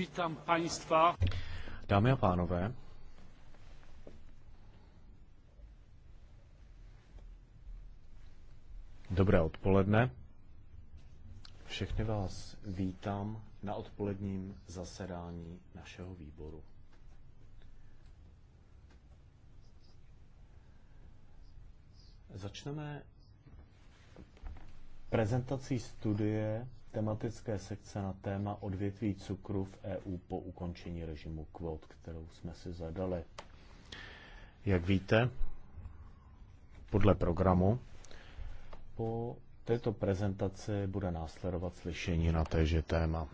Vítám państwa. Dámy a pánové, dobré odpoledne. Všechny vás vítám na odpoledním zasedání našeho výboru. Začneme prezentací studie tematické sekce na téma odvětví cukru v EU po ukončení režimu kvót, kterou jsme si zadali. Jak víte, podle programu, po této prezentaci bude následovat slyšení na téže téma.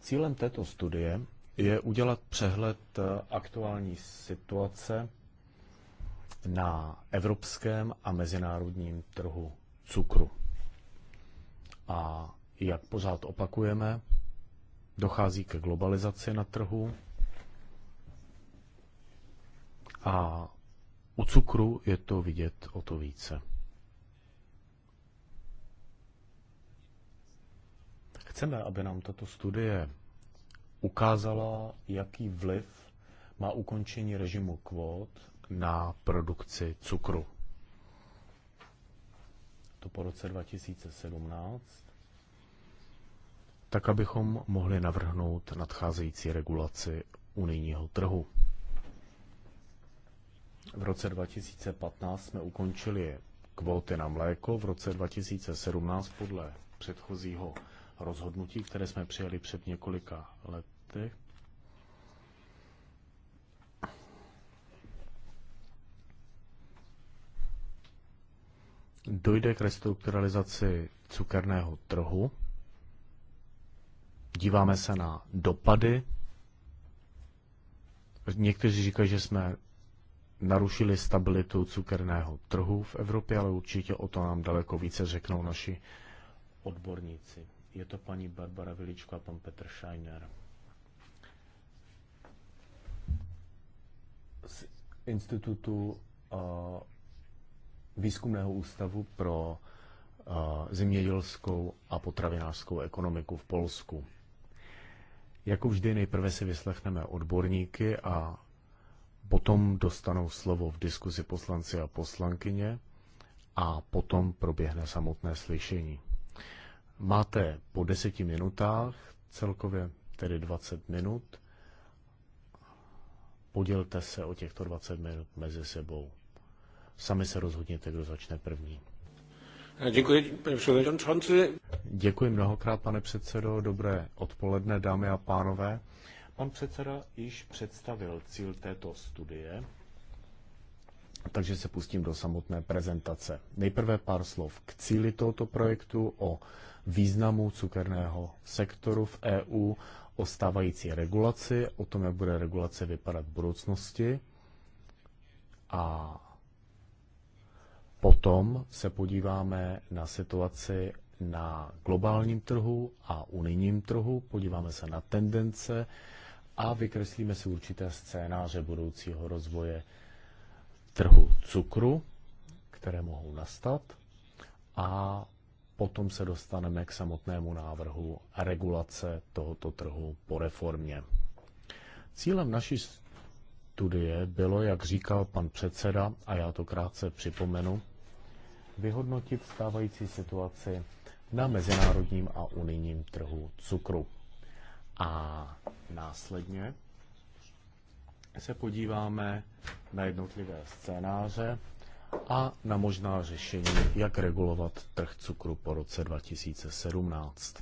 Cílem této studie je udělat přehled eh, aktuální situace na evropském a mezinárodním trhu cukru. A jak pořád opakujeme, dochází ke globalizaci na trhu a u cukru je to vidět o to více. Chceme, aby nám tato studie ukázala, jaký vliv má ukončení režimu kvót na produkci cukru to po roce 2017, tak abychom mohli navrhnout nadcházející regulaci unijního trhu. V roce 2015 jsme ukončili kvóty na mléko, v roce 2017 podle předchozího rozhodnutí, které jsme přijali před několika lety, dojde k restrukturalizaci cukerného trhu. Díváme se na dopady. Někteří říkají, že jsme narušili stabilitu cukerného trhu v Evropě, ale určitě o to nám daleko více řeknou naši odborníci. Je to paní Barbara Viličko a pan Petr Scheiner. Z institutu uh, výzkumného ústavu pro eh, zemědělskou a potravinářskou ekonomiku v Polsku. Jako vždy nejprve si vyslechneme odborníky a potom dostanou slovo v diskuzi poslanci a poslankyně a potom proběhne samotné slyšení. Máte po deseti minutách, celkově tedy 20 minut. Podělte se o těchto 20 minut mezi sebou sami se rozhodněte, kdo začne první. Děkuji, pane Děkuji mnohokrát, pane předsedo. Dobré odpoledne, dámy a pánové. Pan předseda již představil cíl této studie, takže se pustím do samotné prezentace. Nejprve pár slov k cíli tohoto projektu, o významu cukerného sektoru v EU, o stávající regulaci, o tom, jak bude regulace vypadat v budoucnosti a Potom se podíváme na situaci na globálním trhu a unijním trhu, podíváme se na tendence a vykreslíme si určité scénáře budoucího rozvoje trhu cukru, které mohou nastat a potom se dostaneme k samotnému návrhu regulace tohoto trhu po reformě. Cílem naší studie bylo, jak říkal pan předseda, a já to krátce připomenu, vyhodnotit stávající situaci na mezinárodním a unijním trhu cukru. A následně se podíváme na jednotlivé scénáře a na možná řešení, jak regulovat trh cukru po roce 2017.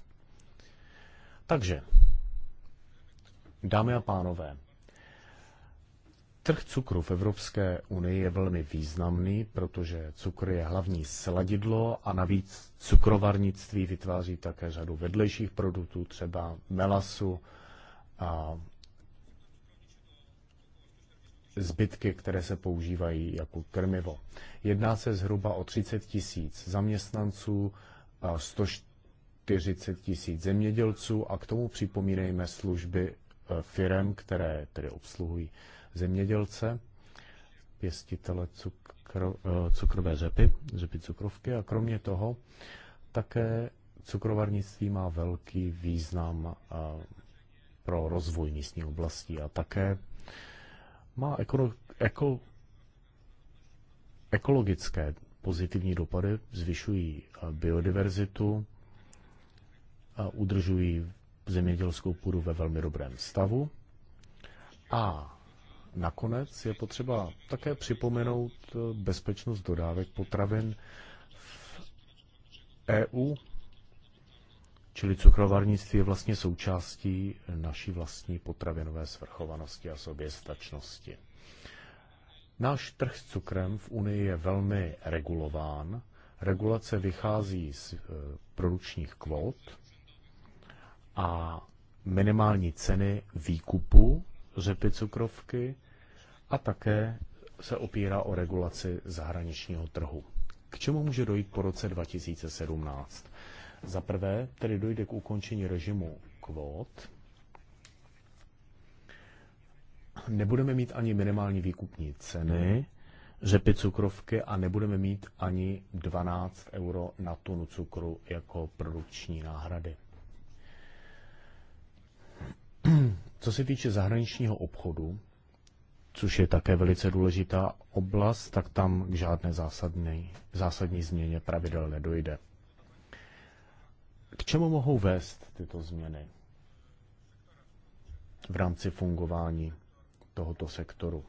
Takže, dámy a pánové, Trh cukru v Evropské unii je velmi významný, protože cukr je hlavní sladidlo a navíc cukrovarnictví vytváří také řadu vedlejších produktů, třeba melasu a zbytky, které se používají jako krmivo. Jedná se zhruba o 30 tisíc zaměstnanců, 140 tisíc zemědělců a k tomu připomínejme služby e, firem, které tedy obsluhují zemědělce, pěstitele cukro, eh, cukrové řepy, řepy cukrovky a kromě toho také cukrovarnictví má velký význam eh, pro rozvoj místní oblasti a také má ekolo, eko, ekologické pozitivní dopady, zvyšují eh, biodiverzitu, a udržují zemědělskou půdu ve velmi dobrém stavu a Nakonec je potřeba také připomenout eh, bezpečnost dodávek potravin v EU, čili cukrovarnictví je vlastně součástí naší vlastní potravinové svrchovanosti a soběstačnosti. Náš trh s cukrem v Unii je velmi regulován. Regulace vychází z eh, produkčních kvót a minimální ceny výkupu řepy cukrovky a také se opírá o regulaci zahraničního trhu. K čemu může dojít po roce 2017? Za prvé, tedy dojde k ukončení režimu kvót. Nebudeme mít ani minimální výkupní ceny řepy cukrovky a nebudeme mít ani 12 euro na tunu cukru jako produkční náhrady. Co se týče zahraničního obchodu, což je také velice důležitá oblast, tak tam k žádné zásadní, zásadní změně pravidel nedojde. K čemu mohou vést tyto změny v rámci fungování tohoto sektoru?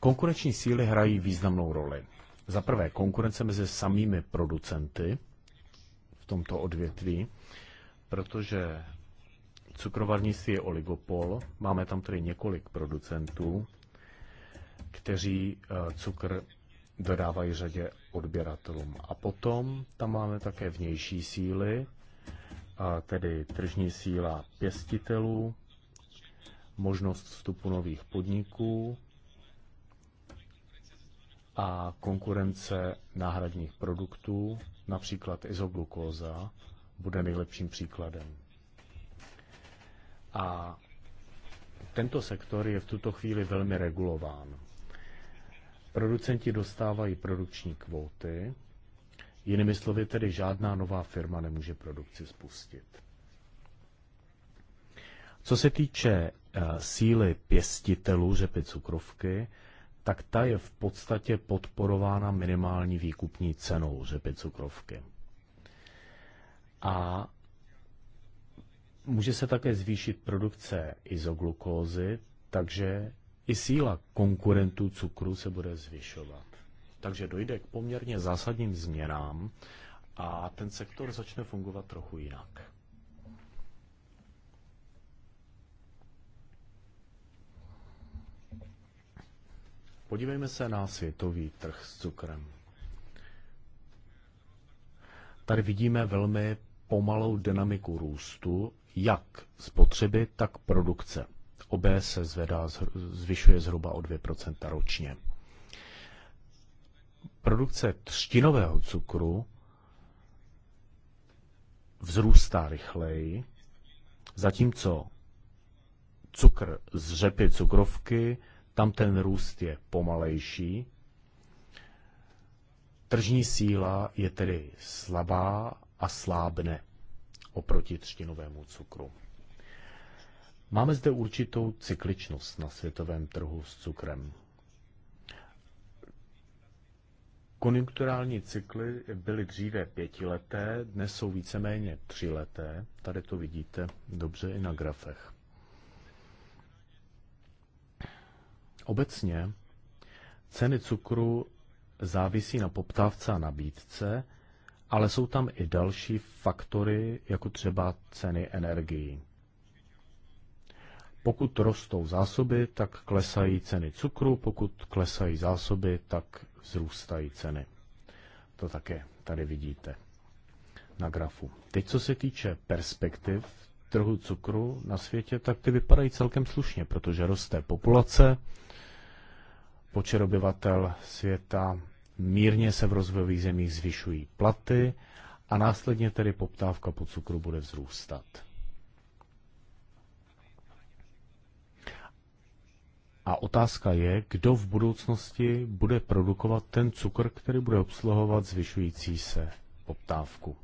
Konkurenční síly hrají významnou roli. Za prvé, konkurence mezi samými producenty v tomto odvětví, protože cukrovarnictví je oligopol, máme tam tedy několik producentů, kteří eh, cukr dodávají řadě odběratelům. A potom tam máme také vnější síly, a tedy tržní síla pěstitelů, možnost vstupu nových podniků, a konkurence náhradních produktů, například izoglukóza, bude nejlepším příkladem. A tento sektor je v tuto chvíli velmi regulován. Producenti dostávají produkční kvóty, jinými slovy tedy žádná nová firma nemůže produkci spustit. Co se týče eh, síly pěstitelů řepy cukrovky, tak ta je v podstatě podporována minimální výkupní cenou řepy cukrovky. A může se také zvýšit produkce izoglukózy, takže i síla konkurentů cukru se bude zvyšovat. Takže dojde k poměrně zásadním změnám a ten sektor začne fungovat trochu jinak. Podívejme se na světový trh s cukrem. Tady vidíme velmi pomalou dynamiku růstu, jak spotřeby, tak produkce. Obé se zvedá, zvyšuje zhruba o 2% ročně. Produkce třtinového cukru vzrůstá rychleji, zatímco cukr z řepy cukrovky tam ten růst je pomalejší. Tržní síla je tedy slabá a slábne oproti třtinovému cukru. Máme zde určitou cykličnost na světovém trhu s cukrem. Konjunkturální cykly byly dříve pětileté, dnes jsou víceméně tříleté. Tady to vidíte dobře i na grafech. Obecně ceny cukru závisí na poptávce a nabídce, ale jsou tam i další faktory, jako třeba ceny energií. Pokud rostou zásoby, tak klesají ceny cukru, pokud klesají zásoby, tak vzrůstají ceny. To také tady vidíte na grafu. Teď, co se týče perspektiv trhu cukru na světě, tak ty vypadají celkem slušně, protože roste populace, počet obyvatel světa, mírně se v rozvojových zemích zvyšují platy a následně tedy poptávka po cukru bude vzrůstat. A otázka je, kdo v budoucnosti bude produkovat ten cukr, který bude obsluhovat zvyšující se poptávku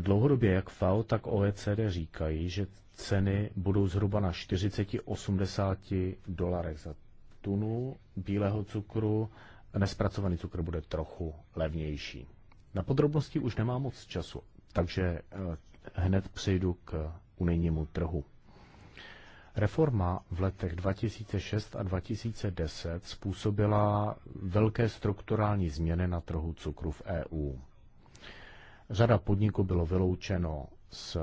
dlouhodobě jak FAO, tak OECD říkají, že ceny budou zhruba na 40-80 dolarech za tunu bílého cukru, nespracovaný cukr bude trochu levnější. Na podrobnosti už nemám moc času, takže eh, hned přejdu k unijnímu trhu. Reforma v letech 2006 a 2010 způsobila velké strukturální změny na trhu cukru v EU. Řada podniků bylo vyloučeno z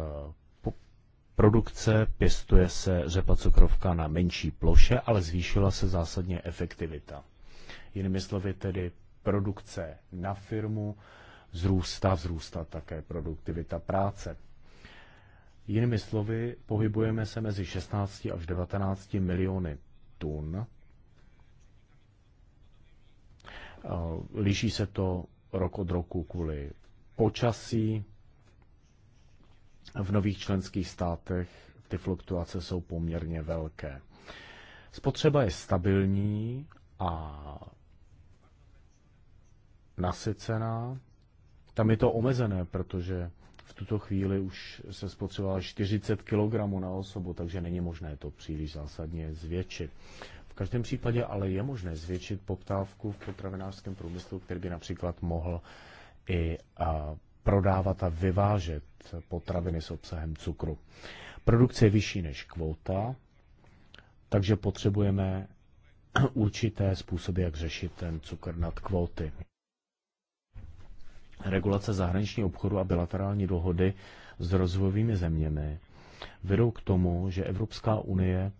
produkce, pěstuje se řepa cukrovka na menší ploše, ale zvýšila se zásadně efektivita. Jinými slovy tedy produkce na firmu zrůstá, vzrůstá také produktivita práce. Jinými slovy, pohybujeme se mezi 16 až 19 miliony tun. Eh, liší se to rok od roku kvůli počasí v nových členských státech ty fluktuace jsou poměrně velké. Spotřeba je stabilní a nasycená. Tam je to omezené, protože v tuto chvíli už se spotřebovala 40 kg na osobu, takže není možné to příliš zásadně zvětšit. V každém případě ale je možné zvětšit poptávku v potravinářském průmyslu, který by například mohl i prodávat a vyvážet potraviny s obsahem cukru. Produkce je vyšší než kvota, takže potřebujeme určité způsoby, jak řešit ten cukr nad kvóty. Regulace zahraničního obchodu a bilaterální dohody s rozvojovými zeměmi vedou k tomu, že Evropská unie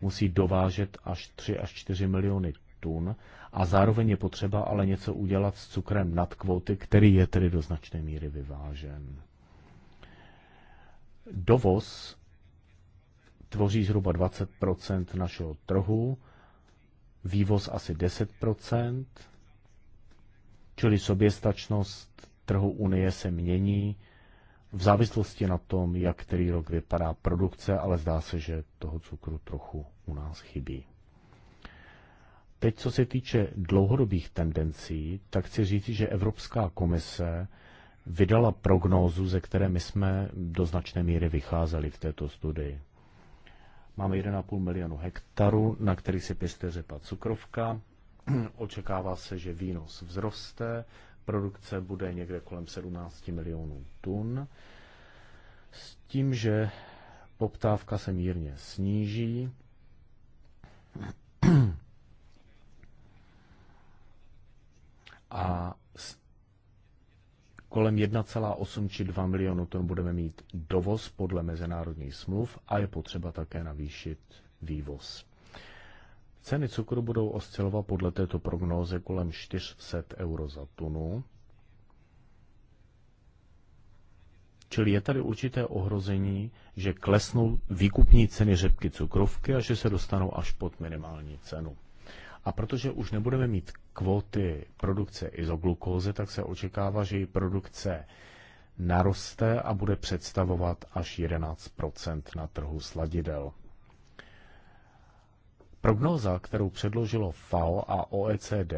musí dovážet až 3 až 4 miliony tun a zároveň je potřeba ale něco udělat s cukrem nad kvóty, který je tedy do značné míry vyvážen. Dovoz tvoří zhruba 20 našeho trhu, vývoz asi 10 čili soběstačnost trhu Unie se mění v závislosti na tom, jak který rok vypadá produkce, ale zdá se, že toho cukru trochu u nás chybí. Teď, co se týče dlouhodobých tendencí, tak chci říct, že Evropská komise vydala prognózu, ze které my jsme do značné míry vycházeli v této studii. Máme 1,5 milionu hektarů, na který se pěstuje řepa cukrovka. Očekává se, že výnos vzroste, produkce bude někde kolem 17 milionů tun, s tím, že poptávka se mírně sníží, a kolem 1,8 či 2 milionu tun budeme mít dovoz podle mezinárodních smluv a je potřeba také navýšit vývoz. Ceny cukru budou oscilovat podle této prognóze kolem 400 euro za tunu. Čili je tady určité ohrození, že klesnou výkupní ceny řepky cukrovky a že se dostanou až pod minimální cenu. A protože už nebudeme mít kvóty produkce izoglukózy, tak se očekává, že její produkce naroste a bude představovat až 11 na trhu sladidel. Prognóza, kterou předložilo FAO a OECD,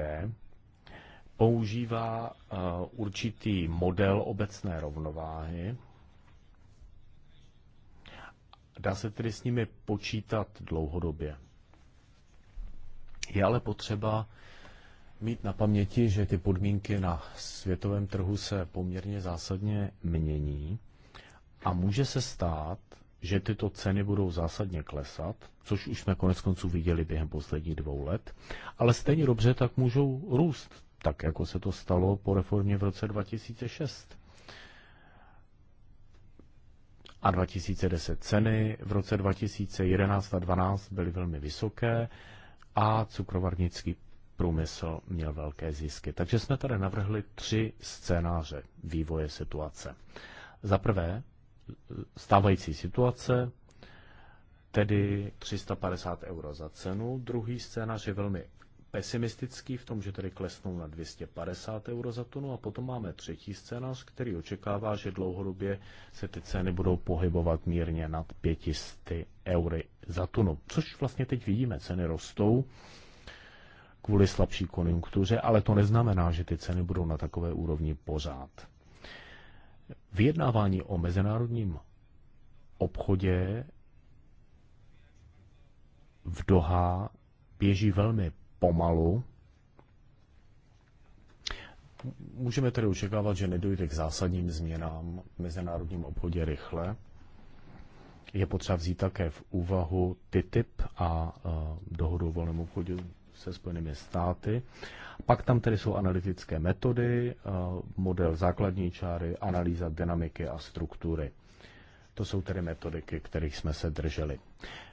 používá eh, určitý model obecné rovnováhy. Dá se tedy s nimi počítat dlouhodobě. Je ale potřeba mít na paměti, že ty podmínky na světovém trhu se poměrně zásadně mění a může se stát, že tyto ceny budou zásadně klesat, což už jsme konec konců viděli během posledních dvou let, ale stejně dobře tak můžou růst, tak jako se to stalo po reformě v roce 2006. A 2010 ceny v roce 2011 a 2012 byly velmi vysoké a cukrovarnický průmysl měl velké zisky. Takže jsme tady navrhli tři scénáře vývoje situace. Za prvé, stávající situace, tedy 350 euro za cenu. Druhý scénář je velmi pesimistický v tom, že tedy klesnou na 250 euro za tunu a potom máme třetí scénář, který očekává, že dlouhodobě se ty ceny budou pohybovat mírně nad 500 eury za tunu, což vlastně teď vidíme, ceny rostou kvůli slabší konjunktuře, ale to neznamená, že ty ceny budou na takové úrovni pořád. Vyjednávání o mezinárodním obchodě v Doha běží velmi pomalu. Můžeme tedy očekávat, že nedojde k zásadním změnám v mezinárodním obchodě rychle. Je potřeba vzít také v úvahu TTIP a e, dohodu o volném obchodu se Spojenými státy. Pak tam tedy jsou analytické metody, eh, model základní čáry, analýza dynamiky a struktury. To jsou tedy metodiky, kterých jsme se drželi.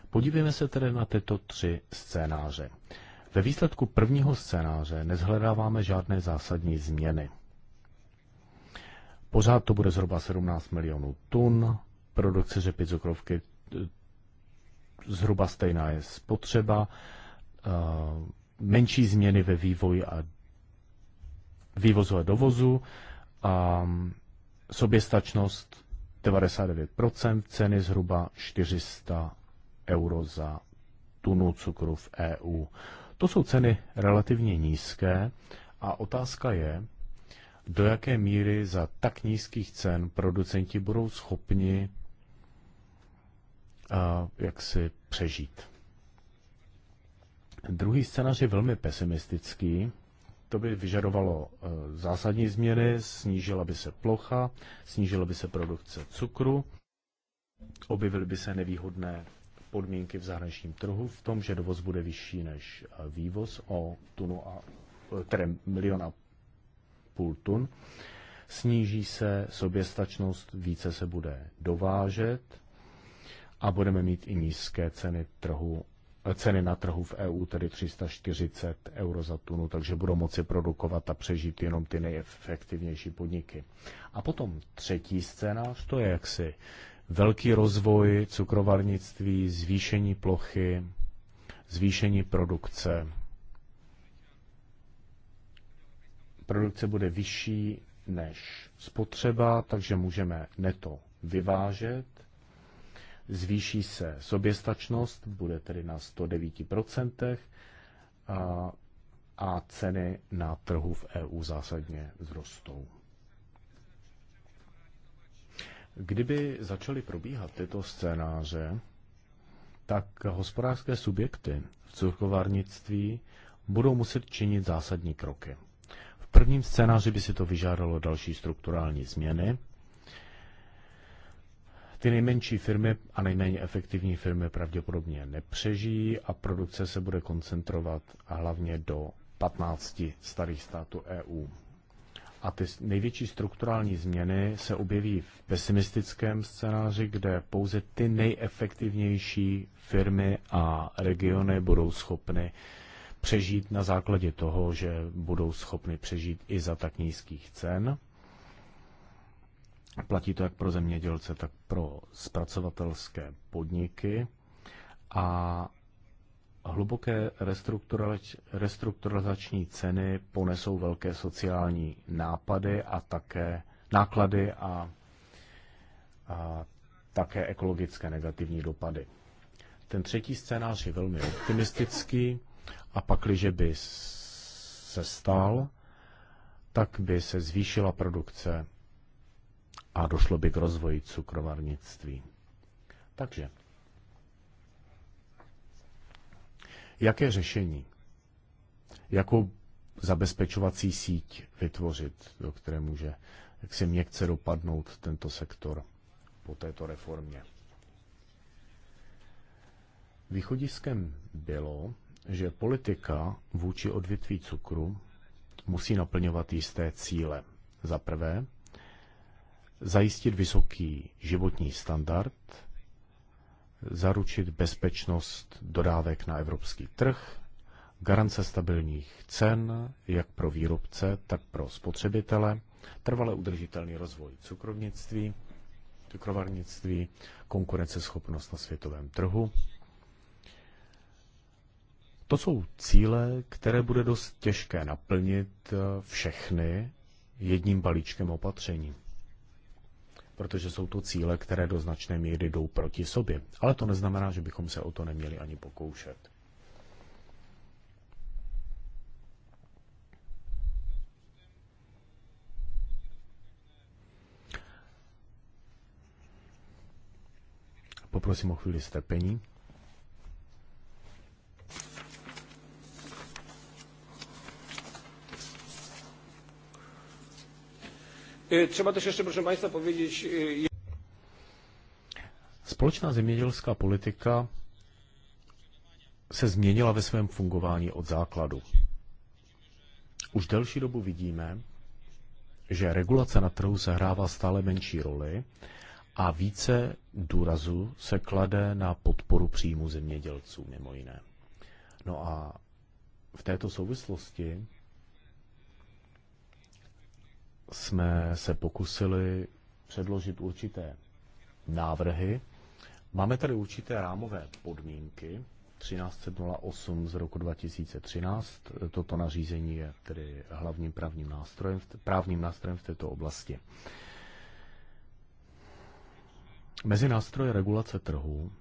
Podívejme se tedy na tyto tři scénáře. Ve výsledku prvního scénáře nezhledáváme žádné zásadní změny. Pořád to bude zhruba 17 milionů tun, produkce řepy cukrovky eh, zhruba stejná je spotřeba, Eh, menší změny ve vývoji a vývozu a dovozu, a mm, soběstačnost 99%, ceny zhruba 400 euro za tunu cukru v EU. To jsou ceny relativně nízké a otázka je, do jaké míry za tak nízkých cen producenti budou schopni uh, jak si přežít. Druhý scénář je velmi pesimistický. To by vyžadovalo e, zásadní změny, snížila by se plocha, snížila by se produkce cukru, objevily by se nevýhodné podmínky v zahraničním trhu v tom, že dovoz bude vyšší než e, vývoz o tunu a, které e, milion a půl tun. Sníží se soběstačnost, více se bude dovážet a budeme mít i nízké ceny trhu ceny na trhu v EU, tedy 340 euro za tunu, takže budou moci produkovat a přežít jenom ty nejefektivnější podniky. A potom třetí scénář, to je jaksi velký rozvoj cukrovarnictví, zvýšení plochy, zvýšení produkce. Produkce bude vyšší než spotřeba, takže můžeme neto vyvážet zvýší se soběstačnost, bude tedy na 109% a, a ceny na trhu v EU zásadně vzrostou. Kdyby začaly probíhat tyto scénáře, tak hospodářské subjekty v cukrovárnictví budou muset činit zásadní kroky. V prvním scénáři by si to vyžádalo další strukturální změny, ty nejmenší firmy a nejméně efektivní firmy pravděpodobně nepřežijí a produkce se bude koncentrovat hlavně do 15 starých států EU. A ty největší strukturální změny se objeví v pesimistickém scénáři, kde pouze ty nejefektivnější firmy a regiony budou schopny přežít na základě toho, že budou schopny přežít i za tak nízkých cen. Platí to jak pro zemědělce, tak pro zpracovatelské podniky. A hluboké restrukturalizační ceny ponesou velké sociální nápady a také náklady a, a také ekologické negativní dopady. Ten třetí scénář je velmi optimistický a pakliže by se stal, tak by se zvýšila produkce a došlo by k rozvoji cukrovarnictví. Takže, jaké řešení? Jakou zabezpečovací síť vytvořit, do které může, jak si měkce dopadnout tento sektor po této reformě? Východiskem bylo, že politika vůči odvětví cukru musí naplňovat jisté cíle. Za prvé, zajistit vysoký životní standard, zaručit bezpečnost dodávek na evropský trh, garance stabilních cen, jak pro výrobce, tak pro spotřebitele, trvale udržitelný rozvoj cukrovnictví, cukrovarnictví, konkurenceschopnost na světovém trhu. To jsou cíle, které bude dost těžké naplnit eh, všechny jedním balíčkem opatření protože jsou to cíle, které do značné míry jdou proti sobě. Ale to neznamená, že bychom se o to neměli ani pokoušet. Poprosím o chvíli strpení. E, třeba też ještě, proszę Państwa, powiedzieć... E, Společná zemědělská politika se změnila ve svém fungování od základu. Už delší dobu vidíme, že regulace na trhu sehrává stále menší roli a více důrazu se klade na podporu příjmu zemědělců, mimo jiné. No a v této souvislosti jsme se pokusili předložit určité návrhy. Máme tady určité rámové podmínky. 1308 z roku 2013. Toto nařízení je tedy hlavním právním nástrojem, právním nástrojem v této oblasti. Mezi nástroje regulace trhu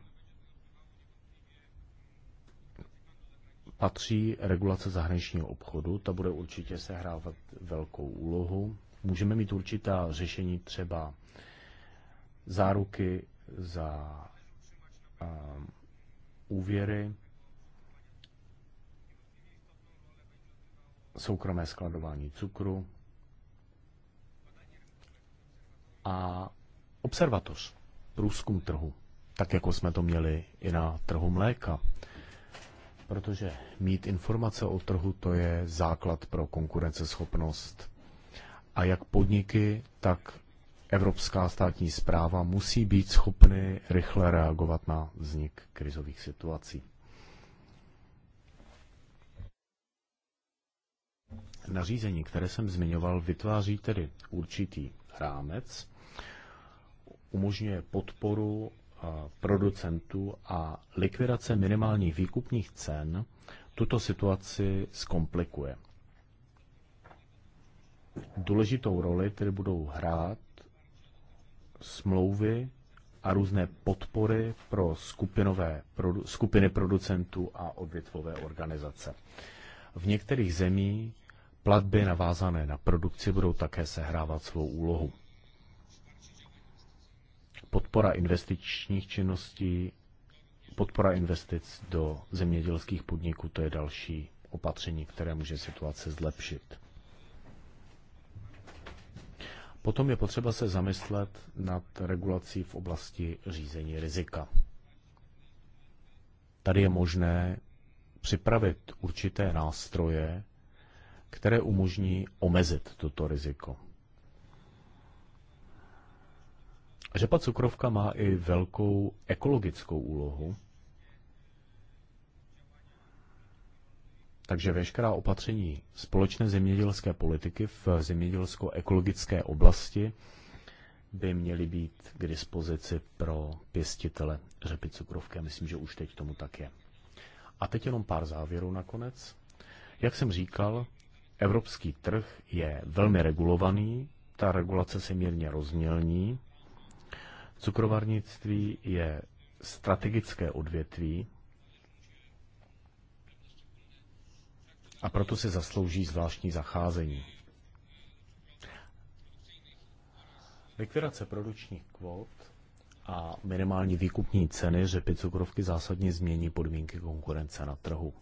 patří regulace zahraničního obchodu. Ta bude určitě sehrávat velkou úlohu můžeme mít určitá řešení třeba záruky za uh, úvěry, soukromé skladování cukru a observatoř, průzkum trhu, tak jako jsme to měli i na trhu mléka. Protože mít informace o trhu, to je základ pro konkurenceschopnost a jak podniky, tak evropská státní zpráva musí být schopny rychle reagovat na vznik krizových situací. Nařízení, které jsem zmiňoval, vytváří tedy určitý rámec, umožňuje podporu producentů a likvidace minimálních výkupních cen tuto situaci zkomplikuje. Důležitou roli tedy budou hrát smlouvy a různé podpory pro skupinové, skupiny producentů a odvětvové organizace. V některých zemích platby navázané na produkci budou také sehrávat svou úlohu. Podpora investičních činností, podpora investic do zemědělských podniků, to je další opatření, které může situace zlepšit. Potom je potřeba se zamyslet nad regulací v oblasti řízení rizika. Tady je možné připravit určité nástroje, které umožní omezit toto riziko. Řepa cukrovka má i velkou ekologickou úlohu, Takže veškerá opatření společné zemědělské politiky v zemědělsko-ekologické oblasti by měly být k dispozici pro pěstitele řepy cukrovky. Myslím, že už teď tomu tak je. A teď jenom pár závěrů nakonec. Jak jsem říkal, evropský trh je velmi regulovaný, ta regulace se mírně rozmělní. Cukrovarnictví je strategické odvětví, a proto se zaslouží zvláštní zacházení. Likvidace produčních kvót a minimální výkupní ceny řepy cukrovky zásadně změní podmínky konkurence na trhu.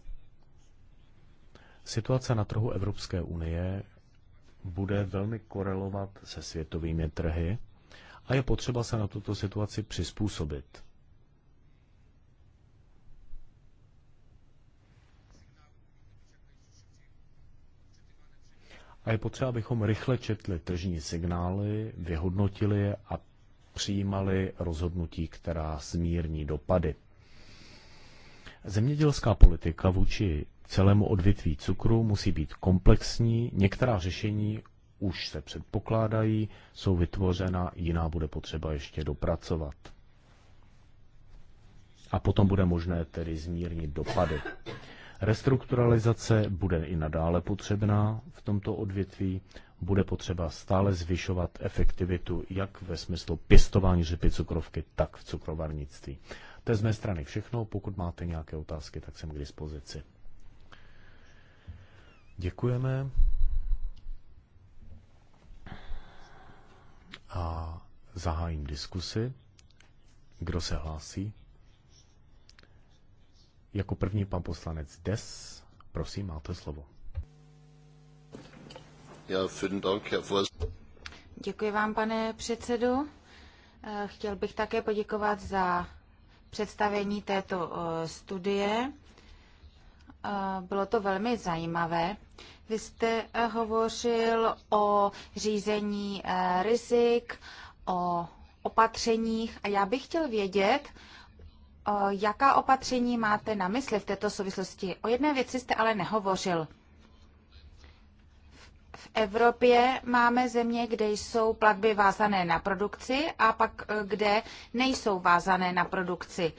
Situace na trhu Evropské unie bude velmi korelovat se světovými trhy a je potřeba se na tuto situaci přizpůsobit. A je potřeba, abychom rychle četli tržní signály, vyhodnotili je a přijímali rozhodnutí, která smírní dopady. Zemědělská politika vůči celému odvětví cukru musí být komplexní, některá řešení už se předpokládají, jsou vytvořena, jiná bude potřeba ještě dopracovat. A potom bude možné tedy zmírnit dopady. Restrukturalizace bude i nadále potřebná v tomto odvětví. Bude potřeba stále zvyšovat efektivitu jak ve smyslu pěstování řepy cukrovky, tak v cukrovarnictví. To je z mé strany všechno. Pokud máte nějaké otázky, tak jsem k dispozici. Děkujeme. A zahájím diskusi. Kdo se hlásí? Jako první pan poslanec Des. Prosím, máte slovo. Děkuji vám, pane předsedu. Eh, chtěl bych také poděkovat za představení této eh, studie. Eh, bylo to velmi zajímavé. Vy jste hovořil o řízení rizik, o opatřeních a já bych chtěl vědět, Jaká opatření máte na mysli v této souvislosti? O jedné věci jste ale nehovořil. V Evropě máme země, kde jsou platby vázané na produkci a pak e, kde nejsou vázané na produkci.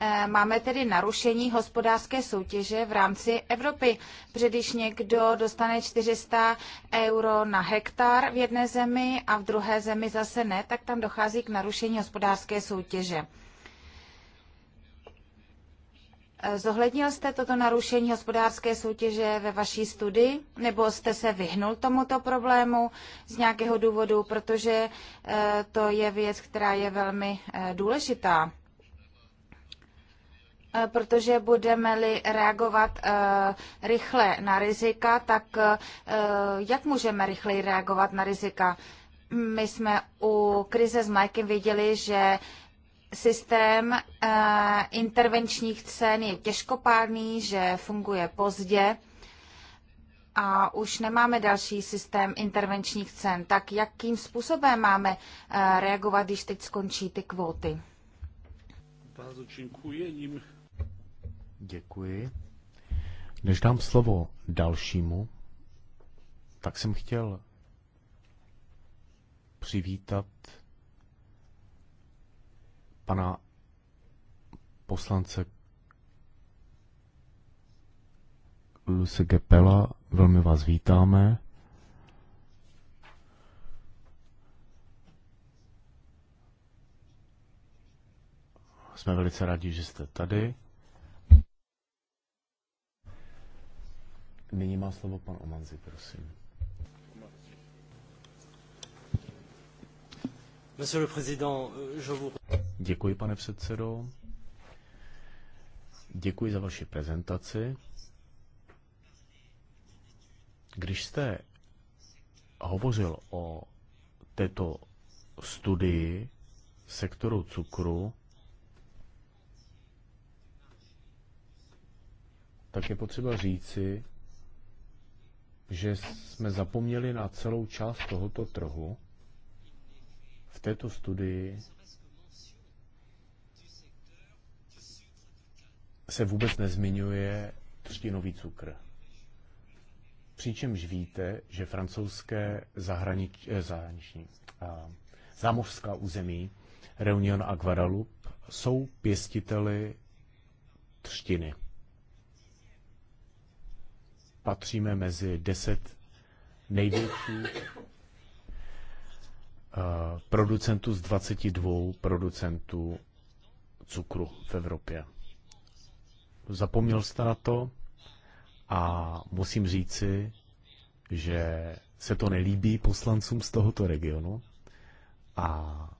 E, máme tedy narušení hospodářské soutěže v rámci Evropy, protože když někdo dostane 400 euro na hektar v jedné zemi a v druhé zemi zase ne, tak tam dochází k narušení hospodářské soutěže. Zohlednil jste toto narušení hospodářské soutěže ve vaší studii, nebo jste se vyhnul tomuto problému z nějakého důvodu, protože eh, to je věc, která je velmi eh, důležitá. Eh, protože budeme-li reagovat rychle na rizika, tak jak můžeme rychleji reagovat na rizika? My jsme u krize s Mikem viděli, že systém eh, intervenčních cen je těžkopádný, že funguje pozdě a už nemáme další systém intervenčních cen. Tak jakým způsobem máme eh, reagovat, když teď skončí ty kvóty? Děkuji. Než dám slovo dalšímu, tak jsem chtěl přivítat pana poslance Luce Gepela. Velmi vás vítáme. Jsme velice rádi, že jste tady. Nyní má slovo pan Omanzi, prosím. Monsieur le Président, je vous... Děkuji, pane předsedo. Děkuji za vaši prezentaci. Když jste hovořil o této studii sektoru cukru, tak je potřeba říci, že jsme zapomněli na celou část tohoto trhu. V této studii se vůbec nezmiňuje třtinový cukr. Přičemž víte, že francouzské zahranič, eh, zahraniční a, zámořská území Reunion a Guadeloupe jsou pěstiteli třtiny. Patříme mezi deset největších eh, producentů z 22 producentů cukru v Evropě. Zapomněl jste na to a musím říci, že se to nelíbí poslancům z tohoto regionu a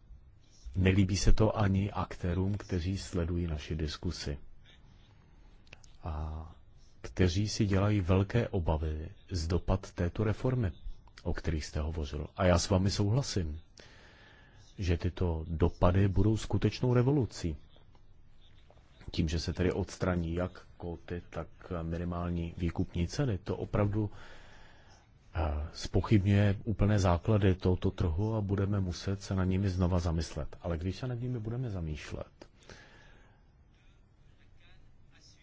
nelíbí se to ani aktérům, kteří sledují naši diskusy a kteří si dělají velké obavy z dopad této reformy, o kterých jste hovořil. A já s vámi souhlasím, že tyto dopady budou skutečnou revolucí tím, že se tedy odstraní jak kóty, tak minimální výkupní ceny. To opravdu eh, spochybňuje úplné základy tohoto trhu a budeme muset se na nimi znova zamyslet. Ale když se nad nimi budeme zamýšlet,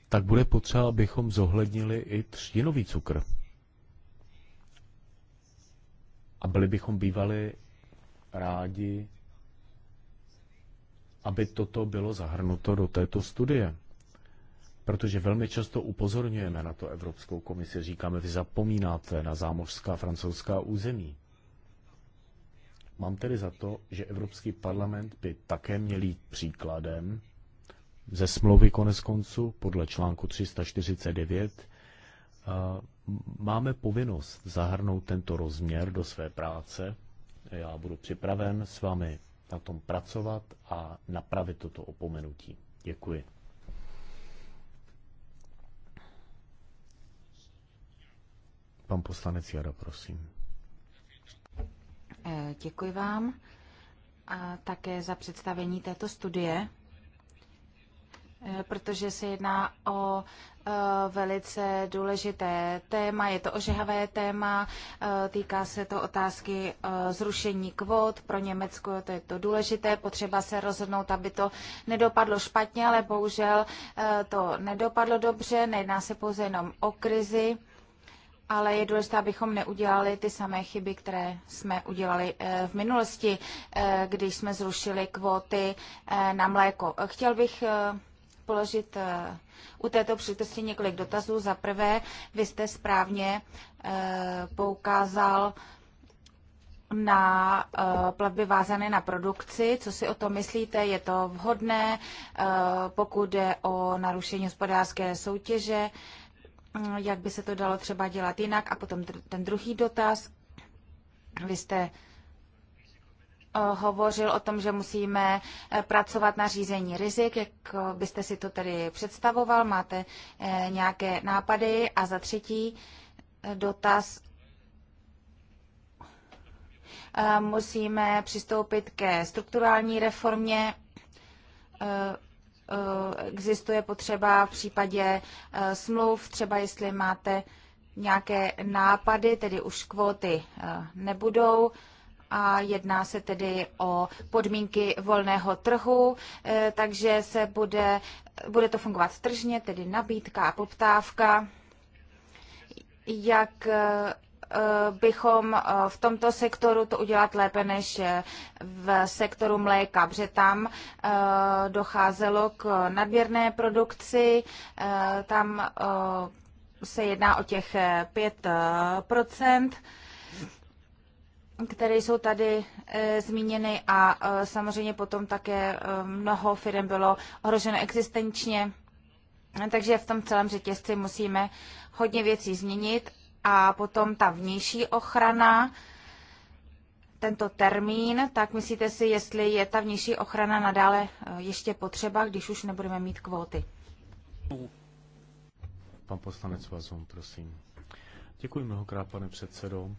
tak bude potřeba, abychom zohlednili i třtinový cukr. A byli bychom bývali rádi, aby toto bylo zahrnuto do této studie. Protože velmi často upozorňujeme na to Evropskou komisi, říkáme, vy zapomínáte na zámořská francouzská území. Mám tedy za to, že Evropský parlament by také měl jít příkladem ze smlouvy konec konců podle článku 349 máme povinnost zahrnout tento rozměr do své práce. Já budu připraven s vámi na tom pracovat a napravit toto opomenutí. Děkuji. Pan poslanec Jara, prosím. Eh, děkuji vám a také za představení této studie, eh, protože se jedná o Eh, velice důležité téma, je to ožehavé téma, eh, týká se to otázky eh, zrušení kvót pro Německo, to je to důležité, potřeba se rozhodnout, aby to nedopadlo špatně, ale bohužel to nedopadlo dobře, nejedná se pouze jenom o krizi, ale je důležité, abychom neudělali ty samé chyby, které jsme udělali v minulosti, když jsme zrušili kvóty na mléko. Chtěl bych položit eh, u této příležitosti několik dotazů. Za prvé, vy jste správně eh, poukázal na eh, platby vázané na produkci. Co si o tom myslíte? Je to vhodné, pokud jde o narušení hospodářské soutěže? Mm, jak by se to dalo třeba dělat jinak? A potom ten druhý dotaz. Vy jste Eh, hovořil o tom, že musíme eh, pracovat na řízení rizik, jak eh, byste si to tedy představoval, máte nějaké nápady a za třetí dotaz musíme přistoupit ke strukturální reformě. Existuje potřeba v případě smluv, třeba jestli máte nějaké nápady, tedy už kvóty nebudou a jedná se tedy o podmínky volného trhu, eh, takže se bude, bude to fungovat tržně, tedy nabídka a poptávka. Jak eh, eh, bychom v tomto sektoru to udělat lépe než v sektoru mléka, protože tam docházelo k nadměrné produkci, tam se jedná o těch 5 které jsou tady e, zmíněny a e, samozřejmě potom také e, mnoho firm bylo ohroženo existenčně. Takže v tom celém řetězci musíme hodně věcí změnit a potom ta vnější ochrana, tento termín, tak myslíte si, jestli je ta vnější ochrana nadále e, ještě potřeba, když už nebudeme mít kvóty? Pan poslanec Vazon, prosím. Děkuji mnohokrát, pane předsedo.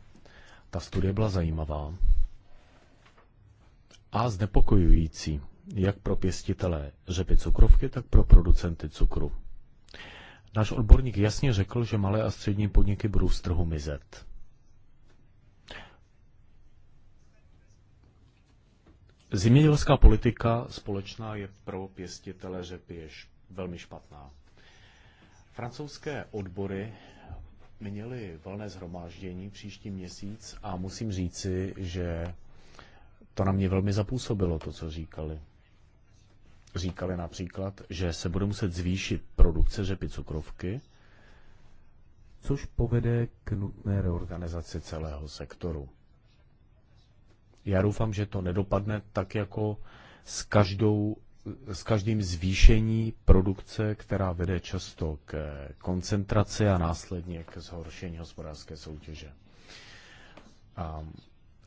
Ta studie byla zajímavá a znepokojující, jak pro pěstitele řepy cukrovky, tak pro producenty cukru. Náš odborník jasně řekl, že malé a střední podniky budou z trhu mizet. Zemědělská politika společná je pro pěstitele řepy je velmi špatná. Francouzské odbory měli volné zhromáždění příští měsíc a musím říci, že to na mě velmi zapůsobilo, to, co říkali. Říkali například, že se bude muset zvýšit produkce řepy cukrovky, což povede k nutné reorganizaci celého sektoru. Já doufám, že to nedopadne tak jako s každou s každým zvýšení produkce, která vede často k koncentraci a následně k zhoršení hospodářské soutěže. A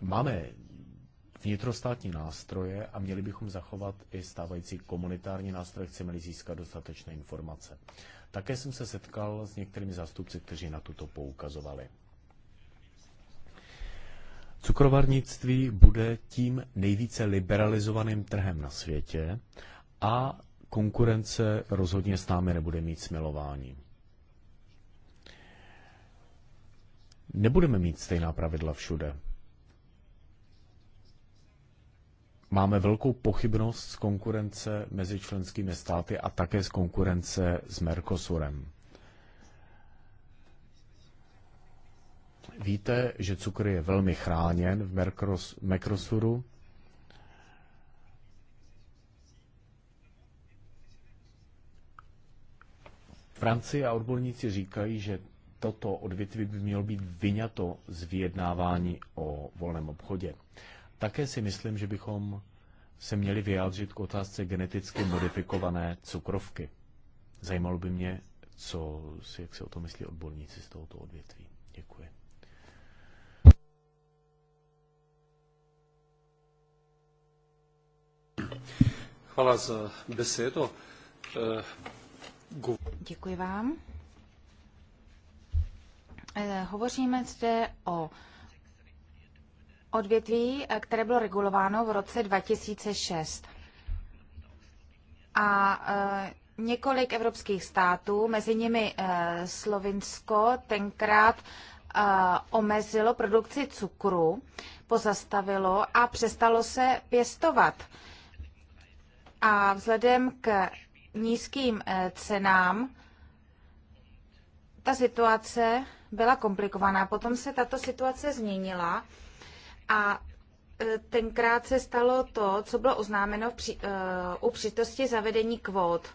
máme vnitrostátní nástroje a měli bychom zachovat i stávající komunitární nástroje, chceme-li získat dostatečné informace. Také jsem se setkal s některými zástupci, kteří na tuto poukazovali. Cukrovarnictví bude tím nejvíce liberalizovaným trhem na světě a konkurence rozhodně s námi nebude mít smilování. Nebudeme mít stejná pravidla všude. Máme velkou pochybnost z konkurence mezi členskými státy a také z konkurence s Mercosurem. Víte, že cukr je velmi chráněn v Mercosuru. Francie a odborníci říkají, že toto odvětví by mělo být vyňato z vyjednávání o volném obchodě. Také si myslím, že bychom se měli vyjádřit k otázce geneticky modifikované cukrovky. Zajímalo by mě, co si, jak si o to myslí odborníci z tohoto odvětví. Děkuji. hvala za besedo. Eh, Děkuji vám. Eh, hovoříme zde o odvětví, eh, které bylo regulováno v roce 2006. A několik evropských států, mezi nimi Slovinsko, tenkrát omezilo produkci cukru, pozastavilo a přestalo se pěstovat a vzhledem k nízkým eh, cenám ta situace byla komplikovaná. Potom se tato situace změnila a eh, tenkrát se stalo to, co bylo oznámeno při, uh, u přitosti zavedení kvót.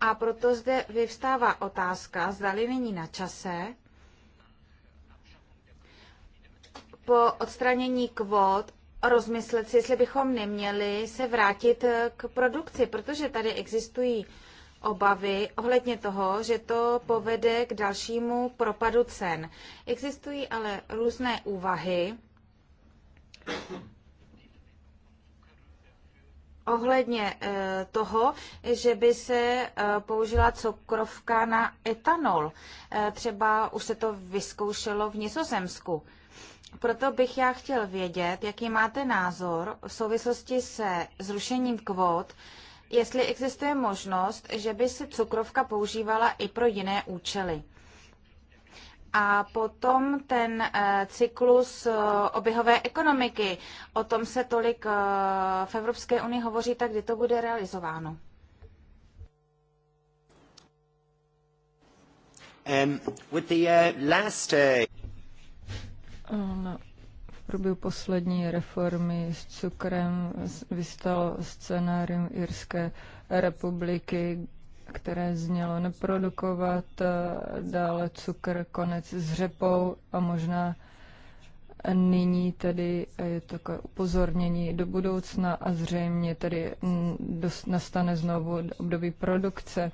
A proto zde vyvstává otázka, zdali není na čase po odstranění kvót rozmyslet si, jestli bychom neměli se vrátit eh, k produkci, protože tady existují obavy ohledně toho, že to povede k dalšímu propadu cen. Existují ale různé úvahy ohledně eh, toho, že by se eh, použila cukrovka na etanol. Třeba už se to vyzkoušelo v Nizozemsku. Proto bych já chtěl vědět, jaký máte názor v souvislosti se zrušením kvót, jestli existuje možnost, že by se cukrovka používala i pro jiné účely. A potom ten eh, cyklus eh, oběhové ekonomiky, o tom se tolik eh, v Evropské unii hovoří, tak kdy to bude realizováno? Um, with the, uh, last, uh na, v průběhu poslední reformy s cukrem vystalo scénárium Irské republiky, které znělo neprodukovat eh, dále cukr, konec s řepou a možná nyní tedy eh, je takové upozornění do budoucna a zřejmě tedy mm, nastane znovu období produkce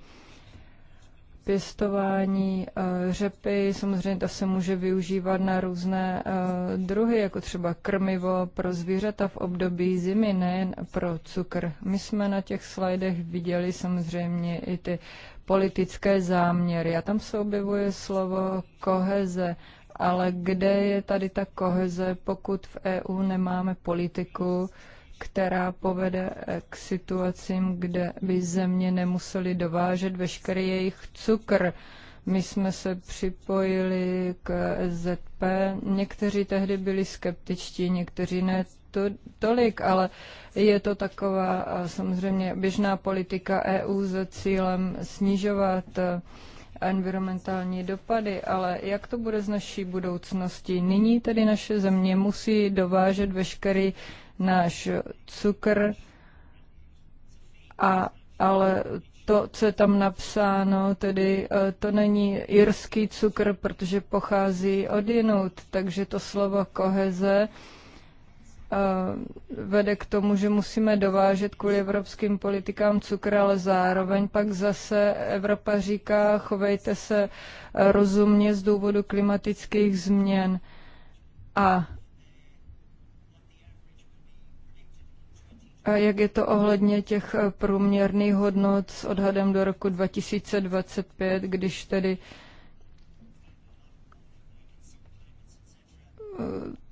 pěstování eh, řepy. Samozřejmě ta se může využívat na různé eh, druhy, jako třeba krmivo pro zvířata v období zimy, nejen pro cukr. My jsme na těch slajdech viděli samozřejmě i ty politické záměry. A tam se objevuje slovo koheze. Ale kde je tady ta koheze, pokud v EU nemáme politiku, která povede eh, k situacím, kde by země nemuseli dovážet veškerý jejich cukr. My jsme se připojili k eh, ZP. Někteří tehdy byli skeptičtí, někteří ne to, tolik, ale je to taková samozřejmě běžná politika EU za cílem snižovat eh, environmentální dopady, ale jak to bude s naší budoucností? Nyní tedy naše země musí dovážet veškerý náš cukr, a, ale to, co je tam napsáno, tedy e, to není irský cukr, protože pochází od jinut, takže to slovo koheze e, vede k tomu, že musíme dovážet kvůli evropským politikám cukr, ale zároveň pak zase Evropa říká, chovejte se e, rozumně z důvodu klimatických změn. A jak je to ohledně těch eh, průměrných hodnot s odhadem do roku 2025, když tedy eh,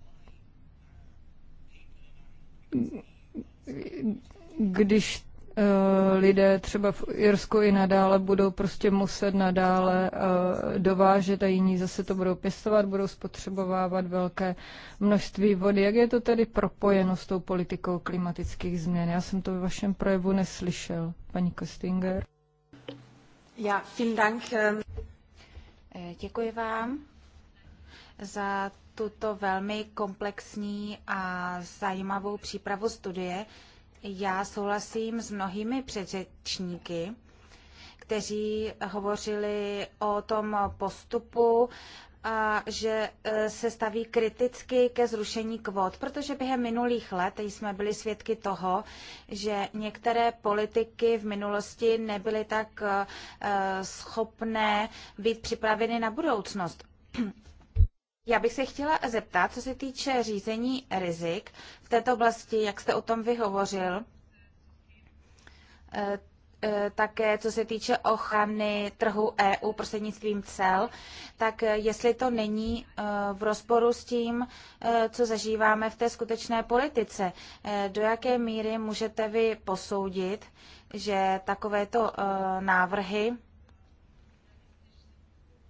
když Eh, lidé třeba v Irsku i nadále budou prostě muset nadále eh, dovážet a jiní zase to budou pěstovat, budou spotřebovávat velké množství vody. Jak je to tedy propojeno s tou politikou klimatických změn? Já jsem to ve vašem projevu neslyšel, paní Kostinger. Já, vielen Dank. Eh. Děkuji vám za tuto velmi komplexní a zajímavou přípravu studie. Já souhlasím s mnohými předřečníky, kteří hovořili o tom postupu, a že e, se staví kriticky ke zrušení kvót, protože během minulých let jsme byli svědky toho, že některé politiky v minulosti nebyly tak e, schopné být připraveny na budoucnost. Já bych se chtěla zeptat, co se týče řízení rizik v této oblasti, jak jste o tom vyhovořil, eh, eh, také co se týče ochrany trhu EU prostřednictvím cel, tak jestli to není eh, v rozporu s tím, co zažíváme v té skutečné politice, do jaké míry můžete vy posoudit, že takovéto návrhy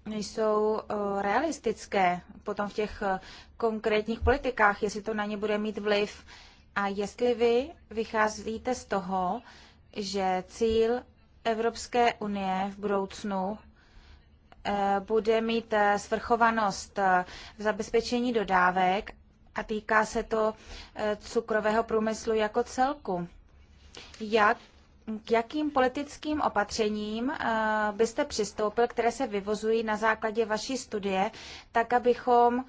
jsou eh, realistické potom v těch eh, konkrétních politikách, jestli to na ně bude mít vliv. A jestli vy vycházíte z toho, že cíl Evropské unie v budoucnu eh, bude mít svrchovanost v zabezpečení dodávek a týká se to cukrového průmyslu jako celku. Jak k jakým politickým opatřením eh, byste přistoupil, které se vyvozují na základě vaší studie, tak abychom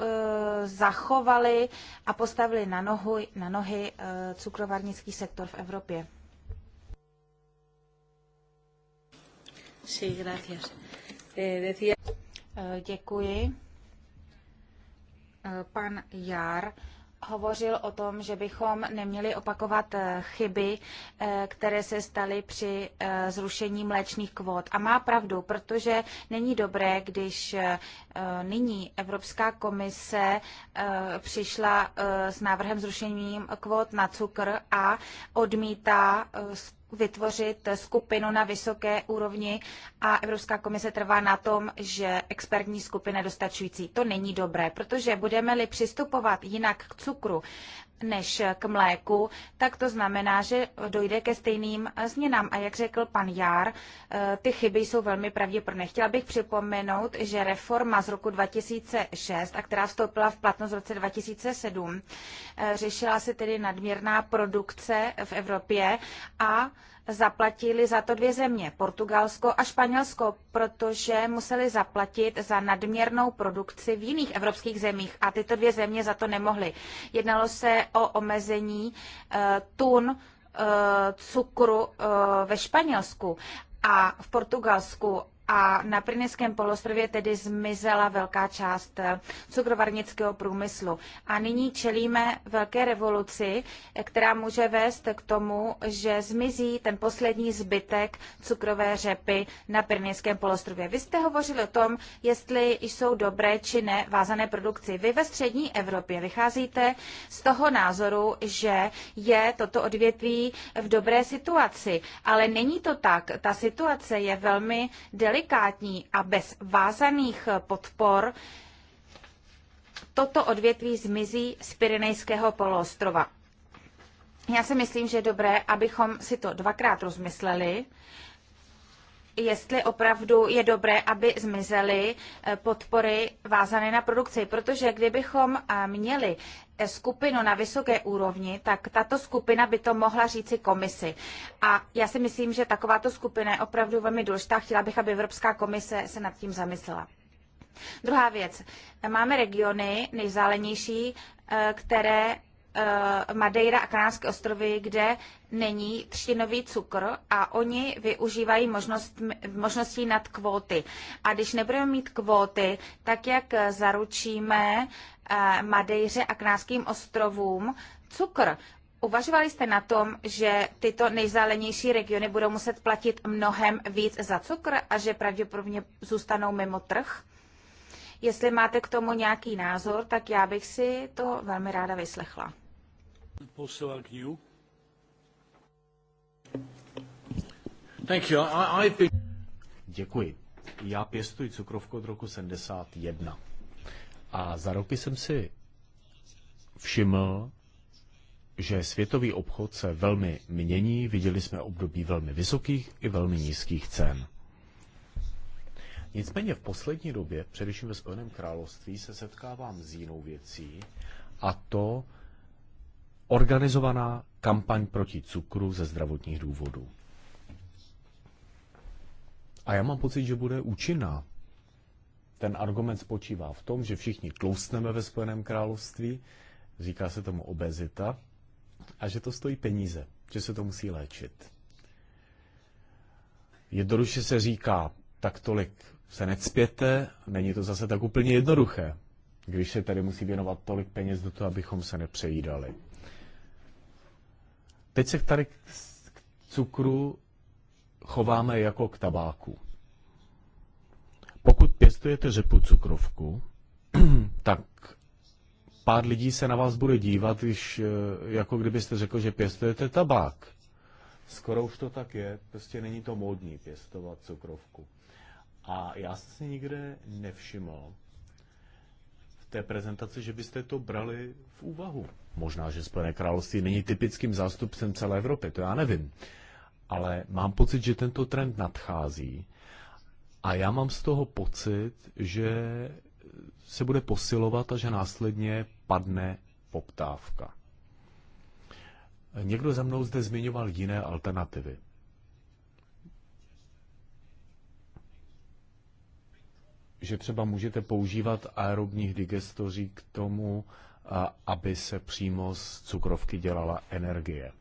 eh, zachovali a postavili na, nohu, na nohy eh, cukrovarnický sektor v Evropě? Sí, gracias. Děkuji. Pan Jár hovořil o tom, že bychom neměli opakovat eh, chyby, eh, které se staly při eh, zrušení mléčných kvót. A má pravdu, protože není dobré, když nyní Evropská komise přišla s návrhem zrušení kvót na cukr a odmítá vytvořit skupinu na vysoké úrovni a Evropská komise trvá na tom, že expertní skupina je dostačující. To není dobré, protože budeme-li přistupovat jinak k cukru než k mléku, tak to znamená, že dojde ke stejným eh, změnám. A jak řekl pan Jár, eh, ty chyby jsou velmi pravděpodobné. Chtěla bych připomenout, že reforma z roku 2006, a která vstoupila v platnost v roce 2007, eh, řešila se tedy nadměrná produkce v Evropě a zaplatili za to dvě země, Portugalsko a Španělsko, protože museli zaplatit za nadměrnou produkci v jiných evropských zemích a tyto dvě země za to nemohly. Jednalo se o omezení e, tun e, cukru e, ve Španělsku a v Portugalsku a na Prineském polostrově tedy zmizela velká část eh, cukrovarnického průmyslu. A nyní čelíme velké revoluci, eh, která může vést k tomu, že zmizí ten poslední zbytek cukrové řepy na Prineském polostrově. Vy jste hovořili o tom, jestli jsou dobré či ne vázané produkci. Vy ve střední Evropě vycházíte z toho názoru, že je toto odvětví v dobré situaci, ale není to tak. Ta situace je velmi delikátní delikátní a bez vázaných podpor toto odvětví zmizí z Pirinejského poloostrova. Já si myslím, že je dobré, abychom si to dvakrát rozmysleli, jestli opravdu je dobré, aby zmizely eh, podpory vázané na produkci, protože kdybychom eh, měli eh, skupinu na vysoké úrovni, tak tato skupina by to mohla říci komisi. A já si myslím, že takováto skupina je opravdu velmi důležitá. Chtěla bych, aby Evropská komise se nad tím zamyslela. Druhá věc. Máme regiony nejvzdálenější, které Eh, Madeira a Kanárské ostrovy, kde není třtinový cukr a oni využívají možnost, možností nad kvóty. A když nebudeme mít kvóty, tak jak zaručíme eh, Madejře a Kanárským ostrovům cukr? Uvažovali jste na tom, že tyto nejzálenější regiony budou muset platit mnohem víc za cukr a že pravděpodobně zůstanou mimo trh? Jestli máte k tomu nějaký názor, tak já bych si to velmi ráda vyslechla. Děkuji. Já pěstuji cukrovku od roku 71. A za roky jsem si všiml, že světový obchod se velmi mění. Viděli jsme období velmi vysokých i velmi nízkých cen. Nicméně v poslední době, především ve Spojeném království, se setkávám s jinou věcí, a to organizovaná kampaň proti cukru ze zdravotních důvodů. A já mám pocit, že bude účinná. Ten argument spočívá v tom, že všichni tloustneme ve Spojeném království, říká se tomu obezita, a že to stojí peníze, že se to musí léčit. Jednoduše se říká, tak tolik se necpěte, není to zase tak úplně jednoduché, když se tady musí věnovat tolik peněz do toho, abychom se nepřejídali. Teď se tady k cukru chováme jako k tabáku. Pokud pěstujete řepu cukrovku, tak pár lidí se na vás bude dívat, když, eh, jako kdybyste řekl, že pěstujete tabák. Skoro už to tak je, prostě není to módní pěstovat cukrovku. A já jsem si nikde nevšiml, té prezentaci, že byste to brali v úvahu. Možná, že Spojené království není typickým zástupcem celé Evropy, to já nevím. Ale mám pocit, že tento trend nadchází a já mám z toho pocit, že se bude posilovat a že následně padne poptávka. Někdo za mnou zde zmiňoval jiné alternativy. že třeba můžete používat aerobních digestoří k tomu, aby se přímo z cukrovky dělala energie.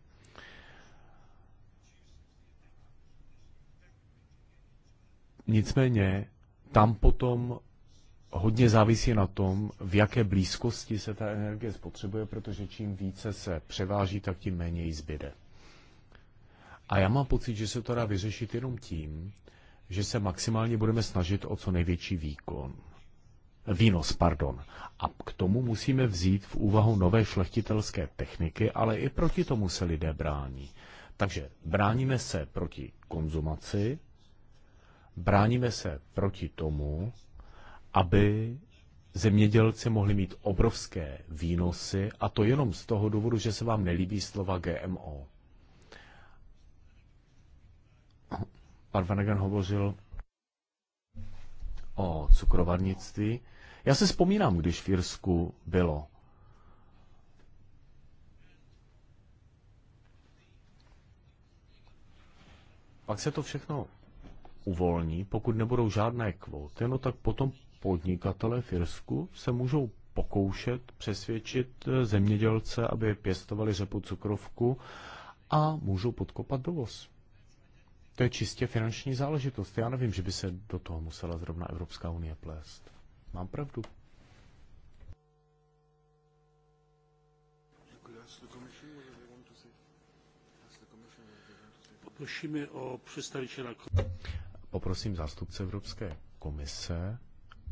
Nicméně tam potom hodně závisí na tom, v jaké blízkosti se ta energie spotřebuje, protože čím více se převáží, tak tím méně jí zbyde. A já mám pocit, že se to dá vyřešit jenom tím, že se maximálně budeme snažit o co největší výkon. Výnos, pardon. A k tomu musíme vzít v úvahu nové šlechtitelské techniky, ale i proti tomu se lidé brání. Takže bráníme se proti konzumaci, bráníme se proti tomu, aby zemědělci mohli mít obrovské výnosy, a to jenom z toho důvodu, že se vám nelíbí slova GMO. Pan Vanagan hovořil o cukrovarnictví. Já se vzpomínám, když v Irsku bylo. Pak se to všechno uvolní, pokud nebudou žádné kvóty, no tak potom podnikatele v Irsku se můžou pokoušet přesvědčit eh, zemědělce, aby pěstovali řepu cukrovku a můžou podkopat dovoz. To je čistě finanční záležitost. Já nevím, že by se do toho musela zrovna Evropská unie plést. Mám pravdu. Poprosíme o představitele. Poprosím zástupce Evropské komise,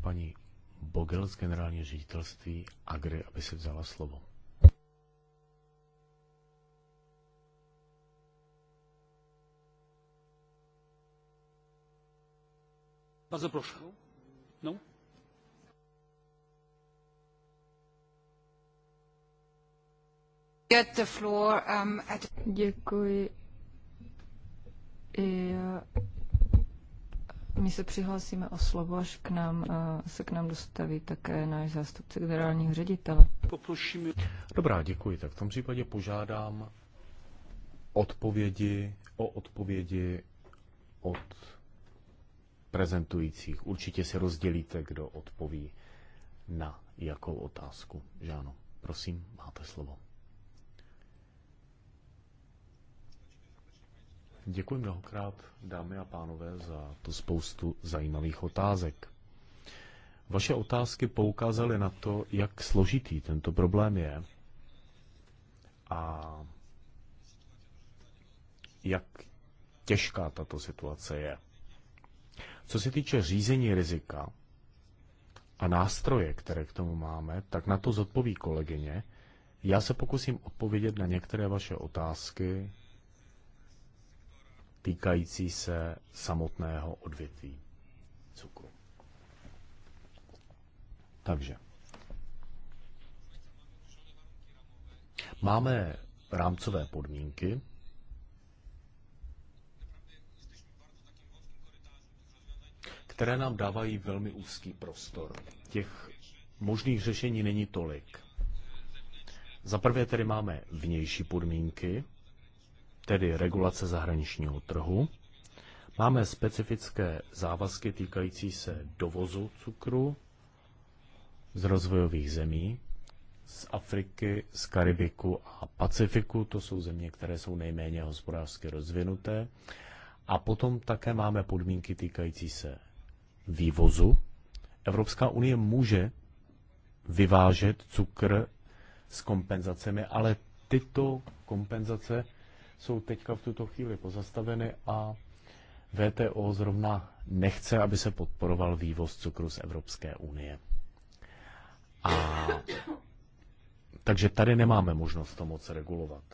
paní Bogel z generálního ředitelství Agri, aby si vzala slovo. Bardzo proszę. No. Get the floor, um, at... Děkuji. Já... Uh, my se přihlásíme o slovo, až k nám, uh, se k nám dostaví také náš zástupce generálního ředitele. Poprosíme. Dobrá, děkuji. Tak v tom případě požádám odpovědi o odpovědi od prezentujících. Určitě si rozdělíte, kdo odpoví na jakou otázku. Žáno, prosím, máte slovo. Děkuji mnohokrát, dámy a pánové, za tu spoustu zajímavých otázek. Vaše otázky poukázaly na to, jak složitý tento problém je a jak těžká tato situace je. Co se týče řízení rizika a nástroje, které k tomu máme, tak na to zodpoví kolegyně. Já se pokusím odpovědět na některé vaše otázky týkající se samotného odvětví cukru. Takže. Máme rámcové podmínky, které nám dávají velmi úzký prostor. Těch možných řešení není tolik. Za prvé tedy máme vnější podmínky, tedy regulace zahraničního trhu. Máme specifické závazky týkající se dovozu cukru z rozvojových zemí, z Afriky, z Karibiku a Pacifiku. To jsou země, které jsou nejméně hospodářsky rozvinuté. A potom také máme podmínky týkající se vývozu. Evropská unie může vyvážet cukr s kompenzacemi, ale tyto kompenzace jsou teďka v tuto chvíli pozastaveny a VTO zrovna nechce, aby se podporoval vývoz cukru z Evropské unie. A takže tady nemáme možnost to moc regulovat.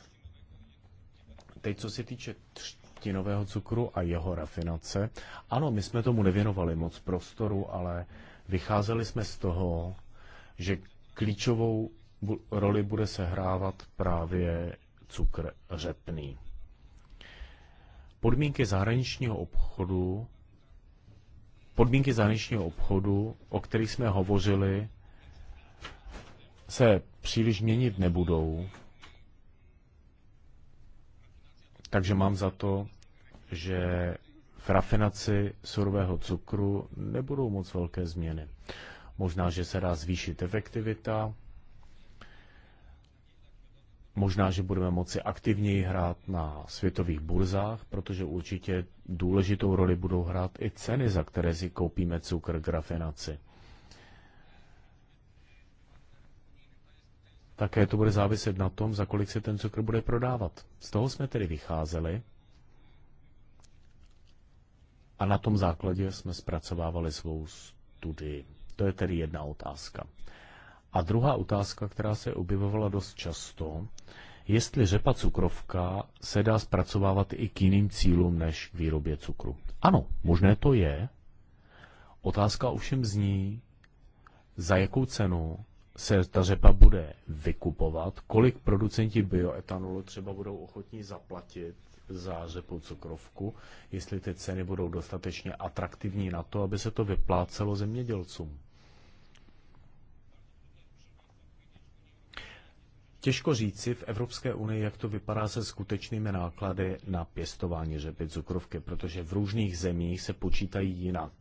Teď, co se týče tínového cukru a jeho rafinace. Ano, my jsme tomu nevěnovali moc prostoru, ale vycházeli jsme z toho, že klíčovou roli bude sehrávat právě cukr řepný. Podmínky zahraničního obchodu, podmínky zahraničního obchodu, o kterých jsme hovořili, se příliš měnit nebudou, takže mám za to, že v rafinaci surového cukru nebudou moc velké změny. Možná, že se dá zvýšit efektivita, možná, že budeme moci aktivněji hrát na světových burzách, protože určitě důležitou roli budou hrát i ceny, za které si koupíme cukr k rafinaci. Také to bude záviset na tom, za kolik se ten cukr bude prodávat. Z toho jsme tedy vycházeli a na tom základě jsme zpracovávali svou studii. To je tedy jedna otázka. A druhá otázka, která se objevovala dost často, jestli řepa cukrovka se dá zpracovávat i k jiným cílům než k výrobě cukru. Ano, možné to je. Otázka ovšem zní, za jakou cenu se ta řepa bude vykupovat, kolik producenti bioetanolu třeba budou ochotní zaplatit za řepu cukrovku, jestli ty ceny budou dostatečně atraktivní na to, aby se to vyplácelo zemědělcům. Těžko říci v Evropské unii, jak to vypadá se skutečnými náklady na pěstování řepy cukrovky, protože v různých zemích se počítají jinak.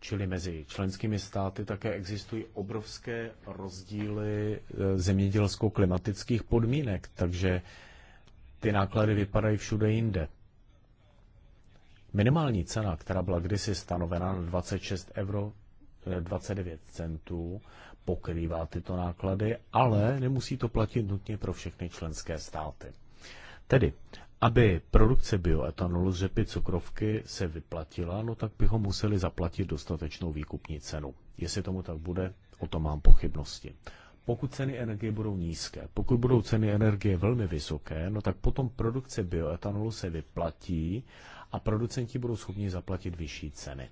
Čili mezi členskými státy také existují obrovské rozdíly e, zemědělsko-klimatických podmínek, takže ty náklady vypadají všude jinde. Minimální cena, která byla kdysi stanovena na 26 euro 29 e, centů, pokrývá tyto náklady, ale nemusí to platit nutně pro všechny členské státy. Tedy, aby produkce bioetanolu z řepy cukrovky se vyplatila, no tak by ho museli zaplatit dostatečnou výkupní cenu. Jestli tomu tak bude, o tom mám pochybnosti. Pokud ceny energie budou nízké, pokud budou ceny energie velmi vysoké, no tak potom produkce bioetanolu se vyplatí a producenti budou schopni zaplatit vyšší ceny.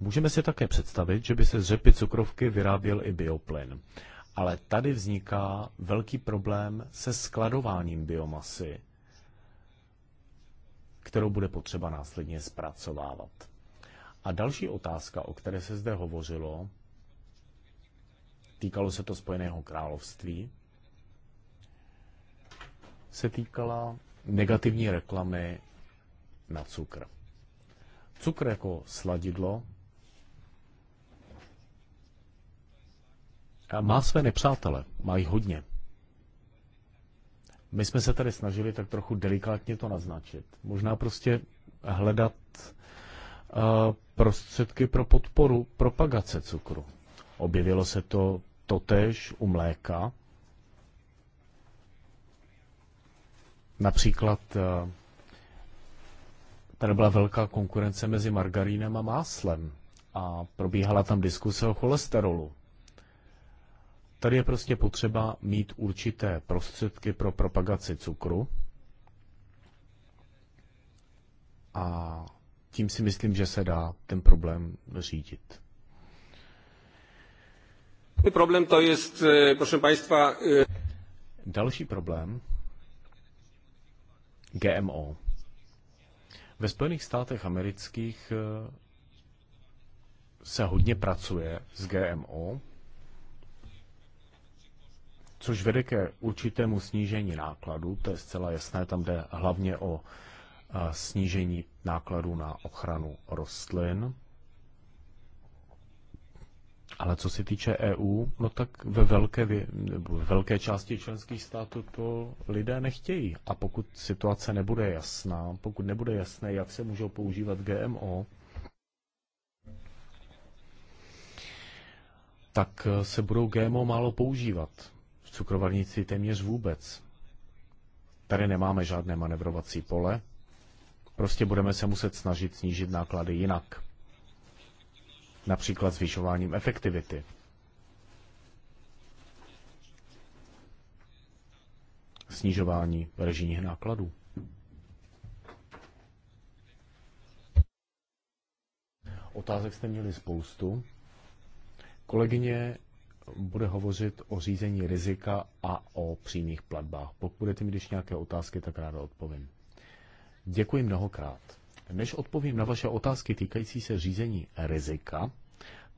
Můžeme si také představit, že by se z řepy cukrovky vyráběl i bioplyn. Ale tady vzniká velký problém se skladováním biomasy kterou bude potřeba následně zpracovávat. A další otázka, o které se zde hovořilo, týkalo se to Spojeného království, se týkala negativní reklamy na cukr. Cukr jako sladidlo má své nepřátele, má jich hodně. My jsme se tady snažili tak trochu delikátně to naznačit. Možná prostě hledat eh, prostředky pro podporu propagace cukru. Objevilo se to totéž u mléka. Například eh, tady byla velká konkurence mezi margarínem a máslem a probíhala tam diskuse o cholesterolu. Tady je prostě potřeba mít určité prostředky pro propagaci cukru. A tím si myslím, že se dá ten problém řídit. Problém to je, prosím Państwa... E, Další problém, GMO. Ve Spojených státech amerických e, se hodně pracuje s GMO, což vede ke určitému snížení nákladů, to je zcela jasné, tam jde hlavně o snížení nákladů na ochranu rostlin. Ale co se týče EU, no tak ve velké, nebo ve velké části členských států to lidé nechtějí. A pokud situace nebude jasná, pokud nebude jasné, jak se můžou používat GMO, tak e, se budou GMO málo používat cukrovarnictví téměř vůbec. Tady nemáme žádné manevrovací pole, prostě budeme se muset snažit snížit náklady jinak. Například zvyšováním efektivity. Snižování režijních nákladů. Otázek jste měli spoustu. Kolegyně bude hovořit o řízení rizika a o přímých platbách. Pokud budete mít ještě nějaké otázky, tak ráda odpovím. Děkuji mnohokrát. Než odpovím na vaše otázky týkající se řízení rizika,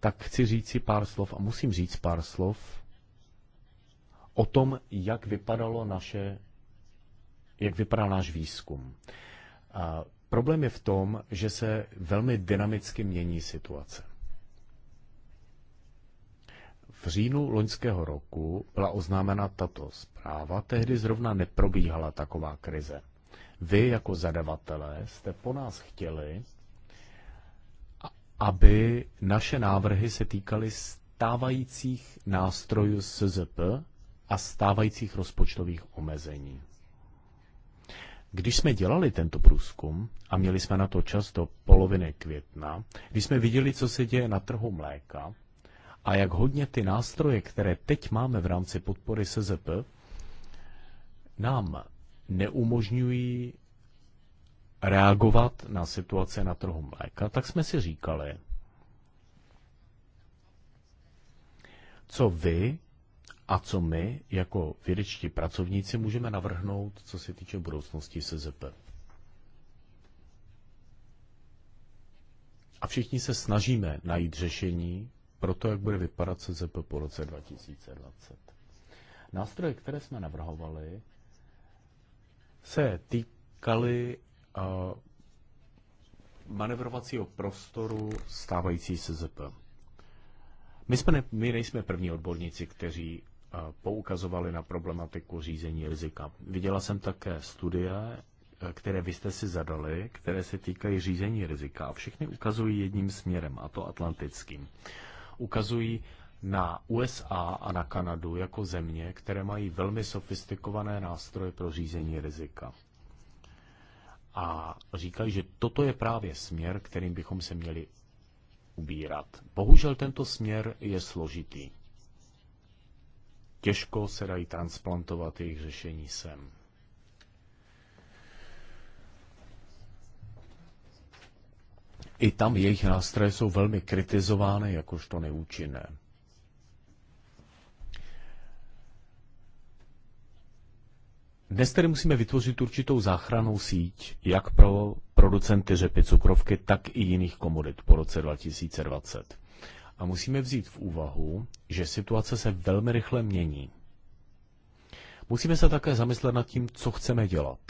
tak chci říct si pár slov a musím říct pár slov o tom, jak vypadalo naše, jak vypadá náš výzkum. A problém je v tom, že se velmi dynamicky mění situace. V říjnu loňského roku byla oznámena tato zpráva, tehdy zrovna neprobíhala taková krize. Vy jako zadavatelé jste po nás chtěli, aby naše návrhy se týkaly stávajících nástrojů SZP a stávajících rozpočtových omezení. Když jsme dělali tento průzkum, a měli jsme na to čas do poloviny května, když jsme viděli, co se děje na trhu mléka, a jak hodně ty nástroje, které teď máme v rámci podpory SZP, nám neumožňují reagovat na situace na trhu mléka, tak jsme si říkali, co vy a co my jako vědečtí pracovníci můžeme navrhnout, co se týče budoucnosti SZP. A všichni se snažíme najít řešení, pro to, jak bude vypadat CZP po roce 2020. Nástroje, které jsme navrhovali, se týkaly eh, manevrovacího prostoru stávající CZP. My, jsme ne, my nejsme první odborníci, kteří eh, poukazovali na problematiku řízení rizika. Viděla jsem také studie, eh, které vy jste si zadali, které se týkají řízení rizika všechny ukazují jedním směrem, a to atlantickým ukazují na USA a na Kanadu jako země, které mají velmi sofistikované nástroje pro řízení rizika. A říkají, že toto je právě směr, kterým bychom se měli ubírat. Bohužel tento směr je složitý. Těžko se dají transplantovat jejich řešení sem. I tam jejich nástroje jsou velmi kritizovány jakožto neúčinné. Dnes tedy musíme vytvořit určitou záchranou síť, jak pro producenty řepy cukrovky, tak i jiných komodit po roce 2020. A musíme vzít v úvahu, že situace se velmi rychle mění. Musíme se také zamyslet nad tím, co chceme dělat.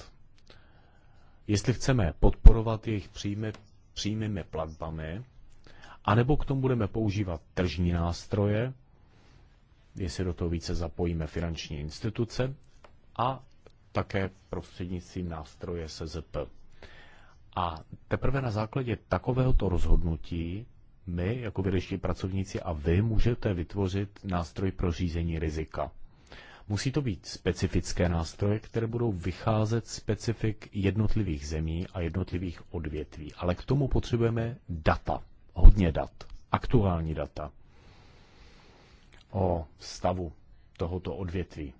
Jestli chceme podporovat jejich příjmy přímými platbami, anebo k tomu budeme používat tržní nástroje, jestli do toho více zapojíme finanční instituce a také prostřednictvím nástroje SZP. A teprve na základě takovéhoto rozhodnutí my, jako vědeční pracovníci a vy, můžete vytvořit nástroj pro řízení rizika. Musí to být specifické nástroje, které budou vycházet specifik jednotlivých zemí a jednotlivých odvětví. Ale k tomu potřebujeme data, hodně dat, aktuální data o stavu tohoto odvětví.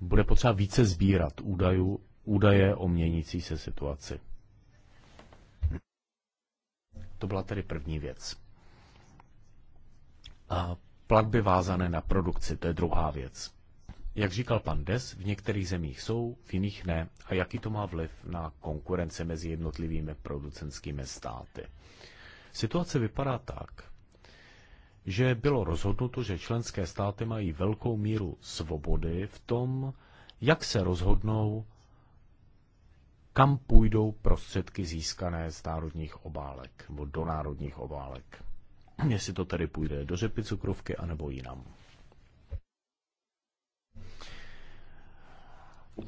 Bude potřeba více sbírat údajů, údaje o měnící se situaci. To byla tedy první věc. A platby vázané na produkci, to je druhá věc. Jak říkal pan Des, v některých zemích jsou, v jiných ne. A jaký to má vliv na konkurence mezi jednotlivými producenskými státy? Situace vypadá tak, že bylo rozhodnuto, že členské státy mají velkou míru svobody v tom, jak se rozhodnou, kam půjdou prostředky získané z národních obálek nebo do národních obálek jestli to tady půjde do řepy cukrovky anebo jinam.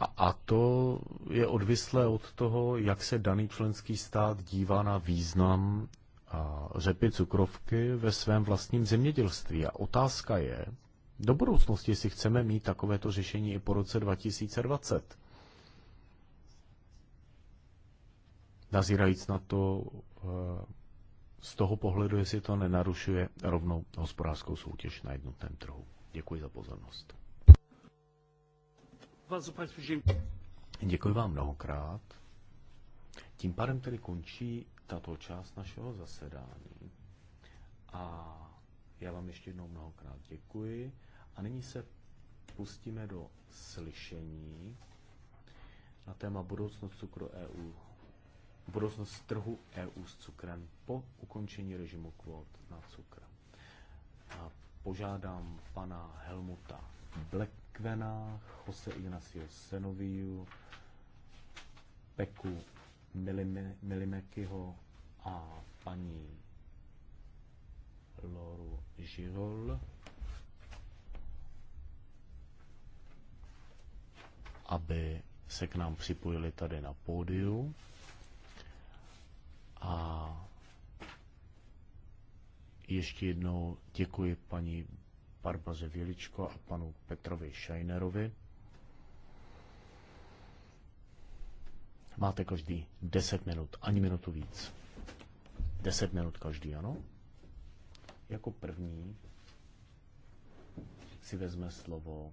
A, a to je odvislé od toho, jak se daný členský stát dívá na význam řepy cukrovky ve svém vlastním zemědělství. A otázka je, do budoucnosti, jestli chceme mít takovéto řešení i po roce 2020. Nazírajíc na to e, z toho pohledu, jestli to nenarušuje rovnou hospodářskou soutěž na jednotném trhu. Děkuji za pozornost. Děkuji vám mnohokrát. Tím pádem tedy končí tato část našeho zasedání. A já vám ještě jednou mnohokrát děkuji. A nyní se pustíme do slyšení na téma budoucnost cukru EU budoucnost trhu EU s cukrem po ukončení režimu kvót na cukr. A požádám pana Helmuta Blekvena, Jose Ignacio Senoviu, Peku Milime, Milimekyho a paní Loru Žirol, aby se k nám připojili tady na pódiu. A ještě jednou děkuji paní Barbaze Věličko a panu Petrovi Šajnerovi. Máte každý 10 minut, ani minutu víc. 10 minut každý, ano? Jako první si vezme slovo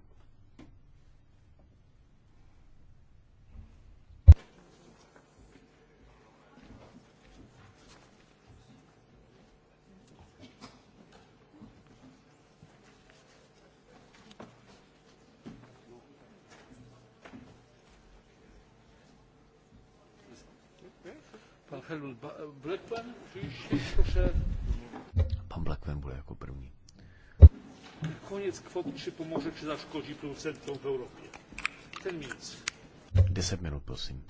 Pan Blackman bude jako první. Koniec kvot, či pomůže, či zaškodí producentům v Evropě. Ten minut. Deset minut, prosím.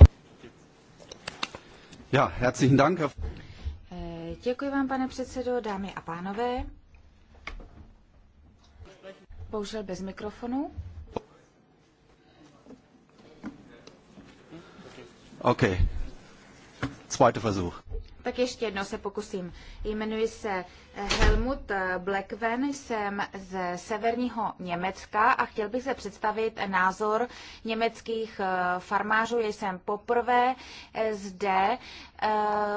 Ja, herzlichen Dank. Eh, děkuji vám, pane předsedo, dámy a pánové. Bohužel bez mikrofonu. Okay. Zweiter Versuch. Tak ještě jednou se pokusím. Jmenuji se eh, Helmut eh, Blackven, jsem z severního Německa a chtěl bych se představit názor německých eh, farmářů. Jsem poprvé zde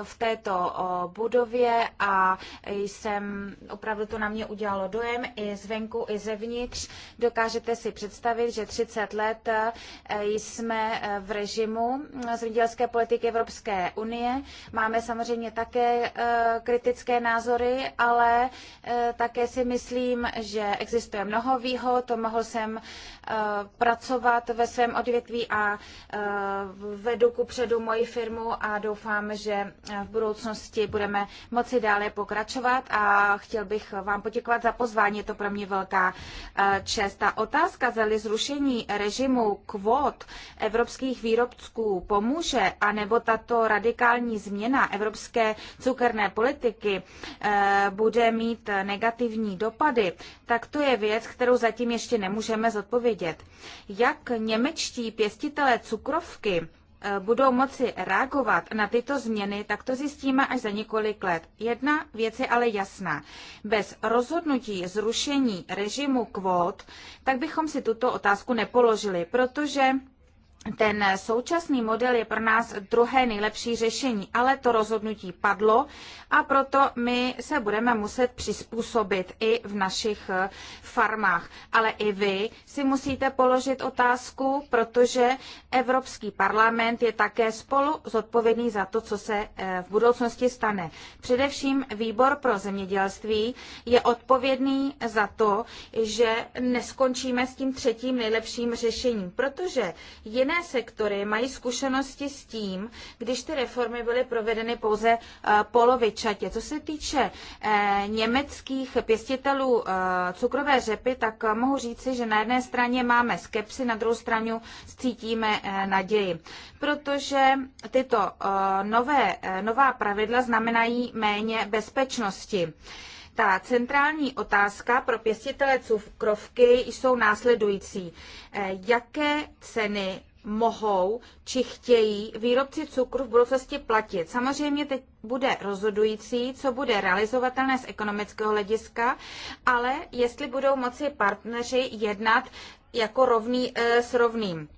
v této budově a jsem, opravdu to na mě udělalo dojem i zvenku, i zevnitř. Dokážete si představit, že 30 let jsme v režimu zemědělské politiky Evropské unie. Máme samozřejmě samozřejmě také eh, kritické názory, ale eh, také si myslím, že existuje mnoho výhod. Mohl jsem eh, pracovat ve svém odvětví a vedu ku předu moji firmu a doufám, že v budoucnosti budeme moci dále pokračovat a chtěl bych vám poděkovat za pozvání. Je to pro mě velká čest. Ta otázka zeli zrušení režimu kvót evropských výrobců pomůže, anebo tato radikální změna evropských evropské cukerné politiky eh, bude mít negativní dopady, tak to je věc, kterou zatím ještě nemůžeme zodpovědět. Jak němečtí pěstitelé cukrovky eh, budou moci reagovat na tyto změny, tak to zjistíme až za několik let. Jedna věc je ale jasná. Bez rozhodnutí zrušení režimu kvót, tak bychom si tuto otázku nepoložili, protože ten současný model je pro nás druhé nejlepší řešení, ale to rozhodnutí padlo a proto my se budeme muset přizpůsobit i v našich eh, farmách. Ale i vy si musíte položit otázku, protože Evropský parlament je také spolu zodpovědný za to, co se eh, v budoucnosti stane. Především výbor pro zemědělství je odpovědný za to, že neskončíme s tím třetím nejlepším řešením, protože jiné jiné sektory mají zkušenosti s tím, když ty reformy byly provedeny pouze eh, polovičatě. Co se týče eh, německých pěstitelů eh, cukrové řepy, tak mohu říci, že na jedné straně máme skepsy, na druhou stranu cítíme naději, protože tyto nové, nová pravidla znamenají méně bezpečnosti. Ta centrální otázka pro pěstitele cukrovky jsou následující. Jaké ceny mohou či chtějí výrobci cukru v budoucnosti platit. Samozřejmě teď bude rozhodující, co bude realizovatelné z ekonomického hlediska, ale jestli budou moci partneři jednat jako rovný eh, s rovným.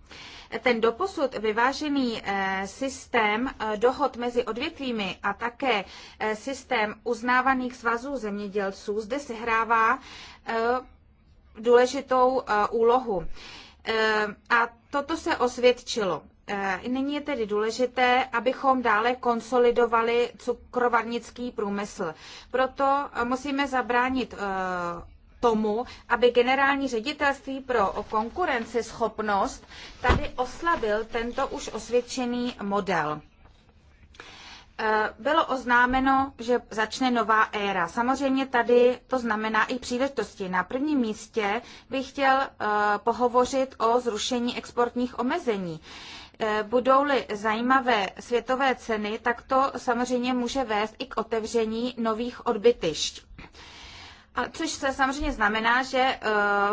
Ten doposud vyvážený eh, systém eh, dohod mezi odvětvími a také systém uznávaných svazů zemědělců zde sehrává důležitou úlohu. A Toto se osvědčilo. E, nyní je tedy důležité, abychom dále konsolidovali cukrovarnický průmysl. Proto e, musíme zabránit e, tomu, aby generální ředitelství pro konkurenceschopnost tady oslabil tento už osvědčený model. Eh, bylo oznámeno, že začne nová éra. Samozřejmě tady to znamená i příležitosti. Na prvním místě bych chtěl eh, pohovořit o zrušení exportních omezení. Eh, budou-li zajímavé světové ceny, tak to samozřejmě může vést i k otevření nových odbytišť. A což se samozřejmě znamená, že eh,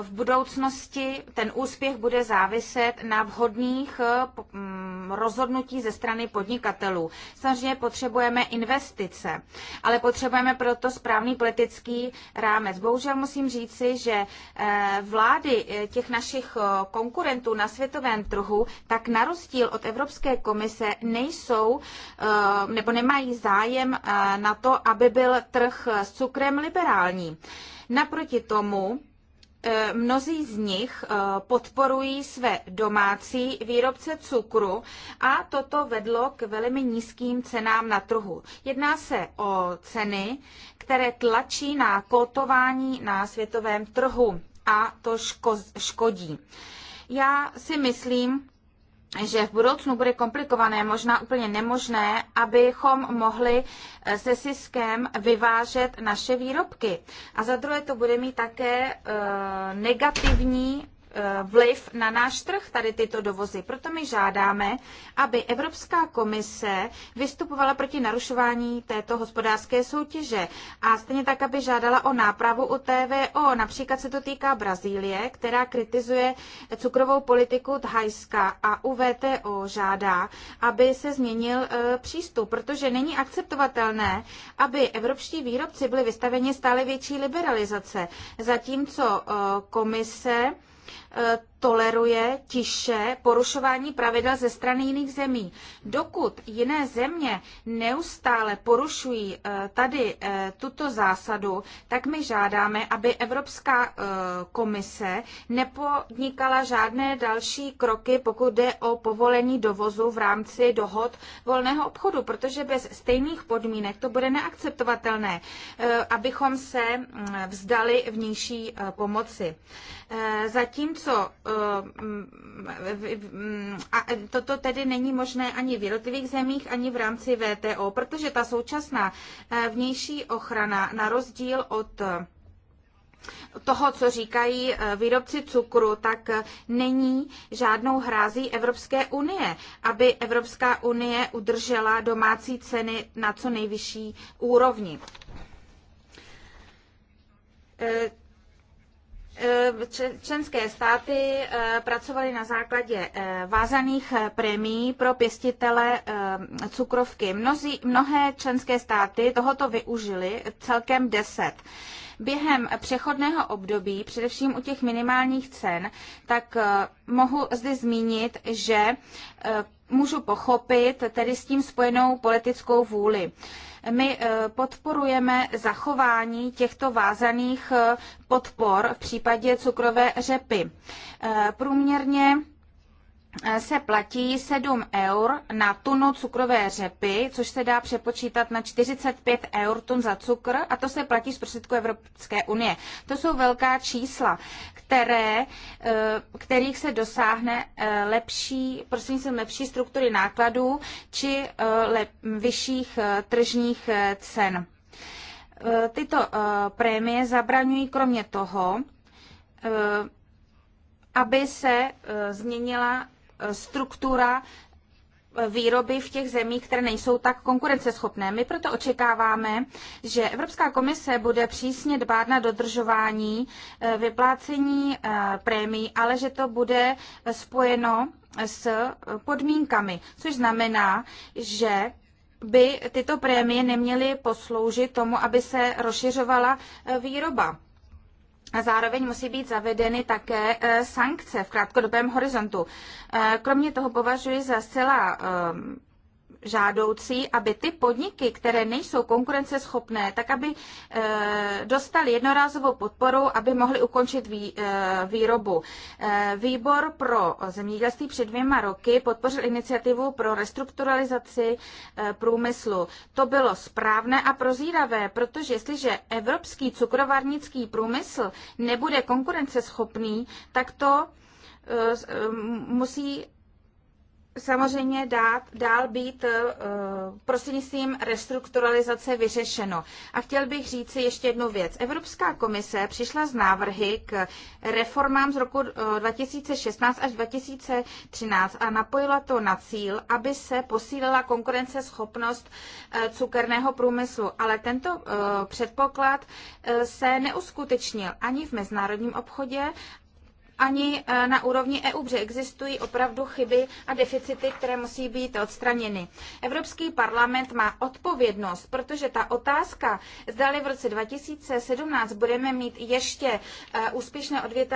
v budoucnosti ten úspěch bude záviset na vhodných eh, mm, rozhodnutí ze strany podnikatelů. Samozřejmě potřebujeme investice, ale potřebujeme proto správný politický rámec. Bohužel musím říci, že eh, vlády těch našich konkurentů na světovém trhu, tak na rozdíl od Evropské komise, nejsou nebo nemají zájem na to, aby byl trh s cukrem liberální. Naproti tomu eh, mnozí z nich eh, podporují své domácí výrobce cukru a toto vedlo k velmi nízkým cenám na trhu. Jedná se o ceny, které tlačí na kotování na světovém trhu a to ško- škodí. Já si myslím, že v budoucnu bude komplikované, možná úplně nemožné, abychom mohli eh, se Siskem vyvážet naše výrobky. A za druhé to bude mít také eh, negativní Eh, vliv na náš trh tady tyto dovozy. Proto my žádáme, aby Evropská komise vystupovala proti narušování této hospodářské soutěže a stejně tak, aby žádala o nápravu u TVO. Například se to týká Brazílie, která kritizuje cukrovou politiku Thajska a u VTO žádá, aby se změnil eh, přístup, protože není akceptovatelné, aby evropští výrobci byli vystaveni stále větší liberalizace, zatímco eh, komise Eh, toleruje tiše porušování pravidel ze strany jiných zemí. Dokud jiné země neustále porušují eh, tady eh, tuto zásadu, tak my žádáme, aby Evropská komise nepodnikala žádné další kroky, pokud jde o povolení dovozu v rámci dohod volného obchodu, protože bez stejných podmínek to bude neakceptovatelné, abychom se mm, vzdali vnější pomoci. Zatímco Zatímco eh, a toto tedy není možné ani v jednotlivých zemích, ani v rámci VTO, protože ta současná eh, vnější ochrana, na rozdíl od eh, toho, co říkají výrobci cukru, tak není žádnou hrází Evropské unie, aby Evropská unie udržela domácí ceny na co nejvyšší úrovni Eh, členské státy eh, pracovaly na základě eh, vázaných prémií pro pěstitele cukrovky. Mnozí, mnohé členské státy tohoto využily celkem deset během přechodného období, především u těch minimálních cen, tak mohu zde zmínit, že můžu pochopit tedy s tím spojenou politickou vůli. My eh, podporujeme zachování těchto vázaných eh, podpor v případě cukrové řepy. Eh, průměrně Eh, se platí 7 eur na tunu cukrové řepy, což se dá přepočítat na 45 eur tun za cukr a to se platí z prostředku Evropské unie. To jsou velká čísla, které, eh, kterých se dosáhne eh, lepší, prostřednictvím lepší struktury nákladů či lep, vyšších tržních cen. Tyto prémie zabraňují kromě toho, aby se změnila struktura výroby v těch zemích, které nejsou tak konkurenceschopné. My proto očekáváme, že Evropská komise bude přísně dbát na dodržování eh, vyplácení eh, prémií, ale že to bude spojeno s eh, podmínkami, což znamená, že by tyto prémie neměly posloužit tomu, aby se rozšiřovala výroba a zároveň musí být zavedeny také e, sankce v krátkodobém horizontu. E, kromě toho považuji za zcela e, žádoucí, aby ty podniky, které nejsou konkurenceschopné, tak aby eh, dostali jednorázovou podporu, aby mohli ukončit eh, výrobu. Eh, výbor pro zemědělství před dvěma roky podpořil iniciativu pro restrukturalizaci průmyslu. To bylo správné a prozíravé, protože jestliže evropský cukrovarnický průmysl nebude konkurenceschopný, tak to musí samozřejmě dát, dál být eh, prostřednictvím restrukturalizace vyřešeno. A chtěl bych říci ještě jednu věc. Evropská komise přišla z návrhy k reformám z roku 2016 eh, až 2013 a napojila to na cíl, aby se posílila konkurenceschopnost eh, cukerného průmyslu. Ale tento předpoklad se neuskutečnil ani v mezinárodním obchodě, ani eh, na úrovni EU, protože existují opravdu chyby a deficity, které musí být odstraněny. Evropský parlament má odpovědnost, protože ta otázka, zdali v roce 2017 budeme mít ještě eh, úspěšné eh,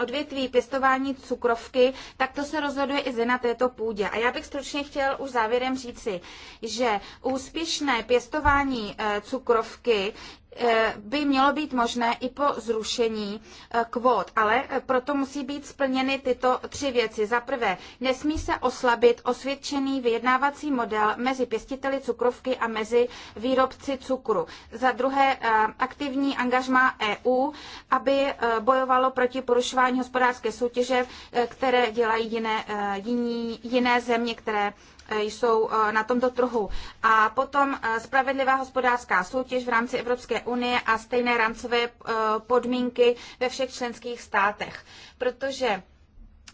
odvětví pěstování cukrovky, tak to se rozhoduje i zde na této půdě. A já bych stručně chtěl už závěrem říci, že úspěšné pěstování cukrovky Eh, by mělo být možné i po zrušení eh, kvót, ale eh, proto musí být splněny tyto tři věci. Za prvé, nesmí se oslabit osvědčený vyjednávací model mezi pěstiteli cukrovky a mezi výrobci cukru. Za druhé, aktivní angažma EU, aby bojovalo proti porušování hospodářské soutěže, které dělají jiné, jiní, jiné země, které Eh, jsou eh, na tomto trhu. A potom eh, spravedlivá hospodářská soutěž v rámci Evropské unie a stejné rámcové podmínky ve všech členských státech. Protože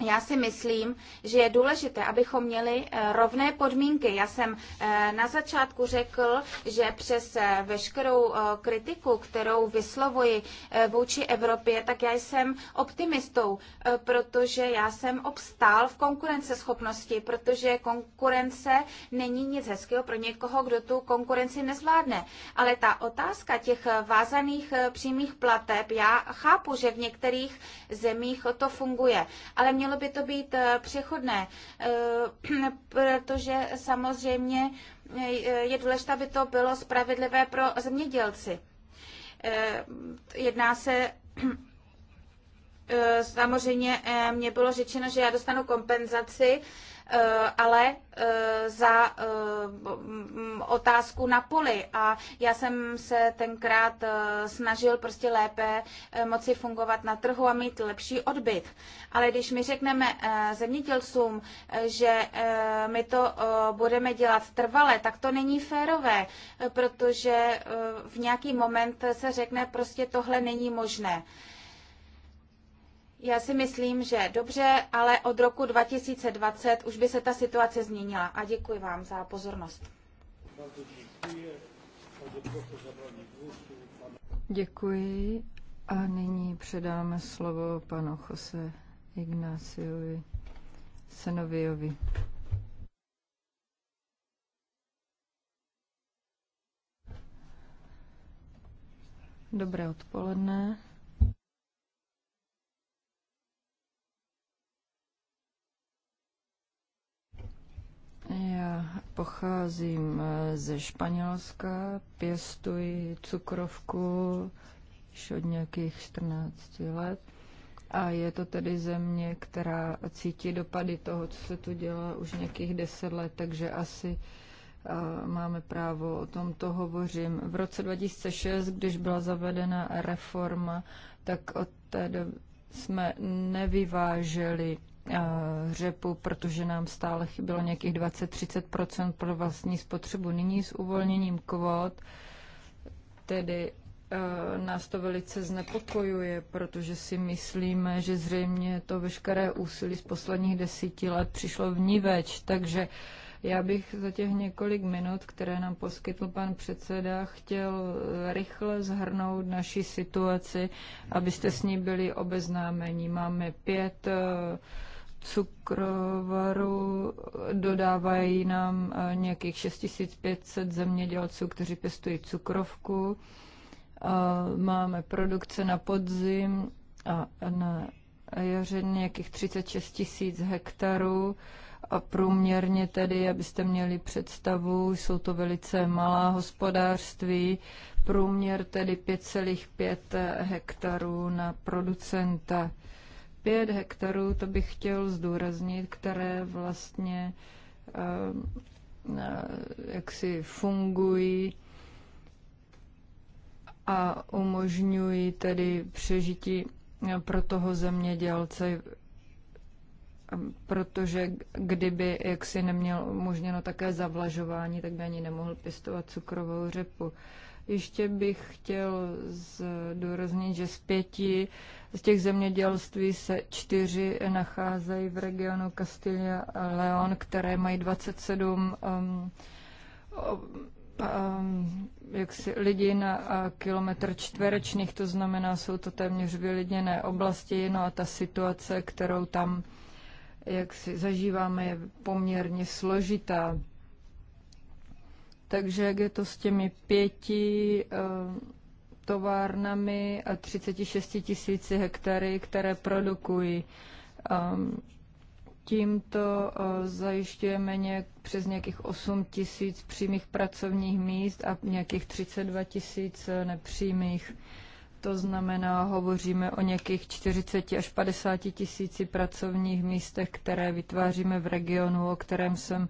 já si myslím, že je důležité, abychom měli eh, rovné podmínky. Já jsem eh, na začátku řekl, že přes eh, veškerou kritiku, kterou vyslovuji vůči Evropě, tak já jsem optimistou, protože já jsem obstál v konkurenceschopnosti, protože konkurence není nic hezkého pro někoho, kdo tu konkurenci nezvládne. Ale ta otázka těch vázaných přímých plateb, já chápu, že v některých zemích to funguje, ale mě mělo by to být eh, přechodné, eh, protože samozřejmě eh, je důležité, aby to bylo spravedlivé pro zemědělci. Jedná se samozřejmě mě bylo řečeno, že já dostanu kompenzaci Eh, ale eh, za eh, otázku na poli. A já jsem se tenkrát snažil prostě lépe moci fungovat na trhu a mít lepší odbyt. Ale když my řekneme zemědělcům, že my to budeme dělat trvale, tak to není férové, protože v nějaký moment se řekne prostě tohle není možné. Já si myslím, že dobře, ale od roku 2020 už by se ta situace změnila. A děkuji vám za pozornost. Děkuji a nyní předáme slovo panu Jose Ignáciovi Senoviovi. Dobré odpoledne. Já pocházím eh, ze Španělska, pěstuji cukrovku již od nějakých 14 let. A je to tedy země, která cítí dopady toho, co se tu dělá už nějakých 10 let, takže asi eh, máme právo, o tom to hovořím. V roce 2006, když byla zavedena reforma, tak od té doby jsme nevyváželi Eh, řepu, protože nám stále chybělo nějakých 20-30 pro vlastní spotřebu. Nyní s uvolněním kvót, tedy eh, nás to velice znepokojuje, protože si myslíme, že zřejmě to veškeré úsilí z posledních desíti let přišlo v več. takže já bych za těch několik minut, které nám poskytl pan předseda, chtěl eh, rychle zhrnout naši situaci, abyste s ní byli obeznámeni. Máme pět uh, cukrovaru dodávají nám eh, nějakých 6500 zemědělců, kteří pěstují cukrovku. Eh, máme produkce na podzim a na jaře nějakých 36 tisíc hektarů a průměrně tedy, abyste měli představu, jsou to velice malá hospodářství, průměr tedy 5,5 hektarů na producenta. 5 hektarů, to bych chtěl zdůraznit, které vlastně eh, eh, jak si fungují a umožňují tedy přežití pro toho zemědělce, protože kdyby jaksi neměl umožněno také zavlažování, tak by ani nemohl pěstovat cukrovou řepu. Ještě bych chtěl zdůraznit, že z pěti z těch zemědělství se čtyři nacházejí v regionu Castilla a které mají 27 um, um, jaksi lidí na uh, kilometr čtverečních, to znamená, jsou to téměř vylidněné oblasti, no a ta situace, kterou tam jak si zažíváme, je poměrně složitá. Takže jak je to s těmi pěti uh, továrnami a 36 tisíci hektary, které produkují. Ehm, tímto eh, zajišťujeme nějak přes nějakých 8 tisíc přímých pracovních míst a nějakých 32 tisíc eh, nepřímých. To znamená, hovoříme o nějakých 40 až 50 tisíci pracovních místech, které vytváříme v regionu, o kterém jsem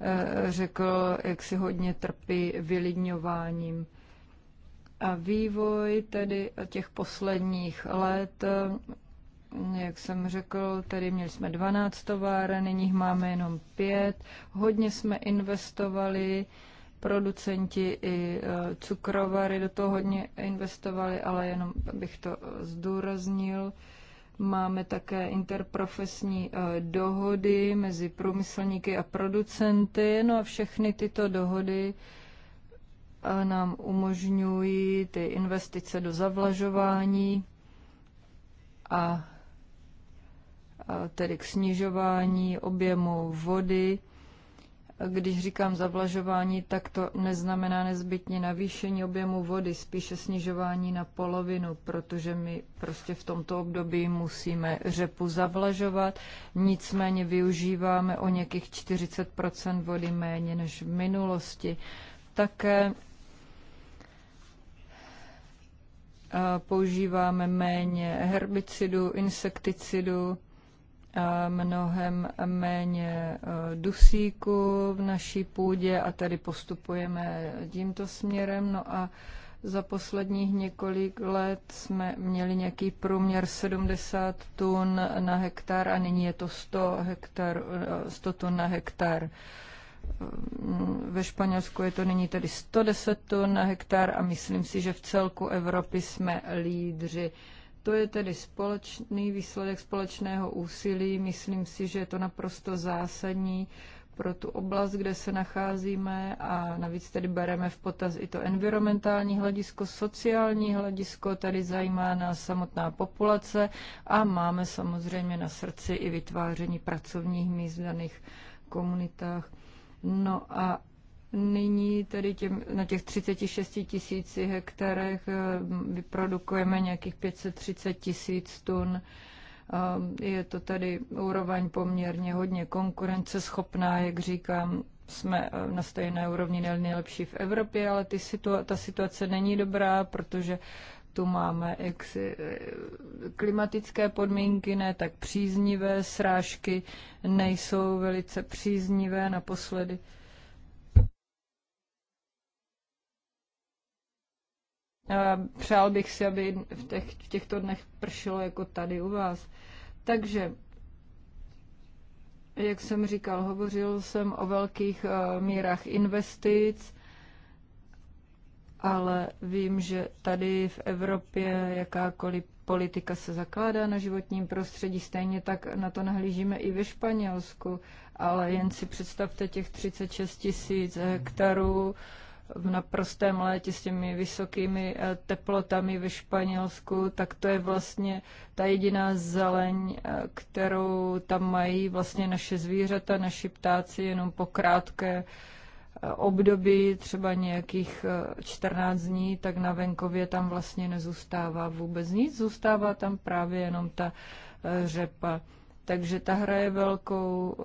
eh, řekl, jak si hodně trpí vylidňováním. A vývoj tedy těch posledních let, jak jsem řekl, tady měli jsme 12 továren, nyní jich máme jenom 5. Hodně jsme investovali, producenti i e, cukrovary do toho hodně investovali, ale jenom bych to zdůraznil. Máme také interprofesní e, dohody mezi průmyslníky a producenty, no a všechny tyto dohody nám umožňují ty investice do zavlažování a tedy k snižování objemu vody. Když říkám zavlažování, tak to neznamená nezbytně navýšení objemu vody, spíše snižování na polovinu, protože my prostě v tomto období musíme řepu zavlažovat, nicméně využíváme o nějakých 40 vody méně než v minulosti. Také používáme méně herbicidů, insekticidů, mnohem méně e, dusíku v naší půdě a tady postupujeme tímto směrem. No a za posledních několik let jsme měli nějaký průměr 70 tun na hektar a nyní je to 100, hektar, 100 e, tun na hektar ve Španělsku je to nyní tedy 110 tun na hektar a myslím si, že v celku Evropy jsme lídři. To je tedy společný výsledek společného úsilí. Myslím si, že je to naprosto zásadní pro tu oblast, kde se nacházíme a navíc tedy bereme v potaz i to environmentální hledisko, sociální hledisko, tady zajímá nás samotná populace a máme samozřejmě na srdci i vytváření pracovních míst v daných komunitách. No a nyní tedy těm, na těch 36 tisíc hektarech eh, vyprodukujeme nějakých 530 tisíc tun. Eh, je to tady úroveň poměrně hodně konkurenceschopná, jak říkám, jsme eh, na stejné úrovni nejlepší v Evropě, ale ty situa- ta situace není dobrá, protože tu máme jaksi eh, klimatické podmínky ne tak příznivé, srážky nejsou velice příznivé naposledy. Přál bych si, aby v, těch, v těchto dnech pršelo jako tady u vás. Takže jak jsem říkal, hovořil jsem o velkých eh, mírách investic, ale vím, že tady v Evropě jakákoliv politika se zakládá na životním prostředí, stejně tak na to nahlížíme i ve Španělsku, ale jen si představte těch 36 tisíc hektarů v naprostém létě s těmi vysokými eh, teplotami ve Španělsku, tak to je vlastně ta jediná zeleň, eh, kterou tam mají vlastně naše zvířata, naši ptáci jenom po krátké uh, období třeba nějakých 14 eh, dní, tak na venkově tam vlastně nezůstává vůbec nic, zůstává tam právě jenom ta eh, řepa. Takže ta hraje velkou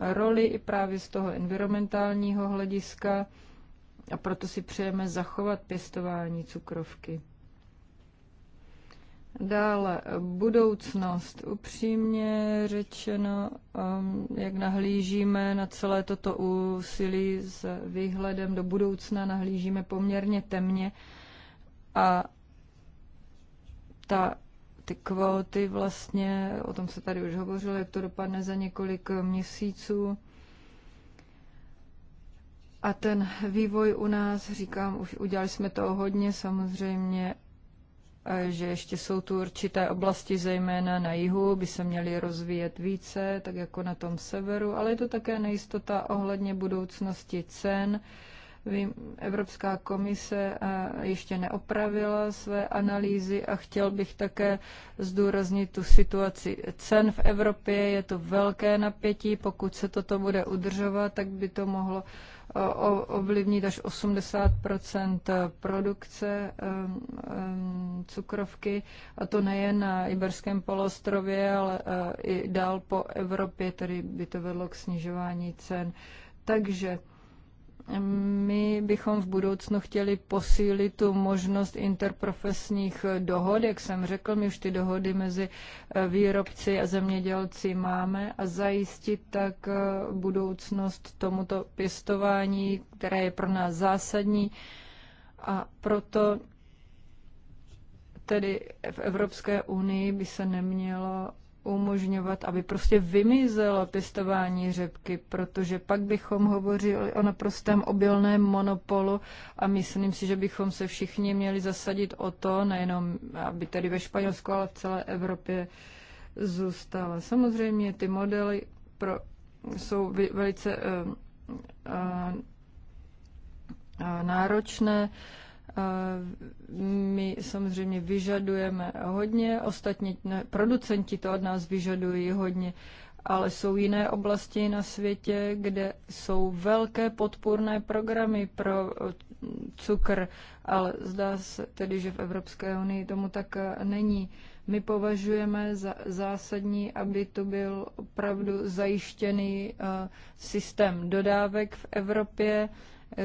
eh, roli i právě z toho environmentálního hlediska a proto si přejeme zachovat pěstování cukrovky. Dále budoucnost. Upřímně řečeno, um, jak nahlížíme na celé toto úsilí s výhledem do budoucna, nahlížíme poměrně temně a ta, ty kvóty vlastně, o tom se tady už hovořilo, jak to dopadne za několik měsíců. A ten vývoj u nás, říkám, už udělali jsme toho hodně, samozřejmě Eh, že ještě jsou tu určité oblasti, zejména na jihu, by se měly rozvíjet více, tak jako na tom severu, ale je to také nejistota ohledně budoucnosti cen Vím, Evropská komise eh, ještě neopravila své analýzy a chtěl bych také zdůraznit tu situaci cen v Evropě. Je to velké napětí, pokud se toto bude udržovat, tak by to mohlo eh, ovlivnit až 80 produkce eh, cukrovky, a to nejen na Iberském polostrově, ale i dál po Evropě, tedy by to vedlo k snižování cen. Takže my bychom v budoucnu chtěli posílit tu možnost interprofesních dohod, jak jsem řekl, my už ty dohody mezi eh, výrobci a zemědělci máme a zajistit tak eh, budoucnost tomuto pěstování, které je pro nás zásadní a proto tedy v Evropské unii by se nemělo umožňovat, aby prostě vymizelo pěstování řepky, protože pak bychom hovořili o naprostém obilném monopolu a myslím si, že bychom se všichni měli zasadit o to, nejenom aby tady ve Španělsku, ale v celé Evropě zůstala. Samozřejmě ty modely pro, jsou velice uh, uh, náročné. Uh, my samozřejmě vyžadujeme hodně, ostatně producenti to od nás vyžadují hodně, ale jsou jiné oblasti na světě, kde jsou velké podpůrné programy pro cukr, ale zdá se tedy, že v Evropské unii tomu tak e, není. My považujeme za zásadní, aby to byl opravdu zajištěný e, systém dodávek v Evropě,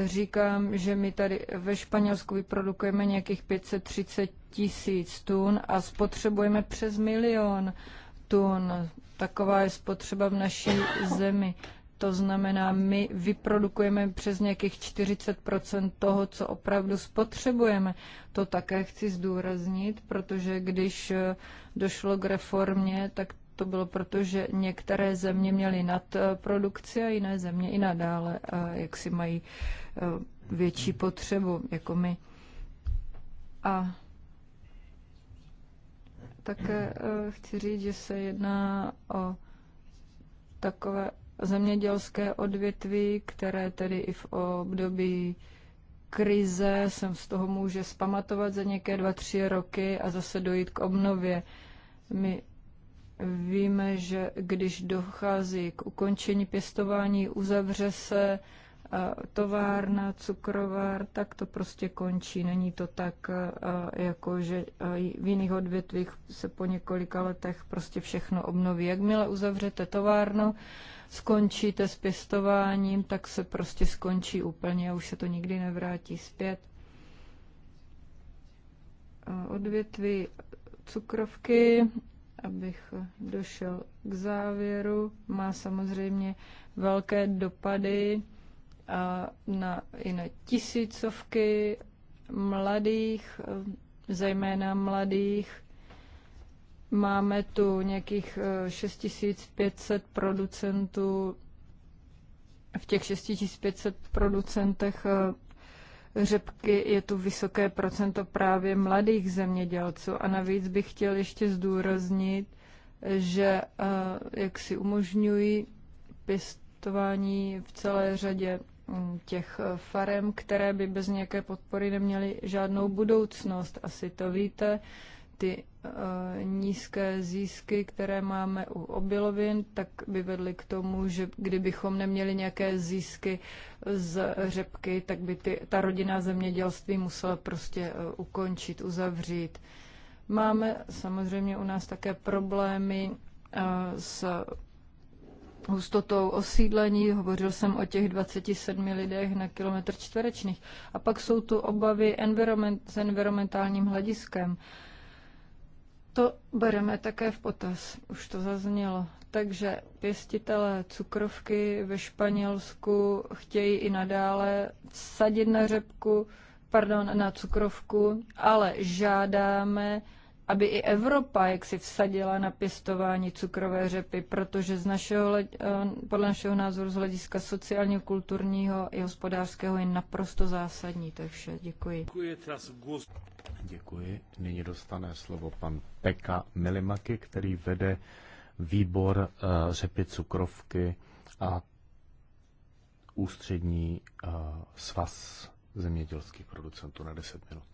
Říkám, že my tady ve Španělsku vyprodukujeme nějakých 530 tisíc tun a spotřebujeme přes milion tun. Taková je spotřeba v naší zemi. To znamená, my vyprodukujeme přes nějakých 40 toho, co opravdu spotřebujeme. To také chci zdůraznit, protože když došlo k reformě, tak to bylo proto, že některé země měly nadprodukci eh, a jiné země i nadále, jak si mají eh, větší potřebu, jako my. A také eh, chci říct, že se jedná o takové zemědělské odvětví, které tedy i v období krize jsem z toho může spamatovat za nějaké dva, tři roky a zase dojít k obnově. My Víme, že když dochází k ukončení pěstování, uzavře se továrna, cukrovár, tak to prostě končí. Není to tak, jako že v jiných odvětvích se po několika letech prostě všechno obnoví. Jakmile uzavřete továrnu, skončíte s pěstováním, tak se prostě skončí úplně a už se to nikdy nevrátí zpět. Odvětví cukrovky abych došel k závěru. Má samozřejmě velké dopady a na, i na tisícovky mladých, zejména mladých. Máme tu nějakých 6500 e, producentů. V těch 6500 producentech e, řepky je tu vysoké procento právě mladých zemědělců. A navíc bych chtěl ještě zdůraznit, že eh, jak si umožňují pěstování v celé řadě hm, těch eh, farem, které by bez nějaké podpory neměly žádnou budoucnost. Asi to víte ty eh, nízké zisky, které máme u obilovin, tak by vedly k tomu, že kdybychom neměli nějaké zisky z řepky, tak by ty, ta rodina zemědělství musela prostě eh, ukončit, uzavřít. Máme samozřejmě u nás také problémy eh, s hustotou osídlení, hovořil jsem o těch 27 lidech na kilometr čtverečných. A pak jsou tu obavy environment, s environmentálním hlediskem. To bereme také v potaz, už to zaznělo. Takže pěstitelé cukrovky ve Španělsku chtějí i nadále sadit na řepku, pardon, na cukrovku, ale žádáme aby i Evropa jak si vsadila na pěstování cukrové řepy, protože z našeho, eh, podle našeho názoru z hlediska sociálního, kulturního i hospodářského je naprosto zásadní. To je vše. Děkuji. Děkuji. Nyní dostane slovo pan Peka Milimaky, který vede výbor eh, řepy cukrovky a ústřední eh, svaz zemědělských producentů na 10 minut.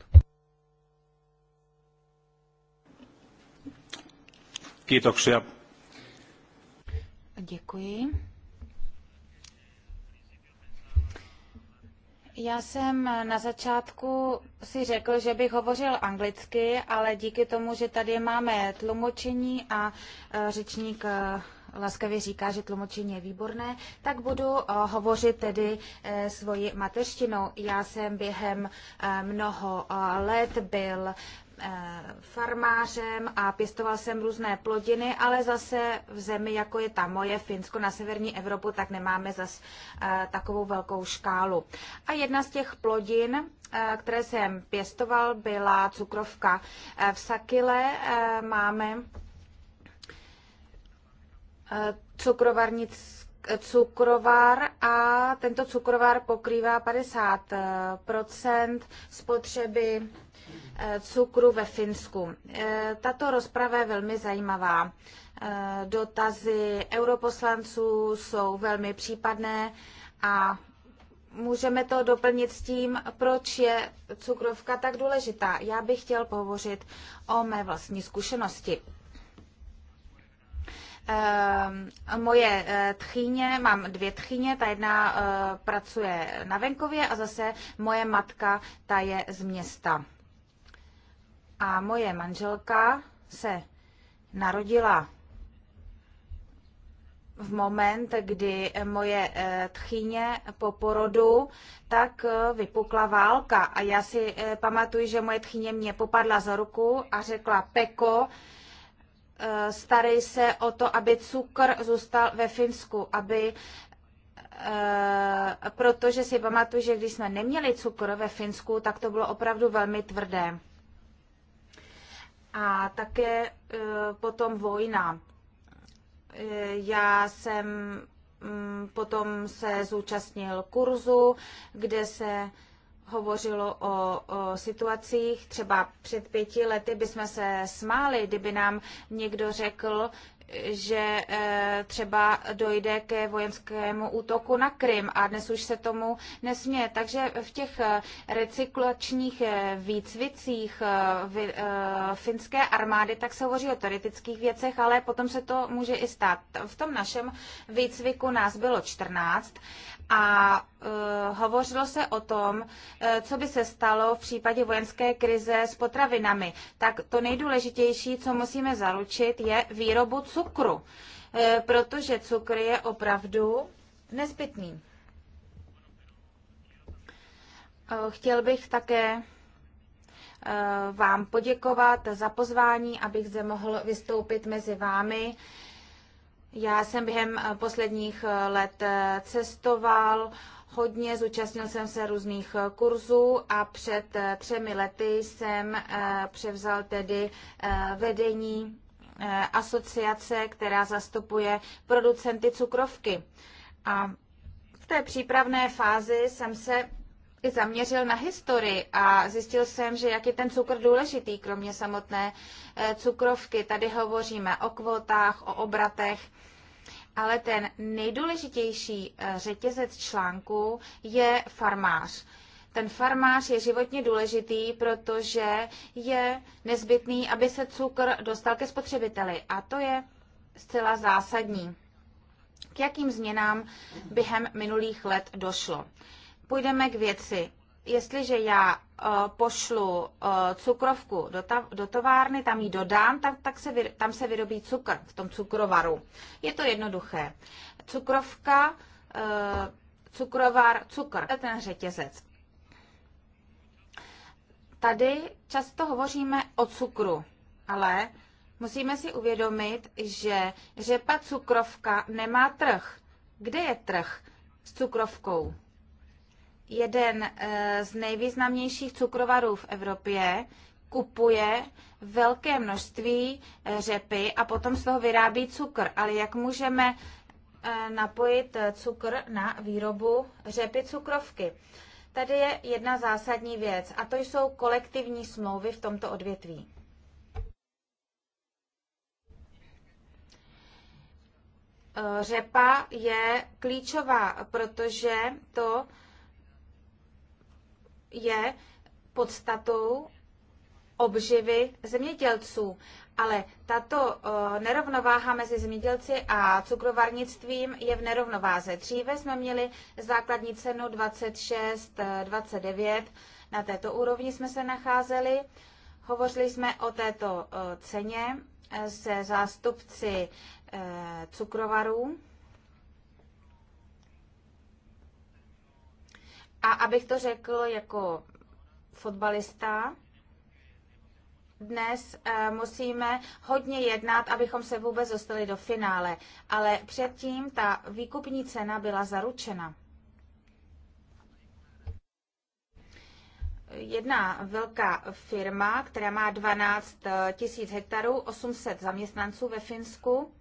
Já jsem na začátku si řekl, že bych hovořil anglicky, ale díky tomu, že tady máme tlumočení a e, řečník e, laskavě říká, že tlumočení je výborné, tak budu e, hovořit tedy svojí mateřštinou. Já jsem během mnoho let byl Eh, farmářem a pěstoval jsem různé plodiny, ale zase v zemi, jako je ta moje, Finsko na severní Evropu, tak nemáme zas eh, takovou velkou škálu. A jedna z těch plodin, eh, které jsem pěstoval, byla cukrovka. V Sakile máme cukrovarnic, cukrovar a tento cukrovar pokrývá 50 spotřeby cukru ve Finsku. E, tato rozprava je velmi zajímavá. E, dotazy europoslanců jsou velmi případné a můžeme to doplnit s tím, proč je cukrovka tak důležitá. Já bych chtěl pohovořit o mé vlastní zkušenosti. E, moje tchýně, mám dvě tchýně, ta jedna pracuje na venkově a zase moje matka, ta je z města a moje manželka se narodila v moment, kdy moje eh, tchyně po porodu, tak eh, vypukla válka. A já si eh, pamatuju, že moje tchyně mě popadla za ruku a řekla, Peko, starej se o to, aby cukr zůstal ve Finsku, aby protože si pamatuju, že když jsme neměli cukr ve Finsku, tak to bylo opravdu velmi tvrdé. A také e, potom vojna. E, já jsem mm, potom se zúčastnil kurzu, kde se hovořilo o, o situacích. Třeba před pěti lety bychom se smáli, kdyby nám někdo řekl, že eh, třeba dojde ke vojenskému útoku na Krym a dnes už se tomu nesměje. Takže v těch eh, recyklačních eh, výcvicích finské armády tak se hovoří o teoretických věcech, ale potom se to může i stát. V tom našem výcviku nás bylo 14 a hovořilo se o tom, co by se stalo v případě vojenské krize s potravinami. Tak to nejdůležitější, co musíme zaručit, je výrobu cukru cukru, eh, protože cukr je opravdu nezbytný. Eh, chtěl bych také eh, vám poděkovat za pozvání, abych zde mohl vystoupit mezi vámi. Já jsem během posledních let cestoval hodně, zúčastnil jsem se různých kurzů a před třemi lety jsem převzal tedy vedení Eh, asociace, která zastupuje producenty cukrovky. A v té přípravné fázi jsem se i zaměřil na historii a zjistil jsem, že jak je ten cukr důležitý, kromě samotné eh, cukrovky. Tady hovoříme o kvotách, o obratech, ale ten nejdůležitější eh, řetězec článků je farmář. Ten farmář je životně důležitý, protože je nezbytný, aby se cukr dostal ke spotřebiteli. A to je zcela zásadní. K jakým změnám během minulých let došlo? Půjdeme k věci jestliže já uh, pošlu uh, cukrovku do, ta, do továrny, tam ji dodám, tak, tak se vy, tam se vyrobí cukr v tom cukrovaru. Je to jednoduché. Cukrovka, uh, cukrovar, cukr, ten řetězec. Tady často hovoříme o cukru, ale musíme si uvědomit, že řepa cukrovka nemá trh. Kde je trh s cukrovkou? Jeden eh, z nejvýznamnějších cukrovarů v Evropě kupuje velké množství eh, řepy a potom z toho vyrábí cukr. Ale jak můžeme eh, napojit cukr na výrobu řepy cukrovky? Tady je jedna zásadní věc a to jsou kolektivní smlouvy v tomto odvětví. Řepa je klíčová, protože to je podstatou obživy zemědělců ale tato eh, nerovnováha mezi zemědělci a cukrovarnictvím je v nerovnováze. Dříve jsme měli základní cenu 26-29, eh, na této úrovni jsme se nacházeli. Hovořili jsme o této eh, ceně se zástupci cukrovarů. A abych to řekl jako fotbalista, dnes eh, musíme hodně jednat, abychom se vůbec dostali do finále, ale předtím ta výkupní cena byla zaručena. Jedna velká firma, která má 12 000 eh, hektarů, 800 zaměstnanců ve Finsku,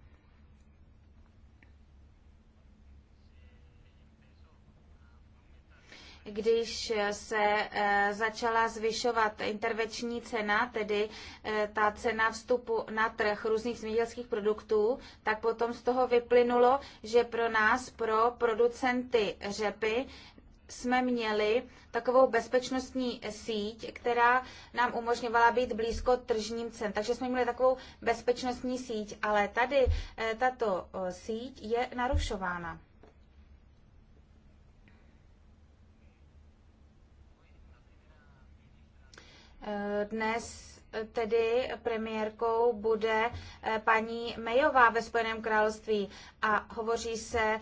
když se eh, začala zvyšovat intervenční cena, tedy eh, ta cena vstupu na trh různých zemědělských produktů, tak potom z toho vyplynulo, že pro nás, pro producenty řepy, jsme měli takovou bezpečnostní síť, která nám umožňovala být blízko tržním cen. Takže jsme měli takovou bezpečnostní síť, ale tady eh, tato síť je narušována. Eh, dnes tedy premiérkou bude eh, paní Mayová ve Spojeném království a hovoří se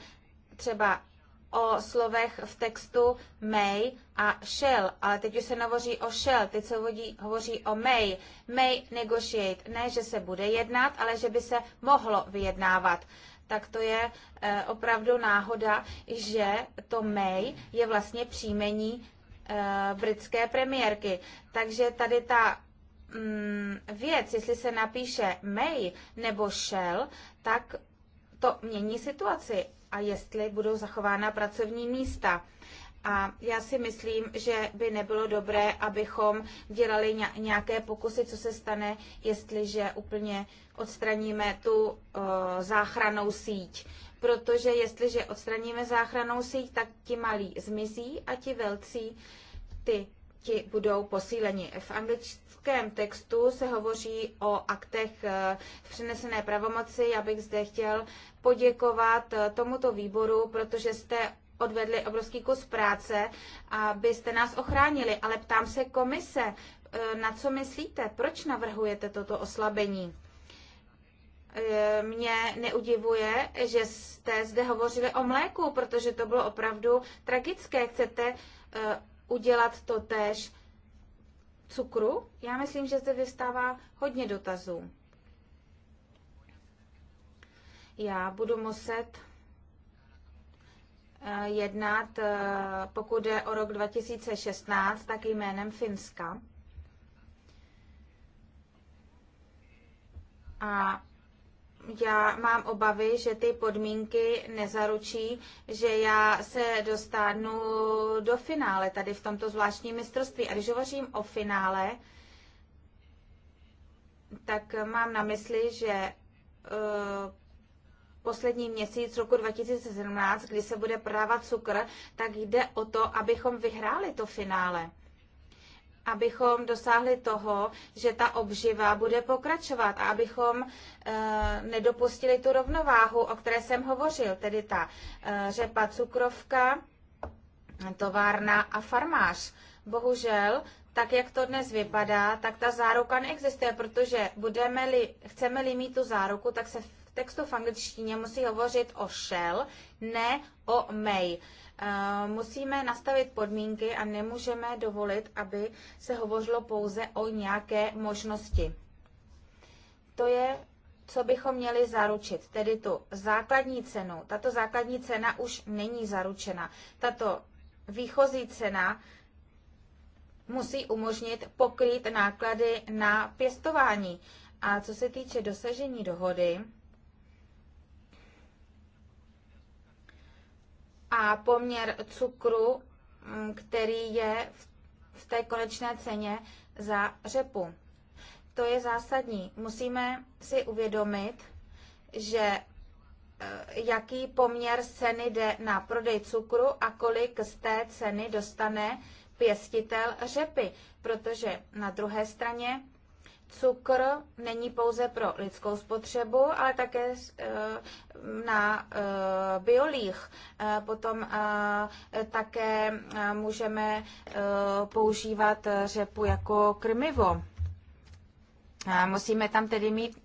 třeba o slovech v textu May a Shell, ale teď už se nehovoří o Shell, teď se hovoří, hovoří o May. May negotiate, ne, že se bude jednat, ale že by se mohlo vyjednávat. Tak to je eh, opravdu náhoda, že to May je vlastně příjmení Eh, britské premiérky. Takže tady ta mm, věc, jestli se napíše May nebo Shell, tak to mění situaci a jestli budou zachována pracovní místa. A já si myslím, že by nebylo dobré, abychom dělali nějaké pokusy, co se stane, jestliže úplně odstraníme tu uh, záchranou síť protože jestliže odstraníme záchranou síť, tak ti malí zmizí a ti velcí, ty, ti budou posíleni. V anglickém textu se hovoří o aktech v eh, přenesené pravomoci. Já bych zde chtěl poděkovat eh, tomuto výboru, protože jste odvedli obrovský kus práce, abyste nás ochránili. Ale ptám se komise, eh, na co myslíte? Proč navrhujete toto oslabení? Eh, mě neudivuje, že jste zde hovořili o mléku, protože to bylo opravdu tragické. Chcete eh, udělat to též cukru? Já myslím, že zde vystává hodně dotazů. Já budu muset eh, jednat, pokud je o rok 2016, tak jménem Finska. A já mám obavy, že ty podmínky nezaručí, že já se dostanu do finále tady v tomto zvláštním mistrovství. A když hovořím o finále, tak mám na mysli, že uh, poslední měsíc roku 2017, kdy se bude prodávat cukr, tak jde o to, abychom vyhráli to finále abychom dosáhli toho, že ta obživa bude pokračovat a abychom e, nedopustili tu rovnováhu, o které jsem hovořil, tedy ta e, řepa cukrovka, továrna a farmář. Bohužel, tak jak to dnes vypadá, tak ta záruka neexistuje, protože budeme-li, chceme-li mít tu záruku, tak se textu v angličtině musí hovořit o shall, ne o may. Eh, musíme nastavit podmínky a nemůžeme dovolit, aby se hovořilo pouze o nějaké možnosti. To je co bychom měli zaručit, tedy tu základní cenu. Tato základní cena už není zaručena. Tato výchozí cena musí umožnit pokrýt náklady na pěstování. A co se týče dosažení dohody, a poměr cukru, mm, který je v té konečné ceně za řepu. To je zásadní. Musíme si uvědomit, že e, jaký poměr ceny jde na prodej cukru a kolik z té ceny dostane pěstitel řepy, protože na druhé straně Cukr není pouze pro lidskou spotřebu, ale také eh, na eh, biolích. Eh, potom také můžeme používat řepu jako krmivo. Musíme tam tedy mít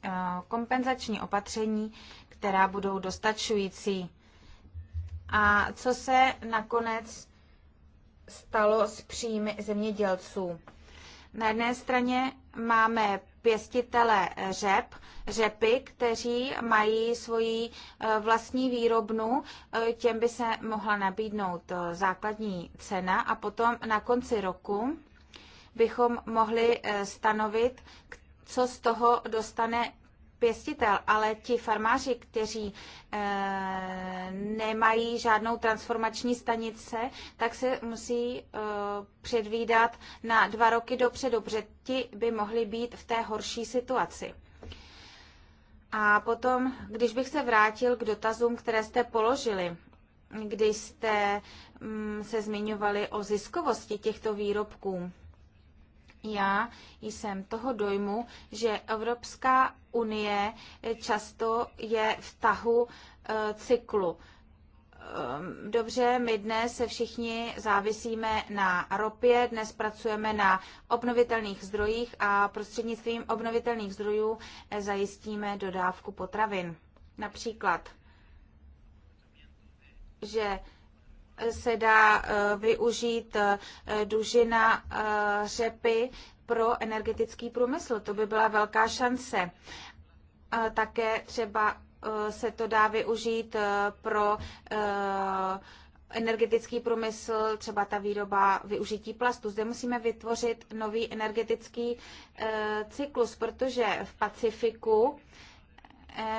kompenzační opatření, která budou dostačující. A co se nakonec stalo s příjmy zemědělců? Na jedné straně máme pěstitele řep, řepy, kteří mají svoji eh, vlastní výrobnu, eh, těm by se mohla nabídnout eh, základní cena a potom na konci roku bychom mohli stanovit, co z toho dostane pěstitel, ale ti farmáři, kteří e, nemají žádnou transformační stanice, tak se musí e, předvídat na dva roky dopředu, protože ti by mohli být v té horší situaci. A potom, když bych se vrátil k dotazům, které jste položili, když jste mm, se zmiňovali o ziskovosti těchto výrobků, já jsem toho dojmu, že Evropská unie často je v tahu eh, cyklu. Ehm, dobře, my dnes se všichni závisíme na ropě, dnes pracujeme na obnovitelných zdrojích a prostřednictvím obnovitelných zdrojů eh, zajistíme dodávku potravin. Například, že se dá eh, využít eh, dužina eh, řepy pro energetický průmysl. To by byla velká šance. Také třeba se to dá využít pro energetický průmysl, třeba ta výroba využití plastu. Zde musíme vytvořit nový energetický cyklus, protože v Pacifiku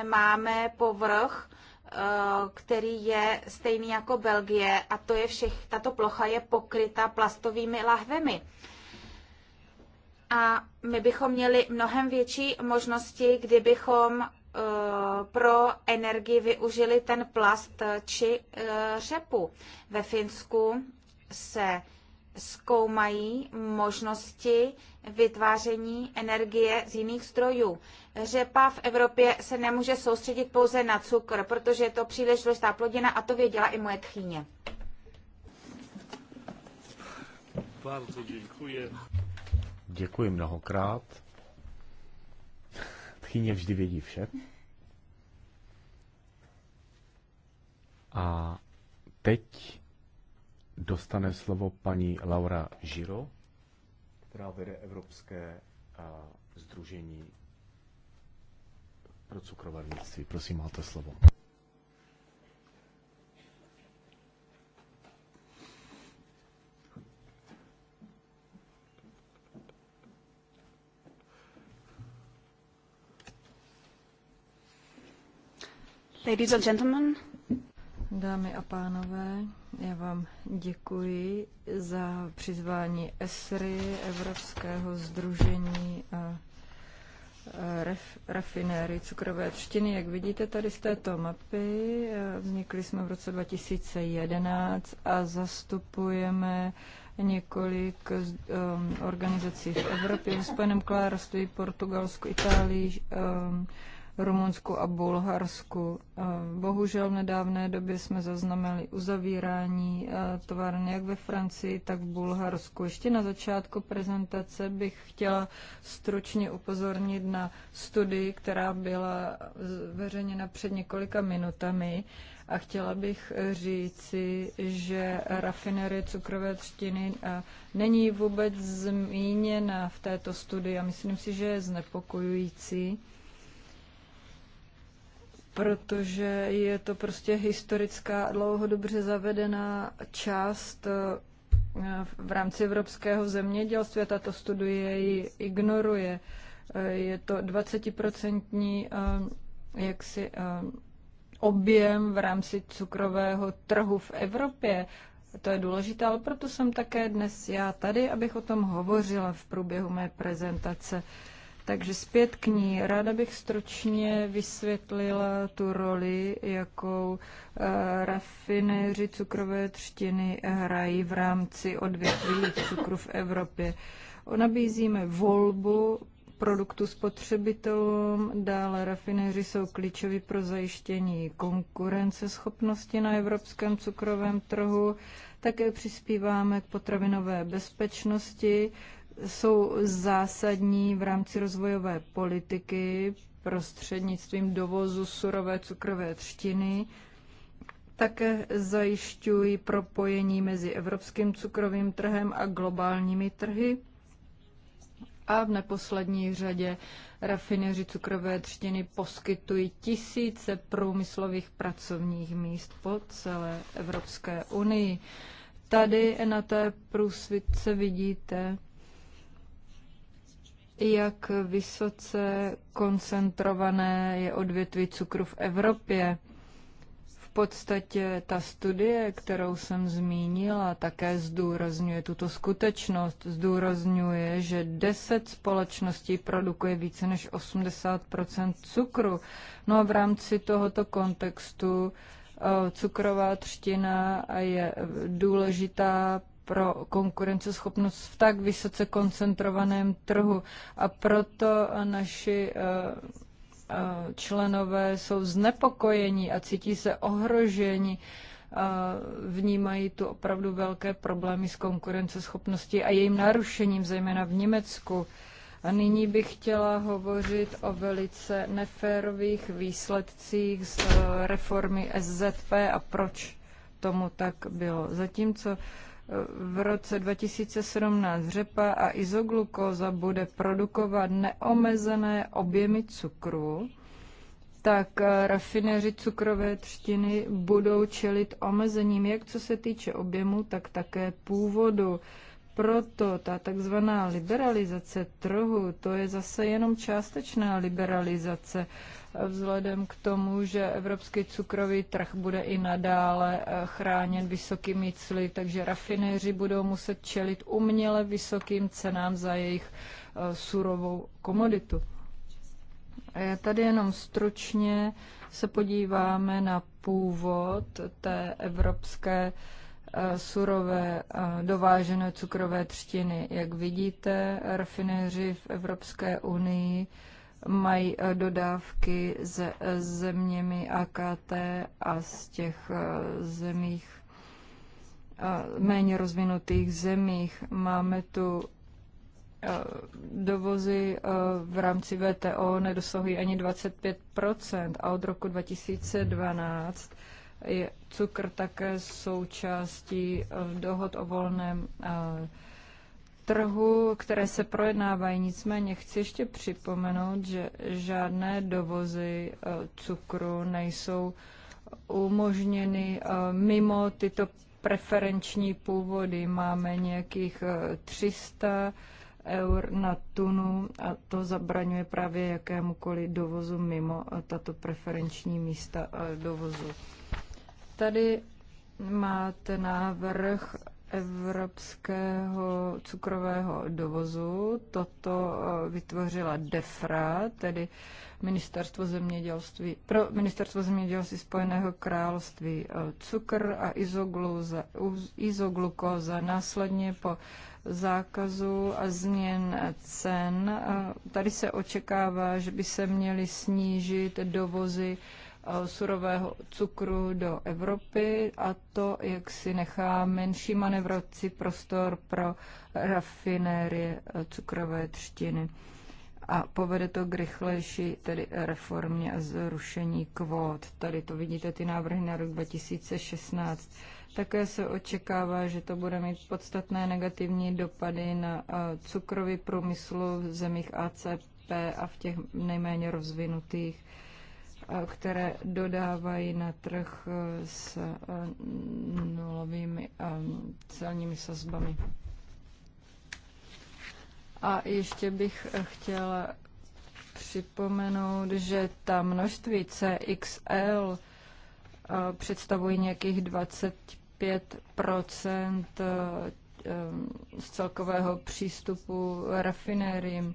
máme povrch, Eh, který je stejný jako Belgie a to je všech, tato plocha je pokryta plastovými lahvemi. A my bychom měli mnohem větší možnosti, kdybychom eh, pro energii využili ten plast či eh, řepu. Ve Finsku se zkoumají možnosti vytváření energie z jiných zdrojů. Řepa v Evropě se nemůže soustředit pouze na cukr, protože je to příliš důležitá plodina a to věděla i moje tchýně. děkuji. Děkuji mnohokrát. Tchýně vždy vědí vše. A teď dostane slovo paní Laura Žiro, která vede Evropské združení pro cukrovarnictví. Prosím, máte slovo. Ladies and gentlemen, Dámy a pánové, já vám děkuji za přizvání ESRI, Evropského združení a eh, eh, ref, rafinéry cukrové třtiny. Jak vidíte tady z této mapy, eh, vznikli jsme v roce 2011 a zastupujeme několik um, organizací v Evropě, v Spojeném království, Portugalsku, Itálii, um, Rumunsku a Bulharsku. Eh, bohužel v nedávné době jsme zaznamenali uzavírání eh, továrny jak ve Francii, tak v Bulharsku. Ještě na začátku prezentace bych chtěla stručně upozornit na studii, která byla zveřejněna před několika minutami. A chtěla bych říci, že rafinerie cukrové třtiny eh, není vůbec zmíněna v této studii a myslím si, že je znepokojující protože je to prostě historická dlouhodobře zavedená část eh, v rámci evropského zemědělství a tato studie ji ignoruje. Eh, je to 20% eh, jaksi objem v rámci cukrového trhu v Evropě. To je důležité, ale proto jsem také dnes já tady, abych o tom hovořila v průběhu mé prezentace. Takže zpět k ní. Ráda bych stročně vysvětlila tu roli, jakou eh, rafinéři cukrové třtiny hrají v rámci odvětví cukru v Evropě. Nabízíme volbu produktu spotřebitelům, dále rafinéři jsou klíčoví pro zajištění konkurenceschopnosti na evropském cukrovém trhu, také přispíváme k potravinové bezpečnosti, jsou zásadní v rámci rozvojové politiky prostřednictvím dovozu surové cukrové třtiny. Také zajišťují propojení mezi evropským cukrovým trhem a globálními trhy. A v neposlední řadě rafineři cukrové třtiny poskytují tisíce průmyslových pracovních míst po celé Evropské unii. Tady na té průsvitce vidíte jak vysoce koncentrované je odvětví cukru v Evropě. V podstatě ta studie, kterou jsem zmínila, také zdůrazňuje tuto skutečnost. Zdůrazňuje, že 10 společností produkuje více než 80 cukru. No a v rámci tohoto kontextu eh, cukrová třtina je eh, důležitá pro konkurenceschopnost v tak vysoce koncentrovaném trhu. A proto naši eh, eh, členové jsou znepokojeni a cítí se ohroženi, eh, vnímají tu opravdu velké problémy s konkurenceschopností a jejím narušením, zejména v Německu. A nyní bych chtěla hovořit o velice neférových výsledcích z reformy SZP a proč tomu tak bylo. Zatímco v roce 2017 řepa a izoglukóza bude produkovat neomezené objemy cukru, tak eh, rafinéři cukrové třtiny budou čelit omezením, jak co se týče objemu, tak také původu. Proto ta takzvaná liberalizace trhu, to je zase jenom částečná liberalizace vzhledem k tomu, že evropský cukrový trh bude i nadále eh, chráněn vysokými cly, takže rafinéři budou muset čelit uměle vysokým cenám za jejich eh, surovou komoditu. Já tady jenom stručně se podíváme na původ té evropské uh, Eh, surové eh, dovážené cukrové třtiny. Jak vidíte, rafinéři v Evropské unii mají eh, dodávky s zeměmi AKT a z těch zemích méně rozvinutých zemích. Máme tu dovozy v rámci VTO nedosahují ani 25 a od roku 2012 je cukr také součástí eh, dohod o volném eh, trhu, které se projednávají. Nicméně chci ještě připomenout, že žádné dovozy eh, cukru nejsou umožněny mimo tyto preferenční původy. Máme nějakých 300 eur na tunu a to zabraňuje právě jakémukoliv dovozu mimo tato preferenční místa dovozu. Tady máte návrh evropského cukrového dovozu. Toto eh, vytvořila DEFRA, tedy Ministerstvo zemědělství, pro Ministerstvo zemědělství Spojeného království eh, cukr a izogluza, Následně po zákazu a změn cen, eh, tady se očekává, že by se měly snížit dovozy Eh, surového cukru do Evropy a to, jak si nechá menší manevrací prostor pro rafinérie eh, cukrové třtiny. A povede to k rychlejší tedy reformě a zrušení kvót. Tady to vidíte, ty návrhy na rok 2016. Také se očekává, že to bude mít podstatné negativní dopady na eh, cukrový průmysl v zemích ACP a v těch nejméně rozvinutých které dodávají na trh eh, s eh, nulovými eh, celními sazbami. A ještě bych chtěla připomenout, že ta množství CXL představují nějakých 25 z celkového přístupu rafinériím.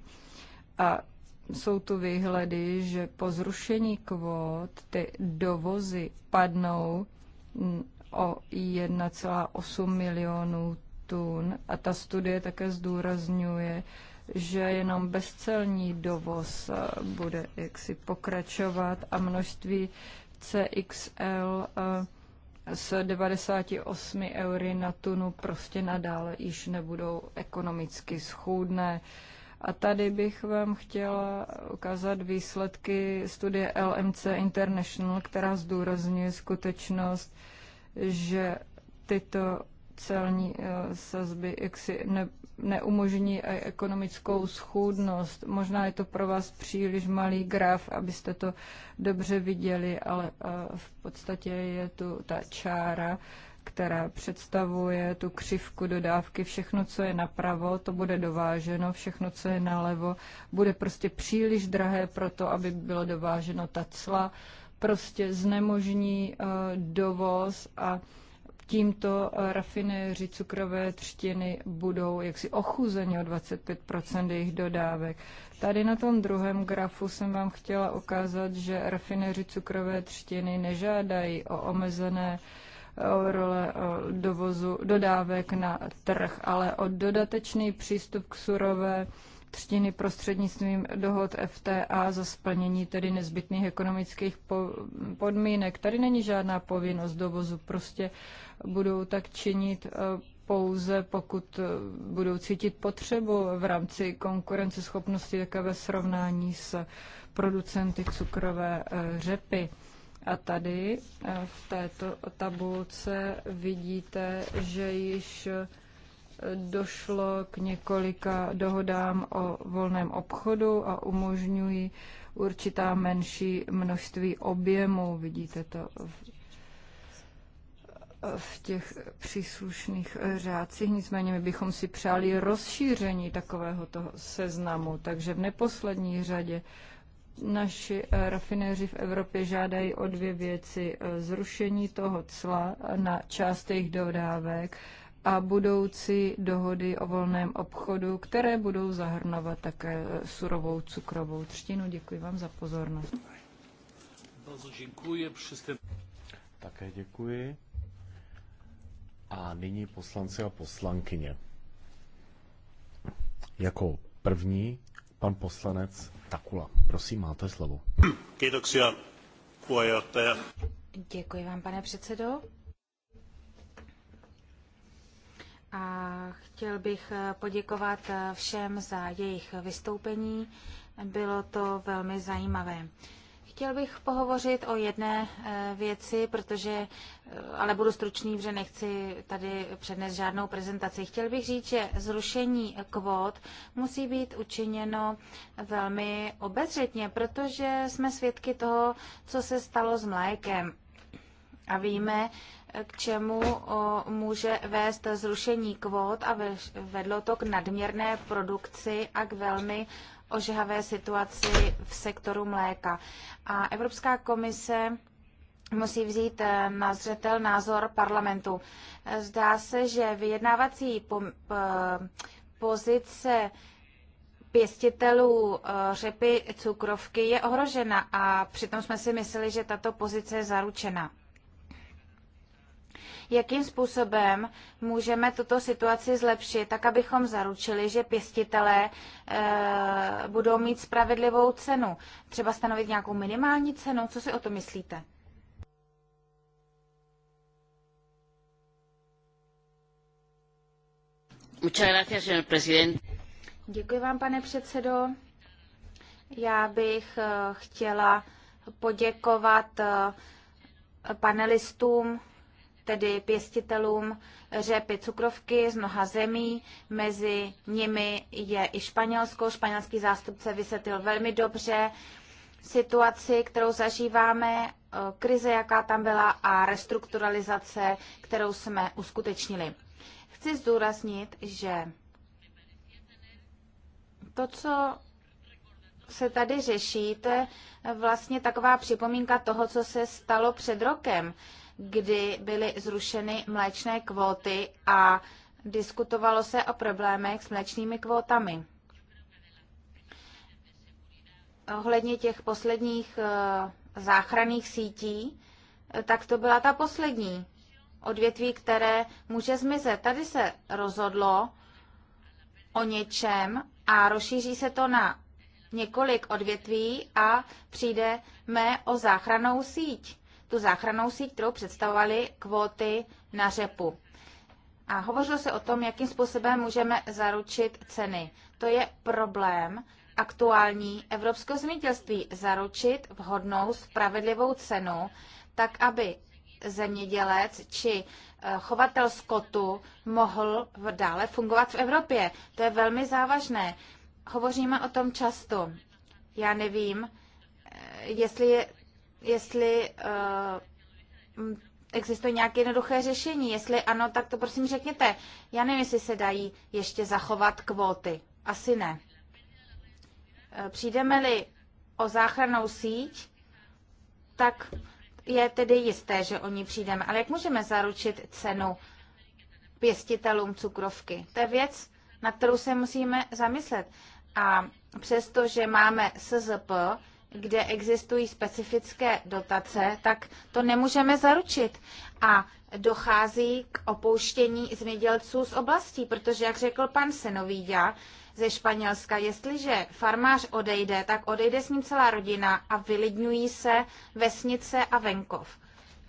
A jsou tu výhledy, že po zrušení kvót ty dovozy padnou o 1,8 milionů tun. A ta studie také zdůrazňuje, že jenom bezcelní dovoz eh, bude jaksi pokračovat a množství CXL eh, s 98 eury na tunu prostě nadále již nebudou ekonomicky schůdné. Uh, a tady bych vám chtěla ukázat výsledky studie LMC International, která zdůrazňuje skutečnost, že tyto celní eh, sazby jaksi ne, neumožní ekonomickou schůdnost. Možná je to pro vás příliš malý graf, abyste to dobře viděli, ale eh, v podstatě je tu ta čára, která představuje tu křivku dodávky. Všechno, co je napravo, to bude dováženo, všechno, co je nalevo, bude prostě příliš drahé pro to, aby bylo dováženo ta cla, prostě znemožní uh, dovoz a tímto eh, rafinéři cukrové třtiny budou jaksi ochuzeni o 25 jejich dodávek. Tady na tom druhém grafu jsem vám chtěla ukázat, že rafinéři cukrové třtiny nežádají o omezené uh, Eh, role eh, dovozu dodávek na trh, ale o dodatečný přístup k surové třtiny prostřednictvím dohod FTA za splnění tedy nezbytných ekonomických podmínek. Tady není žádná povinnost dovozu, prostě budou tak činit eh, pouze pokud budou cítit potřebu v rámci konkurenceschopnosti také ve srovnání s producenty cukrové řepy. A tady eh, v této tabulce vidíte, že již eh, došlo k několika dohodám o volném obchodu a umožňují určitá menší množství objemů. Vidíte to v, v těch příslušných eh, řádcích. Nicméně my bychom si přáli rozšíření takového toho seznamu. Takže v neposlední řadě naši eh, rafinéři v Evropě žádají o dvě věci. Eh, zrušení toho cla na část jejich dodávek a budoucí dohody o volném obchodu, které budou zahrnovat také eh, surovou cukrovou třtinu. Děkuji vám za pozornost. Děkuji. Také děkuji. A nyní poslanci a poslankyně. Jako první pan poslanec Takula. Prosím, máte slovo. Kiitoksia, puheenjohtaja. Děkuji vám, pane předsedo. A chtěl bych poděkovat všem za jejich vystoupení. Bylo to velmi zajímavé. Chtěl bych pohovořit o jedné e, věci, protože, e, ale budu stručný, protože nechci tady přednes žádnou prezentaci. Chtěl bych říct, že zrušení kvót musí být učiněno velmi obezřetně, protože jsme svědky toho, co se stalo s mlékem. A víme, k čemu může vést zrušení kvót a vedlo to k nadměrné produkci a k velmi ožehavé situaci v sektoru mléka. A Evropská komise musí vzít eh, na zřetel názor parlamentu. Zdá se, že vyjednávací eh, pozice pěstitelů eh, řepy cukrovky je ohrožena a přitom jsme si mysleli, že tato pozice je zaručena jakým způsobem můžeme tuto situaci zlepšit, tak abychom zaručili, že pěstitelé e, budou mít spravedlivou cenu. Třeba stanovit nějakou minimální cenu. Co si o to myslíte? Děkuji vám, pane předsedo. Já bych eh, chtěla poděkovat eh, panelistům tedy pěstitelům řepy cukrovky z mnoha zemí. Mezi nimi je i Španělsko. Španělský zástupce vysvětlil velmi dobře situaci, kterou zažíváme, e, krize, jaká tam byla a restrukturalizace, kterou jsme uskutečnili. Chci zdůraznit, že to, co se tady řeší, to je vlastně taková připomínka toho, co se stalo před rokem kdy byly zrušeny mléčné kvóty a diskutovalo se o problémech s mléčnými kvótami. Ohledně těch posledních eh, záchranných sítí, eh, tak to byla ta poslední odvětví, které může zmizet. Tady se rozhodlo o něčem a rozšíří se to na několik odvětví a přijdeme o záchranou síť tu záchranou síť, kterou představovaly kvóty na řepu. A hovořilo se o tom, jakým způsobem můžeme zaručit ceny. To je problém aktuální evropského zemědělství. Zaručit vhodnou, spravedlivou cenu, tak aby zemědělec či eh, chovatel skotu mohl dále fungovat v Evropě. To je velmi závažné. Hovoříme o tom často. Já nevím, eh, jestli je jestli uh, existuje nějaké jednoduché řešení. Jestli ano, tak to prosím řekněte. Já nevím, jestli se dají ještě zachovat kvóty. Asi ne. Eh, přijdeme-li o záchrannou síť, tak je tedy jisté, že o ní přijdeme. Ale jak můžeme zaručit cenu pěstitelům cukrovky? To je věc, na kterou se musíme zamyslet. A přestože máme SZP, kde existují specifické dotace, tak to nemůžeme zaručit. A dochází k opouštění zemědělců z oblastí, protože, jak řekl pan Senovíďa ze Španělska, jestliže farmář odejde, tak odejde s ním celá rodina a vylidňují se vesnice a venkov.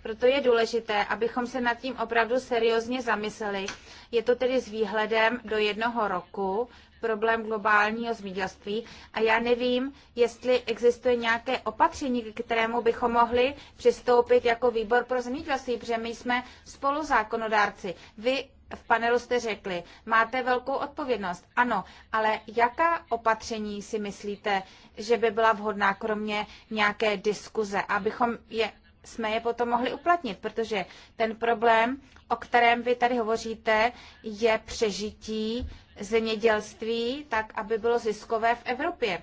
Proto je důležité, abychom se nad tím opravdu seriózně zamysleli. Je to tedy s výhledem do jednoho roku, problém globálního zemědělství a já nevím, jestli existuje nějaké opatření, k kterému bychom mohli přistoupit jako výbor pro zemědělství, protože my jsme spoluzákonodárci. Vy v panelu jste řekli, máte velkou odpovědnost. Ano, ale jaká opatření si myslíte, že by byla vhodná, kromě nějaké diskuze, abychom je, jsme je potom mohli uplatnit, protože ten problém, o kterém vy tady hovoříte, je přežití zemědělství tak, aby bylo ziskové v Evropě.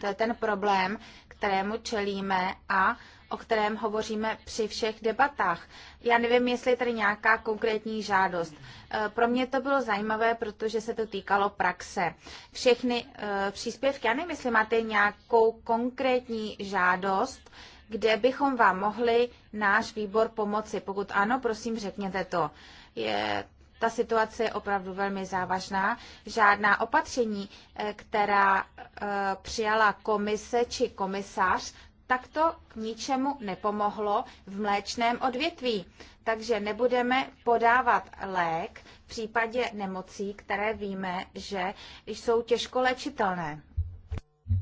To je ten problém, kterému čelíme a o kterém hovoříme při všech debatách. Já nevím, jestli je tady nějaká konkrétní žádost. E, pro mě to bylo zajímavé, protože se to týkalo praxe. Všechny e, příspěvky, já nevím, jestli máte nějakou konkrétní žádost, kde bychom vám mohli náš výbor pomoci. Pokud ano, prosím, řekněte to. Je ta situace je opravdu velmi závažná. Žádná opatření, eh, která eh, přijala komise či komisař, tak to k ničemu nepomohlo v mléčném odvětví. Takže nebudeme podávat lék v případě nemocí, které víme, že jsou těžko léčitelné.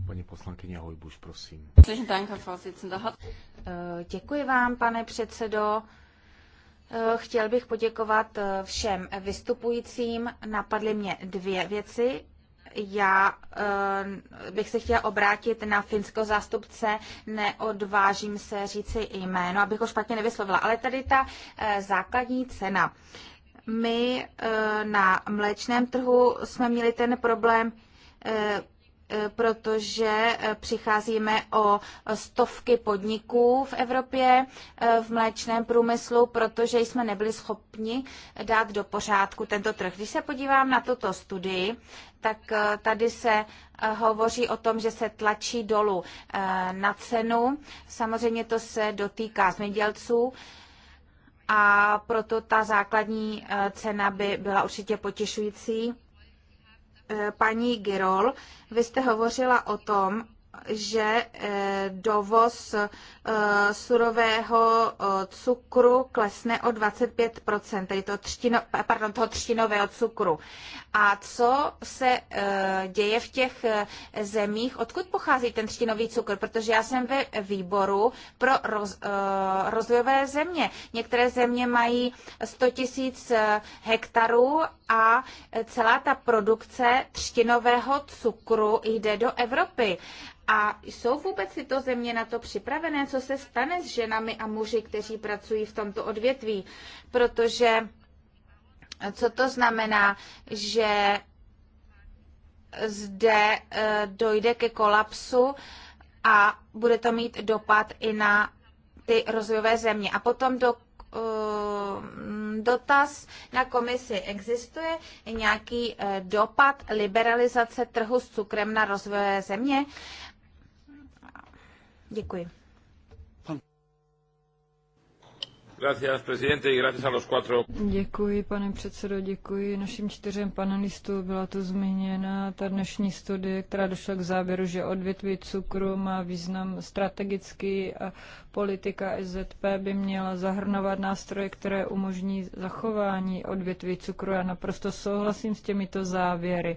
Paní poslankyně Hojbuš, prosím. Eh, děkuji vám, pane předsedo. Eh, chtěl bych poděkovat eh, všem vystupujícím. Napadly mě dvě věci. Já eh, bych se chtěla obrátit na finského zástupce, neodvážím se říci jméno, abych ho špatně nevyslovila, ale tady ta základní cena. My na mléčném trhu jsme měli ten problém Eh, protože eh, přicházíme o stovky podniků v Evropě eh, v mléčném průmyslu, protože jsme nebyli schopni dát do pořádku tento trh. Když se podívám na tuto studii, tak tady se hovoří o tom, že se tlačí dolů na cenu. Samozřejmě to se dotýká zemědělců a proto ta základní cena by byla určitě potěšující Eh, paní Girol, vy jste hovořila o tom, že eh, dovoz eh, surového cukru klesne o 25 tedy toho, třtino, pardon, toho třtinového cukru. A co se děje v těch zemích, odkud pochází ten třtinový cukr? Protože já jsem ve výboru pro roz, rozvojové země. Některé země mají 100 tisíc hektarů a celá ta produkce třtinového cukru jde do Evropy. A jsou vůbec tyto země na to připravené, co se stane s ženami a muži, kteří pracují v tomto odvětví? Protože co to znamená, že zde eh, dojde ke kolapsu a bude to mít dopad i na ty rozvojové země. A potom do Eh, dotaz na komisi. Existuje nějaký eh, dopad liberalizace trhu s cukrem na rozvojové země? Děkuji. Děkuji, pane předsedo, děkuji našim čtyřem panelistům. Byla tu zmíněna ta dnešní studie, která došla k závěru, že odvětví cukru má význam strategický a politika SZP by měla zahrnovat nástroje, které umožní zachování odvětví cukru. Já naprosto souhlasím s těmito závěry.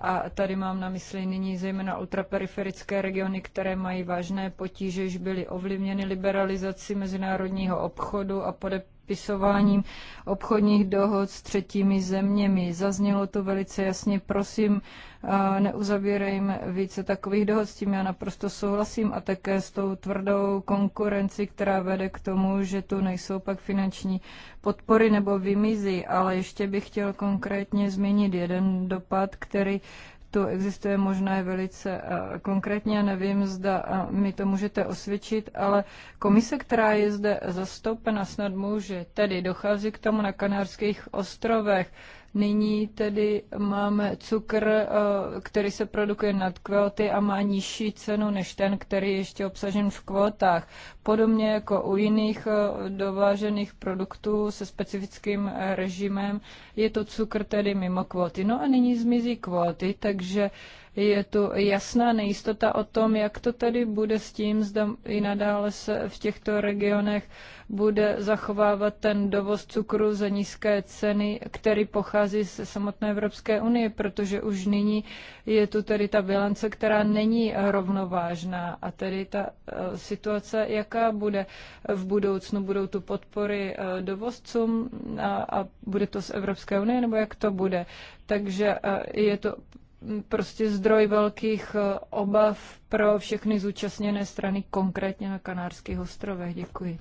A tady mám na mysli nyní zejména ultraperiferické regiony, které mají vážné potíže, již byly ovlivněny liberalizací mezinárodního obchodu a podep podepisováním obchodních dohod s třetími zeměmi. Zaznělo to velice jasně, prosím, neuzavírejme více takových dohod, s tím já naprosto souhlasím a také s tou tvrdou konkurenci, která vede k tomu, že tu nejsou pak finanční podpory nebo vymizí, ale ještě bych chtěl konkrétně zmínit jeden dopad, který to existuje možná je velice eh, konkrétně, nevím, zda eh, mi to můžete osvědčit, ale komise, která je zde zastoupena, snad může. Tedy dochází k tomu na Kanárských ostrovech. Nyní tedy máme cukr, eh, který se produkuje nad kvóty a má nižší cenu než ten, který je ještě obsažen v kvótách. Podobně jako u jiných eh, dovážených produktů se specifickým eh, režimem je to cukr tedy mimo kvóty. No a nyní zmizí kvóty, takže je tu jasná nejistota o tom, jak to tady bude s tím, zda i nadále se v těchto regionech bude zachovávat ten dovoz cukru za nízké ceny, který pochází ze samotné Evropské unie, protože už nyní je tu tedy ta bilance, která není rovnovážná a tedy ta eh, situace, jaká bude v budoucnu, budou tu podpory eh, dovozcům a, a bude to z Evropské unie, nebo jak to bude. Takže eh, je to prostě zdroj velkých eh, obav pro všechny zúčastněné strany, konkrétně na Kanárských ostrovech. Děkuji.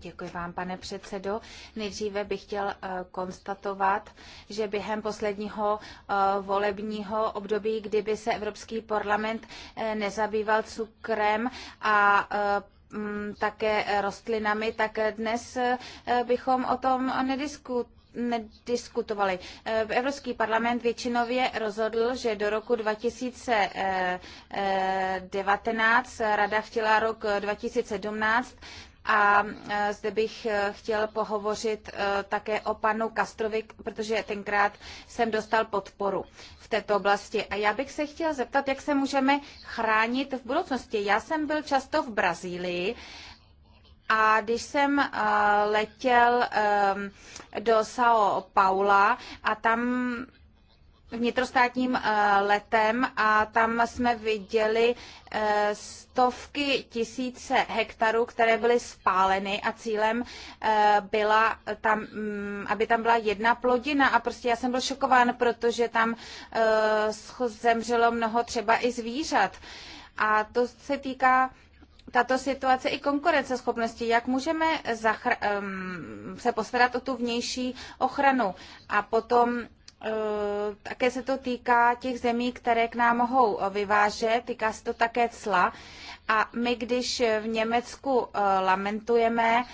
Děkuji vám, pane předsedo. Nejdříve bych chtěl eh, konstatovat, že během posledního eh, volebního období, kdyby se Evropský parlament nezabýval cukrem a Mm, také rostlinami, tak dnes eh, bychom o tom nediskutovali nediskutovali. Eh, Evropský parlament většinově rozhodl, že do roku 2019 eh, rada chtěla rok 2017 a e, zde bych e, chtěl pohovořit e, také o panu Kastrovi, protože tenkrát jsem dostal podporu v této oblasti. A já bych se chtěl zeptat, jak se můžeme chránit v budoucnosti. Já jsem byl často v Brazílii a když jsem letěl do São Paula a tam vnitrostátním eh, letem a tam jsme viděli eh, stovky tisíce hektarů, které byly spáleny a cílem eh, byla tam, mm, aby tam byla jedna plodina a prostě já jsem byl šokován, protože tam zemřelo mnoho třeba i zvířat. A to se týká tato situace i konkurenceschopnosti, jak můžeme se postarat o tu vnější ochranu. A potom Eh, také se to týká těch zemí, které k nám mohou eh, vyvážet, týká se to také cla. A my, když v Německu eh, lamentujeme,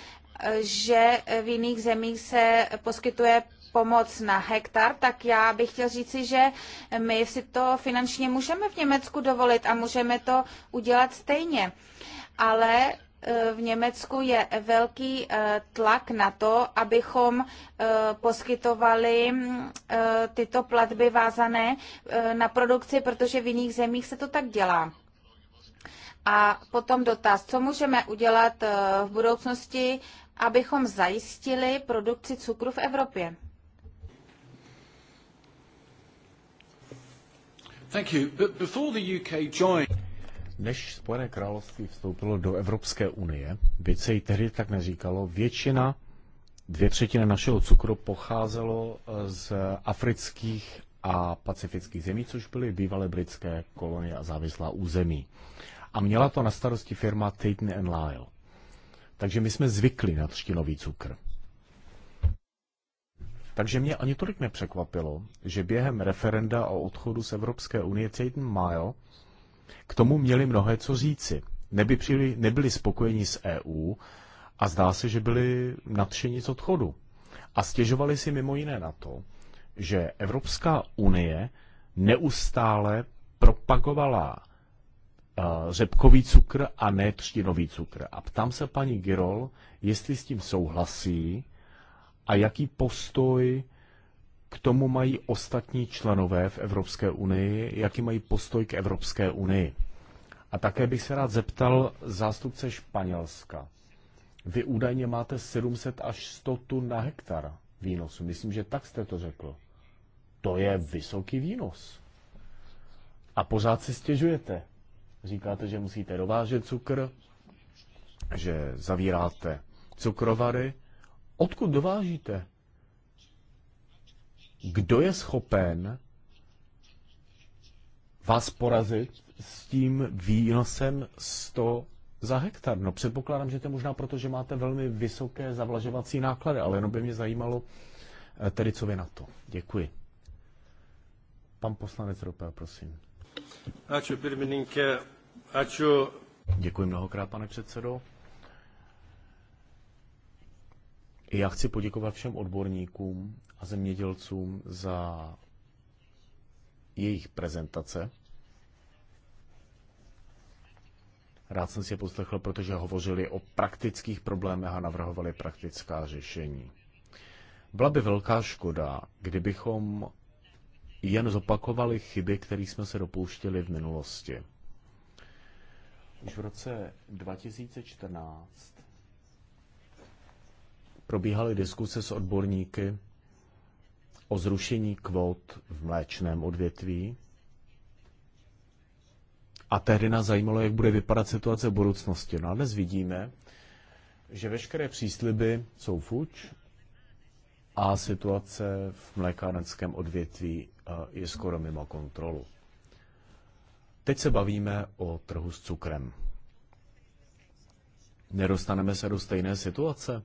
že v jiných zemích se poskytuje pomoc na hektar, tak já bych chtěl říci, že my si to finančně můžeme v Německu dovolit a můžeme to udělat stejně. Ale v Německu je velký eh, tlak na to, abychom eh, poskytovali eh, tyto platby vázané na produkci, protože v jiných zemích se to tak dělá. A potom dotaz, co můžeme udělat v budoucnosti, abychom zajistili produkci cukru v Evropě? Thank you. But before the UK joined... Než Spojené království vstoupilo do Evropské unie, byť se jí tehdy tak neříkalo, většina, dvě třetiny našeho cukru pocházelo eh, z afrických a pacifických zemí, což byly bývalé britské kolonie a závislá území. A měla to na starosti firma Tate and Lyle. Takže my jsme zvykli na třtinový cukr. Takže mě ani tolik nepřekvapilo, že během referenda o odchodu z Evropské unie Tate Lyle k tomu měli mnohé co říci. Neby příli, nebyli spokojeni s EU a zdá se, že byli nadšeni z odchodu. A stěžovali si mimo jiné na to, že Evropská unie neustále propagovala eh, řepkový cukr a ne třtinový cukr. A ptám se paní Girol, jestli s tím souhlasí a jaký postoj k tomu mají ostatní členové v Evropské unii, jaký mají postoj k Evropské unii. A také bych se rád zeptal zástupce Španělska. Vy údajně máte 700 až 100 tun na hektar výnosu. Myslím, že tak jste to řekl. To je vysoký výnos. A pořád si stěžujete. Říkáte, že musíte dovážet cukr, že zavíráte cukrovary. Odkud dovážíte? kdo je schopen vás porazit s tím výnosem 100 za hektar. No předpokládám, že to je možná proto, že máte velmi vysoké zavlažovací náklady, ale jenom by mě zajímalo eh, tedy, co vy na to. Děkuji. Pan poslanec Ropel, prosím. Ačo, pirmininke, ačo. Děkuji mnohokrát, pane předsedo. Já chci poděkovat všem odborníkům zemědělcům za jejich prezentace. Rád jsem si je poslechl, protože hovořili o praktických problémech a navrhovali praktická řešení. Byla by velká škoda, kdybychom jen zopakovali chyby, které jsme se dopouštěli v minulosti. Už v roce 2014 probíhaly diskuse s odborníky o zrušení kvót v mléčném odvětví. A tehdy nás zajímalo, jak bude vypadat situace v budoucnosti. No a dnes vidíme, že veškeré přísliby jsou fuč a situace v mlékárenském odvětví eh, je skoro mimo kontrolu. Teď se bavíme o trhu s cukrem. Nedostaneme se do stejné situace?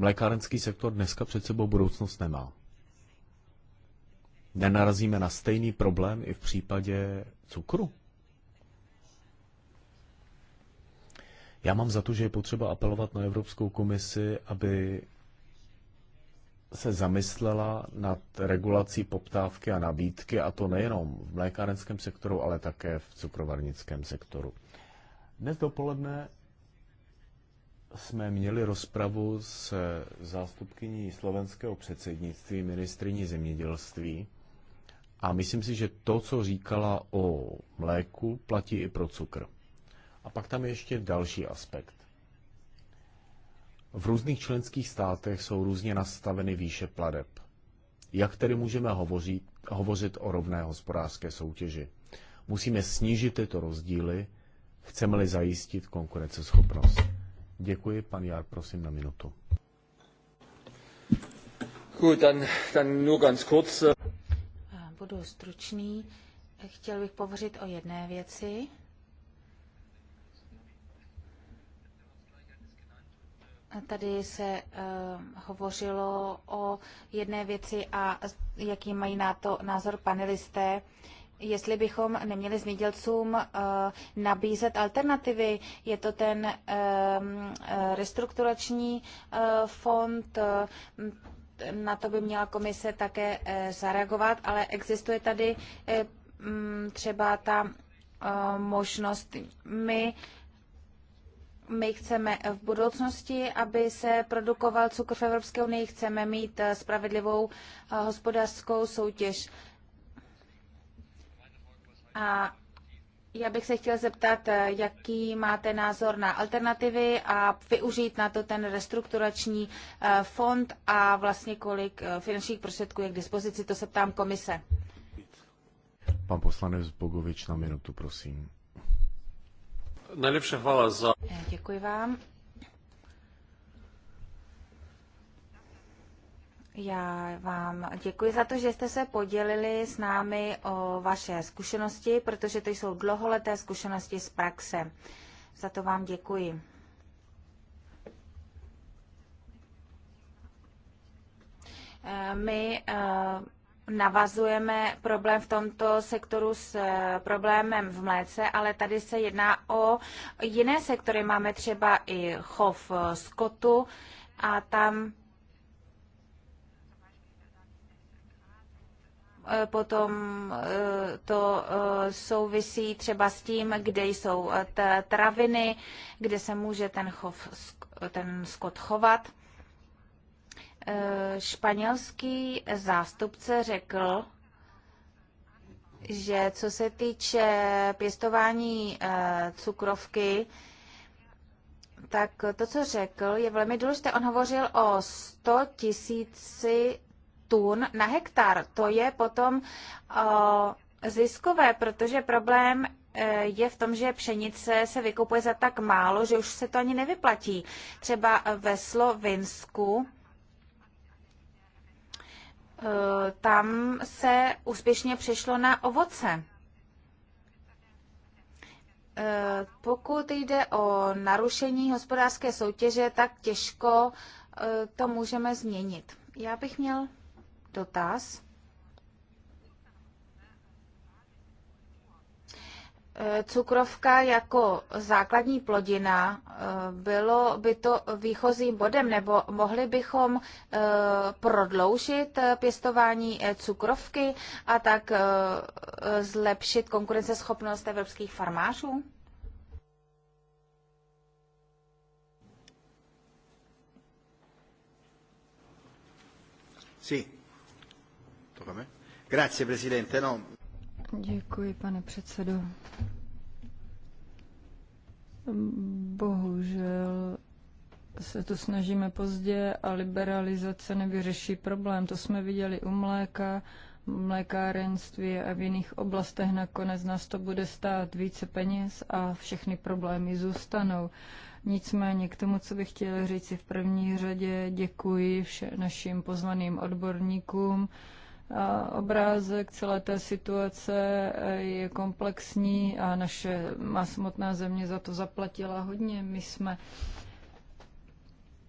mlékárenský sektor dneska před sebou budoucnost nemá. Nenarazíme na stejný problém i v případě cukru? Já mám za to, že je potřeba apelovat na Evropskou komisi, aby se zamyslela nad regulací poptávky a nabídky, a to nejenom v mlékárenském sektoru, ale také v cukrovarnickém sektoru. Dnes dopoledne jsme měli rozpravu s zástupkyní slovenského předsednictví, ministriní zemědělství. A myslím si, že to, co říkala o mléku, platí i pro cukr. A pak tam je ještě další aspekt. V různých členských státech jsou různě nastaveny výše pladeb. Jak tedy můžeme hovořit, hovořit o rovné hospodářské soutěži? Musíme snížit tyto rozdíly, chceme-li zajistit konkurenceschopnost. Děkuji, pan Jár, prosím na minutu. Gut, dann, dann nur ganz kurz. Äh, budu stručný. Chtěl bych povořit o jedné věci. Tady se uh, hovořilo o jedné věci a jaký mají na to názor panelisté. Uh, jestli bychom neměli zemědělcům eh, nabízet alternativy. Je to ten eh, eh, restrukturační fond, na to by měla komise také zareagovat, ale existuje tady třeba ta možnost. My my chceme v budoucnosti, aby se produkoval cukr v Evropské unii, chceme mít spravedlivou hospodářskou soutěž. A já bych se chtěl zeptat, eh, jaký máte názor na alternativy a využít na to ten restrukturační eh, fond a vlastně kolik eh, finančních prostředků je k dispozici, to se ptám komise. Pan poslanec Bogovič na minutu, prosím. Nejlepší chvála za... Děkuji vám. Já vám děkuji za to, že jste se podělili s námi o vaše zkušenosti, protože to jsou dlouholeté zkušenosti z praxe. Za to vám děkuji. My eh, navazujeme problém v tomto sektoru s eh, problémem v mléce, ale tady se jedná o jiné sektory. Máme třeba i chov eh, skotu a tam Eh, potom eh, to eh, souvisí třeba s tím, kde jsou traviny, kde se může ten, chov, ten skot chovat. Španělský zástupce řekl, že co se týče pěstování cukrovky, tak to, co řekl, je velmi důležité. On hovořil o 100 tisíci tun na hektar. To je potom eh, ziskové, protože problém eh, je v tom, že pšenice se vykupuje za tak málo, že už se to ani nevyplatí. Třeba eh, ve Slovinsku tam se úspěšně přešlo na ovoce. Pokud jde o narušení hospodářské soutěže, tak těžko to můžeme změnit. Já bych měl dotaz. E, cukrovka jako základní plodina, e, bylo by to výchozím bodem, nebo mohli bychom e, prodloužit pěstování cukrovky a tak zlepšit konkurenceschopnost evropských farmářů? Sí. Grazie, presidente. No. Děkuji, pane předsedo. Bohužel se to snažíme pozdě a liberalizace nevyřeší problém. To jsme viděli u mléka, mlékárenství a v jiných oblastech. Nakonec nás to bude stát více peněz a všechny problémy zůstanou. Nicméně k tomu, co bych chtěla říct, si v první řadě děkuji všem našim pozvaným odborníkům, Obrázek celé té situace eh, je komplexní a naše má samotná země za to zaplatila hodně. My jsme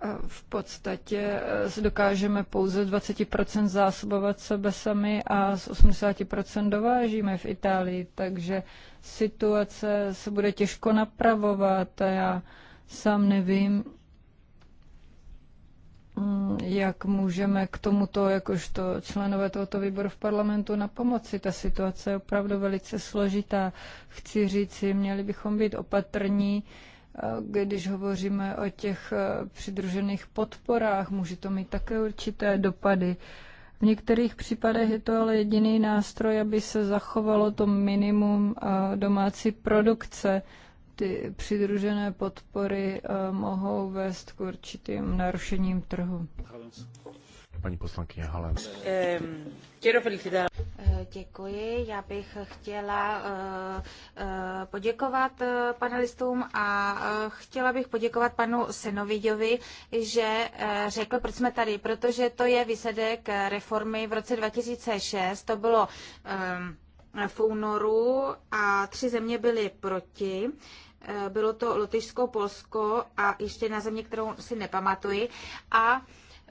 eh, v podstatě eh, dokážeme pouze 20% zásobovat sebe sami a z 80% dovážíme v Itálii, takže situace se bude těžko napravovat a já sám nevím, Mm, jak můžeme k tomuto, jakožto členové tohoto výboru v parlamentu, na pomoci. Ta situace je opravdu velice složitá. Chci říci, měli bychom být opatrní, eh, když hovoříme o těch eh, přidružených podporách. Může to mít také určité dopady. V některých případech je to ale jediný nástroj, aby se zachovalo to minimum eh, domácí produkce ty přidružené podpory eh, mohou vést k určitým narušením trhu. Paní poslankyně Halen. Eh, děkuji. Já bych chtěla eh, poděkovat panelistům a chtěla bych poděkovat panu Senovidovi, že řekl, proč jsme tady, protože to je výsledek reformy v roce 2006. To bylo v únoru a tři země byly proti. Eh, Bylo to Lotyšsko, Polsko a ještě jedna země, kterou si nepamatuji. A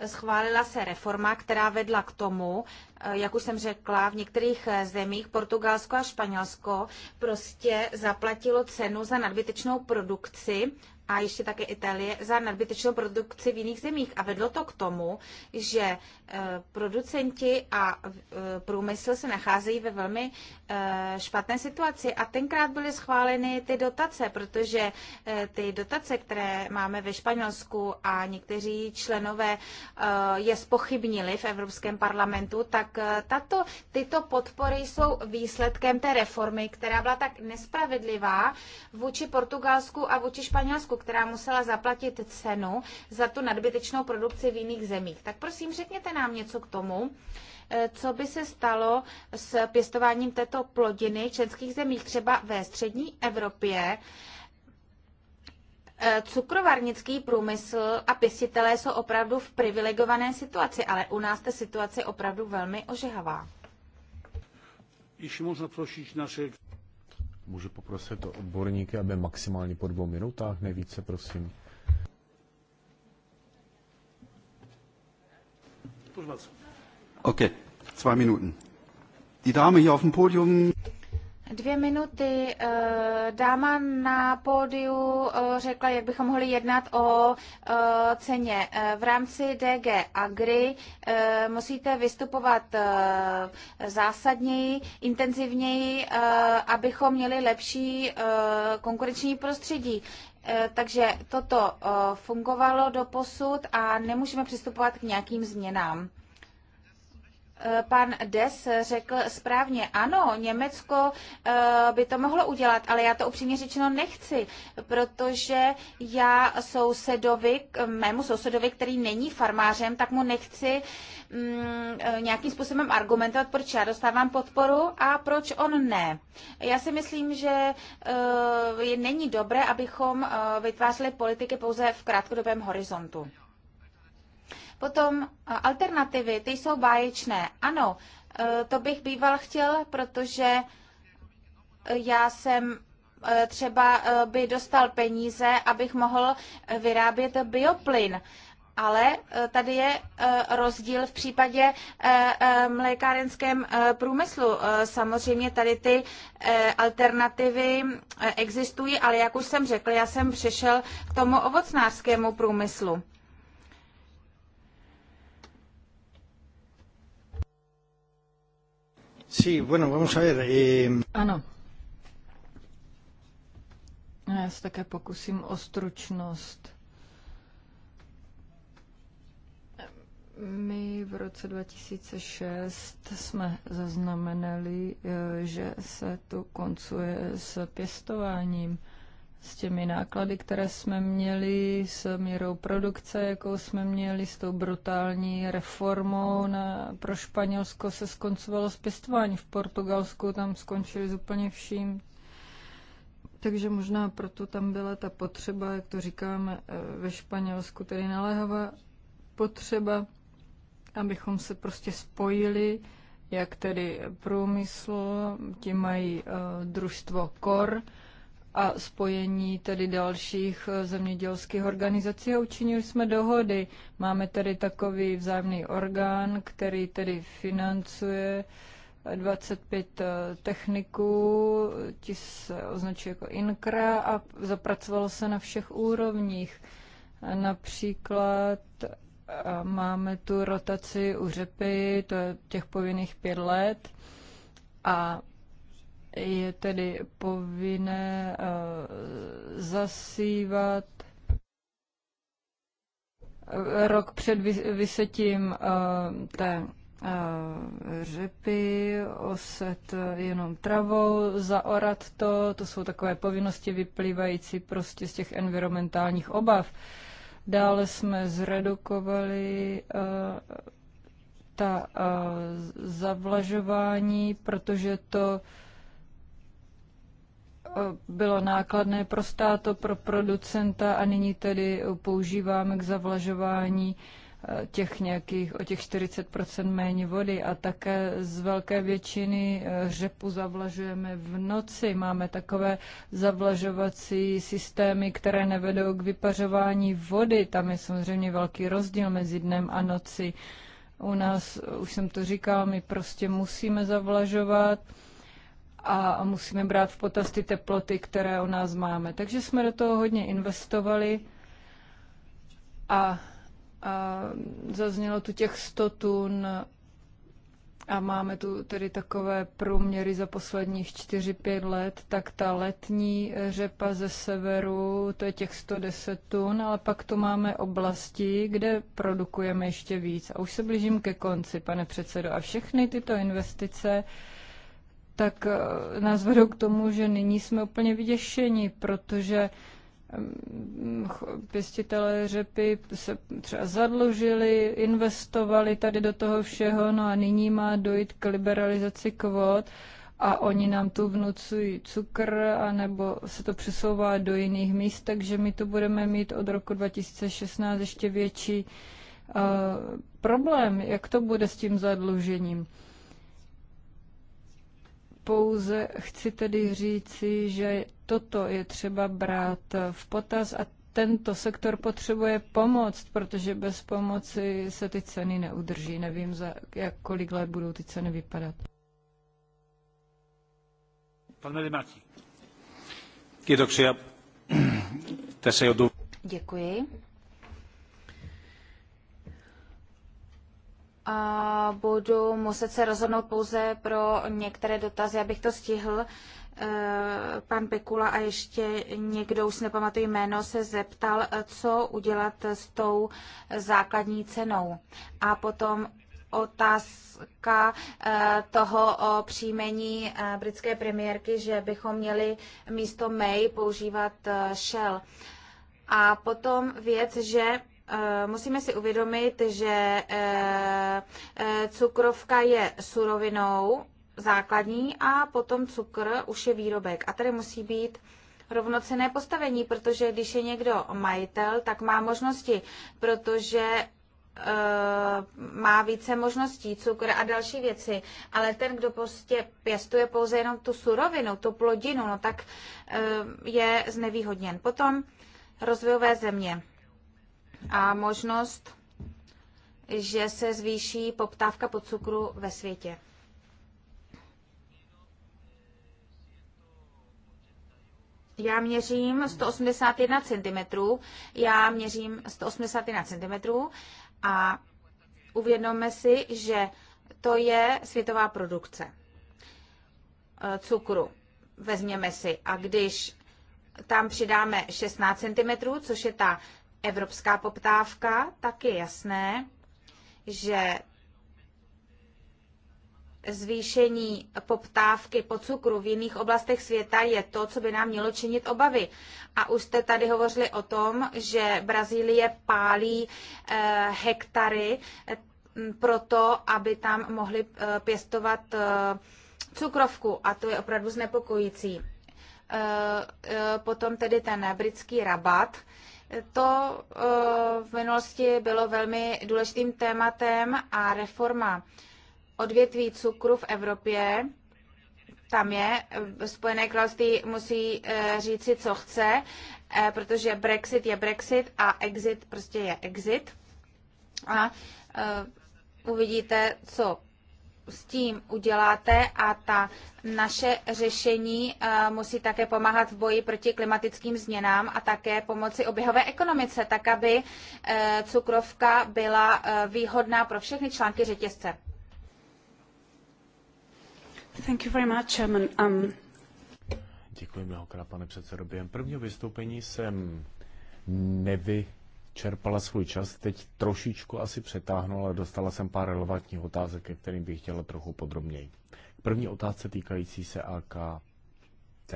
schválila se reforma, která vedla k tomu, eh, jak už jsem řekla, v některých eh, zemích, Portugalsko a Španělsko, prostě zaplatilo cenu za nadbytečnou produkci a ještě také Itálie za nadbytečnou produkci v jiných zemích. A vedlo to k tomu, že producenti a eh, průmysl se nacházejí ve velmi eh, špatné situaci. A tenkrát byly schváleny ty dotace, protože eh, ty dotace, které máme ve Španělsku a někteří členové je spochybnili v Evropském parlamentu, tak tato, tyto podpory jsou výsledkem té reformy, která byla tak nespravedlivá vůči Portugalsku a vůči Španělsku, která musela zaplatit cenu za tu nadbytečnou produkci v jiných zemích. Tak prosím, řekněte nám, nám něco k tomu, eh, co by se stalo s pěstováním této plodiny v českých zemích, třeba ve střední Evropě, eh, Cukrovarnický průmysl a pěstitelé jsou opravdu v privilegované situaci, ale u nás ta situace je opravdu velmi ožehavá. Ještě možná prosit naše... Můžu poprosit odborníky, aby maximálně po dvou minutách, nejvíce prosím. Okay. Zwei Minuten. Die Dame hier auf dem Podium. Dvě minuty. Eh, dáma na pódiu eh, řekla, jak bychom mohli jednat o eh, ceně. V rámci DG Agri musíte vystupovat zásadněji, intenzivněji, abychom měli lepší konkurenční prostředí. Eh, takže toto eh, fungovalo do posud a nemůžeme přistupovat k nějakým změnám pan Des řekl správně, ano, Německo eh, by to mohlo udělat, ale já to upřímně řečeno nechci, protože já sousedovi, mému sousedovi, který není farmářem, tak mu nechci mm, eh, nějakým způsobem argumentovat, proč já dostávám podporu a proč on ne. Já si myslím, že eh, není dobré, abychom vytvářeli politiky pouze v krátkodobém horizontu. Potom eh, alternativy, ty jsou báječné. Ano, eh, to bych býval chtěl, protože eh, já jsem třeba by dostal peníze, abych mohl vyrábět bioplyn. Ale tady je rozdíl v případě mlékárenském průmyslu. Samozřejmě tady ty alternativy existují, ale jak už jsem řekl, já jsem přešel k tomu ovocnářskému průmyslu. Sí, bueno, vamos a ver. Eh... Ano. Já se také pokusím o stručnost. My v roce 2006 jsme zaznamenali, eh, že se tu koncuje s pěstováním s těmi náklady, které jsme měli, s mírou produkce, jakou jsme měli, s tou brutální reformou na, pro Španělsko se skoncovalo s pěstování. V Portugalsku tam skončili s úplně vším. Takže možná proto tam byla ta potřeba, jak to říkáme eh, ve Španělsku, tedy naléhavá potřeba, abychom se prostě spojili, jak tedy průmysl, ti mají eh, družstvo KOR, a spojení tedy dalších zemědělských organizací a učinili jsme dohody. Máme tady takový vzájemný orgán, který tedy financuje 25 eh, techniků, ti se označuje jako INKRA a zapracovalo se na všech úrovních. Například eh, máme tu rotaci u řepy, to je těch povinných pět let a je tedy povinné eh, zasívat eh, rok před vysetím eh, té řepy, oset jenom travou, zaorat to, to jsou takové povinnosti vyplývající prostě z těch environmentálních obav. Dále jsme zredukovali ta zavlažování, protože to Eh, bylo nákladné pro státo, pro producenta a nyní tedy používáme k zavlažování eh, těch nějakých o těch 40% méně vody a také z velké většiny eh, řepu zavlažujeme v noci. Máme takové zavlažovací systémy, které nevedou k vypařování vody. Tam je samozřejmě velký rozdíl mezi dnem a noci. U nás, už jsem to říkal, my prostě musíme zavlažovat a musíme brát v potaz ty teploty, které u nás máme. Takže jsme do toho hodně investovali a, a zaznělo tu těch 100 tun a máme tu tedy takové průměry za posledních 4-5 let, tak ta letní řepa ze severu, to je těch 110 tun, ale pak tu máme oblasti, kde produkujeme ještě víc. A už se blížím ke konci, pane předsedo. A všechny tyto investice uh, tak eh, nás vedou k tomu, že nyní jsme úplně vyděšeni, protože mm, pěstitelé řepy se třeba zadlužili, investovali tady do toho všeho, no a nyní má dojít k liberalizaci kvót a oni nám tu vnucují cukr, anebo se to přesouvá do jiných míst, takže my tu budeme mít od roku 2016 ještě větší uh, problém, jak to bude s tím zadlužením. Pouze chci tedy říci, že toto je třeba brát v potaz a tento sektor potřebuje pomoc, protože bez pomoci se ty ceny neudrží. Nevím, za jak kolik let budou ty ceny vypadat. Pan Melimáti. Kiitoksia. Děkuji. a budu muset se rozhodnout pouze pro některé dotazy, abych to stihl. Eh, pan Pekula a ještě někdo, už si nepamatuji jméno, se zeptal, co udělat s tou základní cenou. A potom otázka eh, toho o příjmení eh, britské premiérky, že bychom měli místo May používat Shell. A potom věc, že Eh, musíme si uvědomit, že eh, eh, cukrovka je surovinou základní a potom cukr už je výrobek. A tady musí být rovnocené postavení, protože když je někdo majitel, tak má možnosti, protože má více možností, cukr a další věci, ale ten, kdo prostě pěstuje pouze jenom tu surovinu, tu plodinu, no tak je znevýhodněn. Potom rozvojové země a možnost, že se zvýší poptávka po cukru ve světě. Já měřím 181 cm, já měřím 181 cm a uvědomme si, že to je světová produkce e, cukru. Vezměme si. A když tam přidáme 16 cm, což je ta evropská poptávka, tak je jasné, že zvýšení poptávky po cukru v jiných oblastech světa je to, co by nám mělo činit obavy. A už jste tady hovořili o tom, že Brazílie pálí eh, hektary eh, proto, aby tam mohli eh, pěstovat eh, cukrovku a to je opravdu znepokojící. Eh, eh, potom tedy ten britský rabat. Eh, to eh, v minulosti bylo velmi důležitým tématem a reforma odvětví cukru v Evropě, tam je, Spojené království musí eh, říci, co chce, eh, protože Brexit je Brexit a exit prostě je exit. A uvidíte, co s tím uděláte a ta naše řešení eh, musí také pomáhat v boji proti klimatickým změnám a také pomoci oběhové ekonomice, tak aby eh, cukrovka byla eh, výhodná pro všechny články řetězce. Thank you very much, Chairman. Um... Děkuji mnohokrát, pane předsedo. Během prvního vystoupení jsem nevy vyčerpala svůj čas. Teď trošičku asi přetáhnula, dostala jsem pár relevantních otázek, ke kterým bych chtěla trochu podrobněji. První otázce týkající se AKT.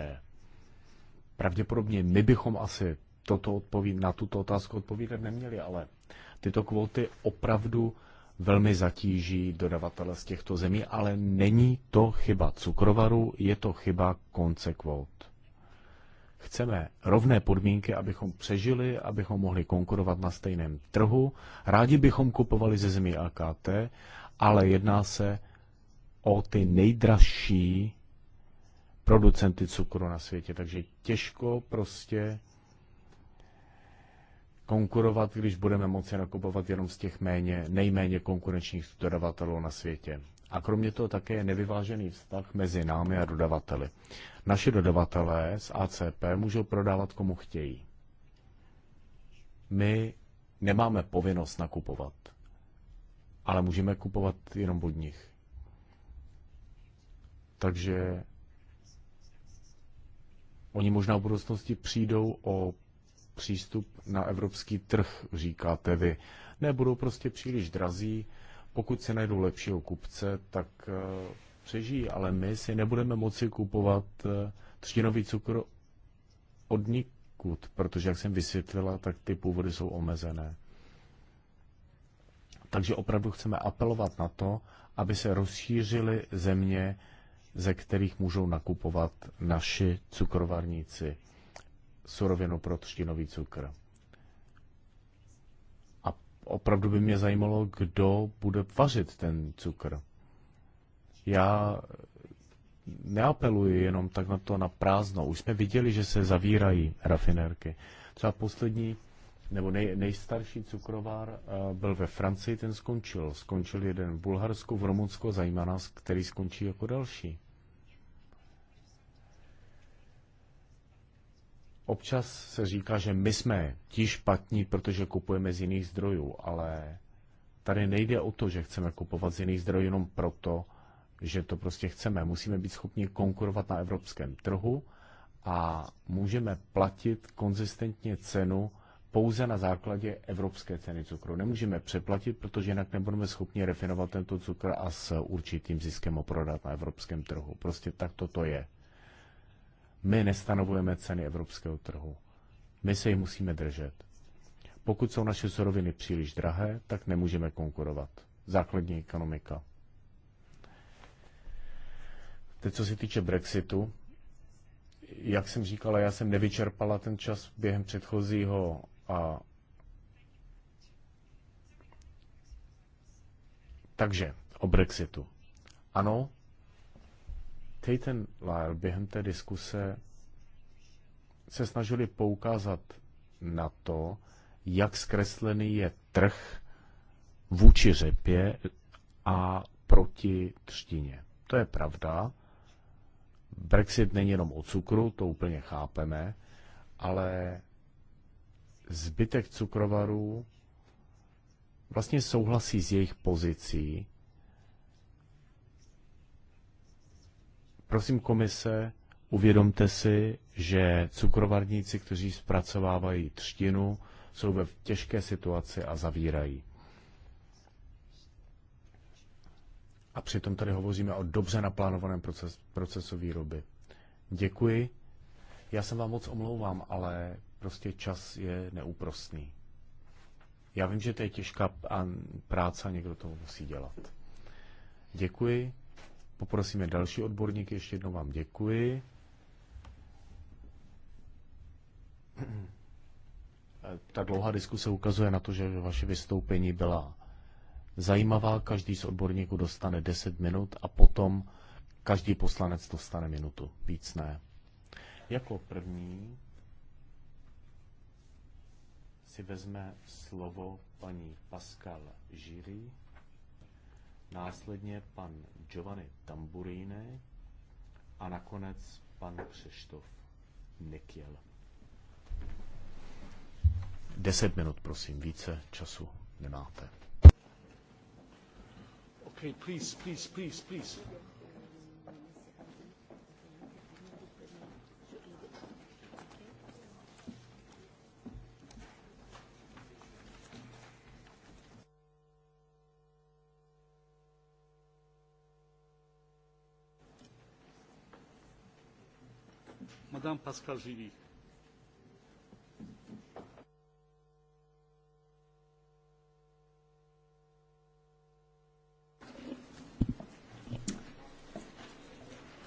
Pravděpodobně my bychom asi toto odpovíd, na tuto otázku odpovídat neměli, ale tyto kvóty opravdu velmi zatíží dodavatele z těchto zemí, ale není to chyba cukrovaru, je to chyba konce kvót. Chceme rovné podmínky, abychom přežili, abychom mohli konkurovat na stejném trhu. Rádi bychom kupovali ze zemí AKT, ale jedná se o ty nejdražší producenty cukru na světě. Takže těžko prostě konkurovat, když budeme moci nakupovat jenom z těch méně, nejméně konkurenčních dodavatelů na světě a kromě toho také je nevyvážený vztah mezi námi a dodavateli. Naši dodavatelé z ACP můžou prodávat komu chtějí. My nemáme povinnost nakupovat, ale můžeme kupovat jenom od nich. Takže oni možná v budoucnosti přijdou o přístup na evropský trh, říkáte vy. Nebudou prostě příliš drazí, pokud si najdou lepšího kupce, tak eh, přežijí, ale my si nebudeme moci kupovat eh, třtinový cukr od nikud, protože, jak jsem vysvětlila, tak ty původy jsou omezené. Takže opravdu chceme apelovat na to, aby se rozšířily země, ze kterých můžou nakupovat naši cukrovarníci surovinu pro třtinový cukr opravdu by mě zajímalo, kdo bude vařit ten cukr. Já neapeluji jenom tak na to na prázdno. Už jsme viděli, že se zavírají rafinérky. Třeba poslední nebo nej, nejstarší cukrovár, uh, eh, byl ve Francii, ten skončil. Skončil jeden v Bulharsku, v Rumunsku, zajímá nás, který skončí jako další. Občas se říká, že my jsme ti špatní, protože kupujeme z jiných zdrojů, ale tady nejde o to, že chceme kupovat z jiných zdrojů jenom proto, že to prostě chceme. Musíme být schopni konkurovat na evropském trhu a můžeme platit konzistentně cenu pouze na základě evropské ceny cukru. Nemůžeme přeplatit, protože jinak nebudeme schopni refinovat tento cukr a s určitým ziskem ho prodat na evropském trhu. Prostě tak toto je. My nestanovujeme ceny evropského trhu. My se jich musíme držet. Pokud jsou naše suroviny příliš drahé, tak nemůžeme konkurovat. Základní ekonomika. Teď, co se týče Brexitu, jak jsem říkala, já jsem nevyčerpala ten čas během předchozího a Takže o Brexitu. Ano, Tate Lyle během té diskuse se snažili poukázat na to, jak zkreslený je trh vůči řepě a proti třtině. To je pravda. Brexit není jenom o cukru, to úplně chápeme, ale zbytek cukrovarů vlastně souhlasí s jejich pozicí Prosím komise, uvědomte si, že cukrovarníci, kteří zpracovávají třtinu, jsou ve těžké situaci a zavírají. A přitom tady hovoříme o dobře naplánovaném proces, procesu výroby. Děkuji. Já se vám moc omlouvám, ale prostě čas je neúprostný. Já vím, že to je těžká práce a někdo to musí dělat. Děkuji. Poprosíme další odborníky, ještě jednou vám děkuji. Ta dlouhá diskuse ukazuje na to, že vaše vystoupení byla zajímavá. Každý z odborníků dostane 10 minut a potom každý poslanec dostane minutu. Víc ne. Jako první si vezme slovo paní Pascal Žiry následně pan Giovanni Tamburini a nakonec pan Křeštof Nikiel. Deset minut, prosím, více času nemáte. Okay, please, please, please, please.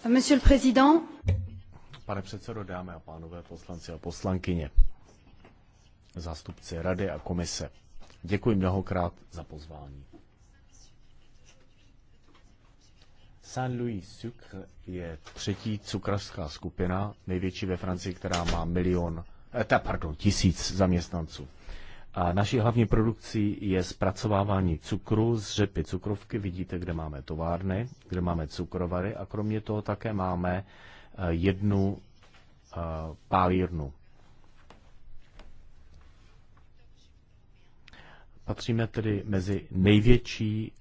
Monsieur le Président. Pane předsedo, dámy a pánové, poslanci a poslankyně, zástupci Rady a komise, děkuji mnohokrát za pozvání. Saint Louis Sucre je třetí cukrařská skupina, největší ve Francii, která má milion, eh, ta, pardon, tisíc zaměstnanců. A naší hlavní produkcí je zpracovávání cukru z řepy cukrovky. Vidíte, kde máme továrny, kde máme cukrovary a kromě toho také máme eh, jednu eh, pálírnu. Patříme tedy mezi největší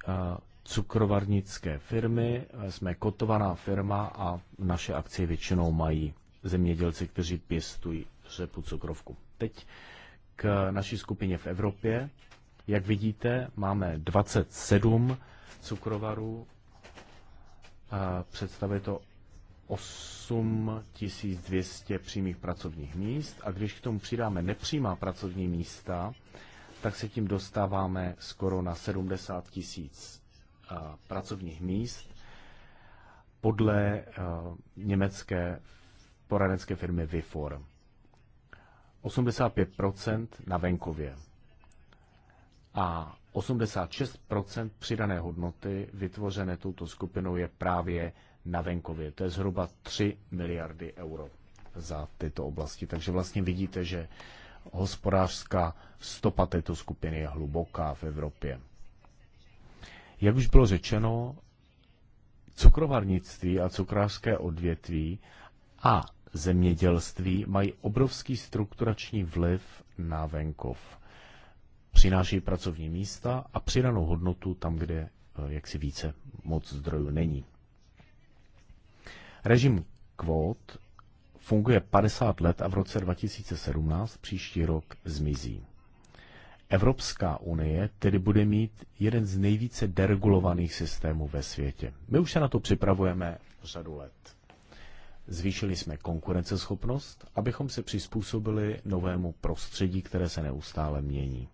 cukrovarnické firmy, jsme kotovaná firma a naše akcie většinou mají zemědělci, kteří pěstují řepu cukrovku. Teď k naší skupině v Evropě. Jak vidíte, máme 27 cukrovarů, představuje to 8200 přímých pracovních míst a když k tomu přidáme nepřímá pracovní místa, tak se tím dostáváme skoro na 70 tisíc pracovních míst podle e, německé poradenské firmy Vifor. 85% na venkově a 86% přidané hodnoty vytvořené touto skupinou je právě na venkově. To je zhruba 3 miliardy euro za tyto oblasti. Takže vlastně vidíte, že hospodářská stopa této skupiny je hluboká v Evropě. Jak už bylo řečeno, cukrovarnictví a cukrářské odvětví a zemědělství mají obrovský strukturační vliv na venkov. Přináší pracovní místa a přidanou hodnotu tam, kde eh, jaksi více moc zdrojů není. Režim kvót funguje 50 let a v roce 2017 příští rok zmizí. Evropská unie tedy bude mít jeden z nejvíce deregulovaných systémů ve světě. My už se na to připravujeme řadu let. Zvýšili jsme konkurenceschopnost, abychom se přizpůsobili novému prostředí, které se neustále mění.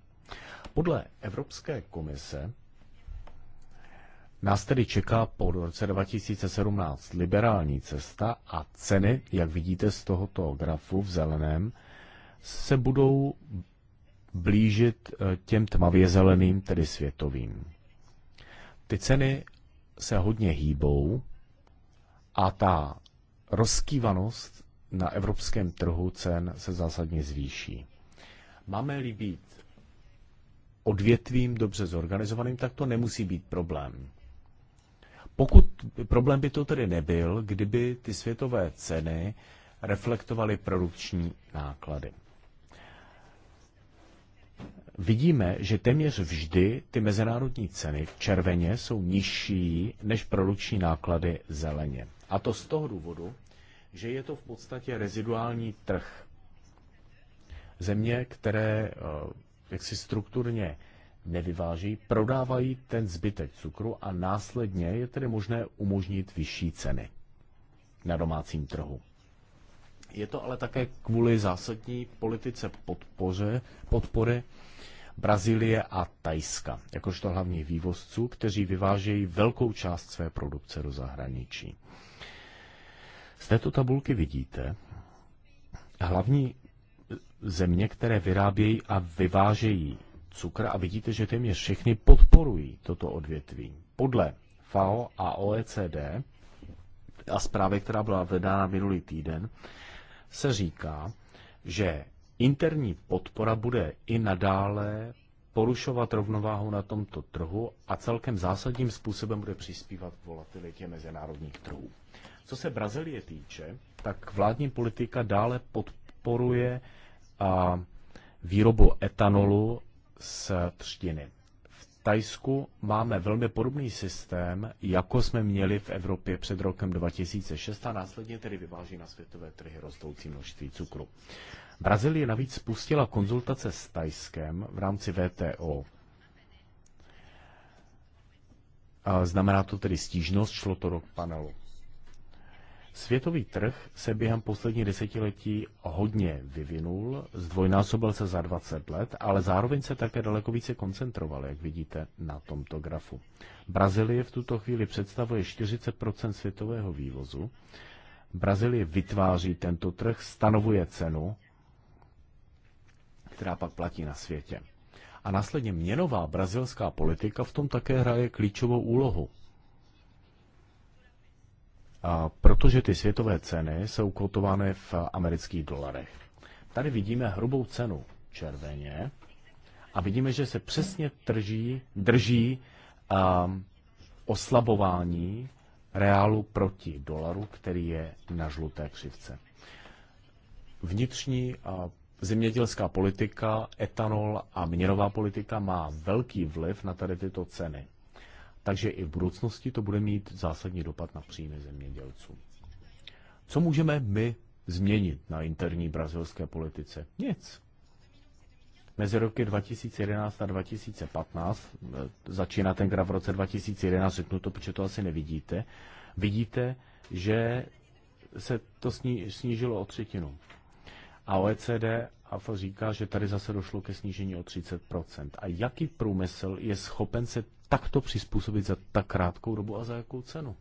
Podle Evropské komise nás tedy čeká po roce 2017 liberální cesta a ceny, jak vidíte z tohoto grafu v zeleném, se budou blížit eh, těm tmavě zeleným, tedy světovým. Ty ceny se hodně hýbou a ta rozkývanost na evropském trhu cen se zásadně zvýší. Máme-li být odvětvím dobře zorganizovaným, tak to nemusí být problém. Pokud problém by to tedy nebyl, kdyby ty světové ceny reflektovaly produkční náklady vidíme, že téměř vždy ty mezinárodní ceny v červeně jsou nižší než produkční náklady zeleně. A to z toho důvodu, že je to v podstatě reziduální trh. Země, které eh, jaksi strukturně nevyváží, prodávají ten zbytek cukru a následně je tedy možné umožnit vyšší ceny na domácím trhu. Je to ale také kvůli zásadní politice podpoře, podpory Brazílie a Tajska, jakožto hlavně vývozců, kteří vyvážejí velkou část své produkce do zahraničí. Z této tabulky vidíte hlavní země, které vyrábějí a vyvážejí cukr a vidíte, že téměř všechny podporují toto odvětví. Podle FAO a OECD a e zprávy, která byla vydána minulý týden, se říká, že interní podpora bude i nadále porušovat rovnováhu na tomto trhu a celkem zásadním způsobem bude přispívat k volatilitě mezinárodních trhů. Co se Brazílie týče, tak vládní politika dále podporuje a, výrobu etanolu z třtiny. V Tajsku máme velmi podobný systém, jako jsme měli v Evropě před rokem 2006 a následně tedy vyváží na světové trhy rostoucí množství cukru. Brazílie navíc spustila konzultace s Tajskem v rámci VTO. Znamená to tedy stížnost, šlo to do panelu. Světový trh se během posledních desetiletí hodně vyvinul, zdvojnásobil se za 20 let, ale zároveň se také daleko více koncentroval, jak vidíte na tomto grafu. Brazílie v tuto chvíli představuje 40 světového vývozu. Brazílie vytváří tento trh, stanovuje cenu která pak platí na světě. A následně měnová brazilská politika v tom také hraje klíčovou úlohu. A protože ty světové ceny jsou kotované v amerických dolarech. Tady vidíme hrubou cenu červeně a vidíme, že se přesně trží, drží um, oslabování reálu proti dolaru, který je na žluté křivce. Vnitřní uh, zemědělská politika, etanol a měnová politika má velký vliv na tady tyto ceny. Takže i v budoucnosti to bude mít zásadní dopad na příjmy zemědělců. Co můžeme my změnit na interní brazilské politice? Nic. Mezi roky 2011 a 2015, eh, začíná ten graf v roce 2011, řeknu to, protože to asi nevidíte, vidíte, že se to snížilo o třetinu. A OECD AFO říká, že tady zase došlo ke snížení o 30%. A jaký průmysl je schopen se takto přizpůsobit za tak krátkou dobu a za jakou cenu?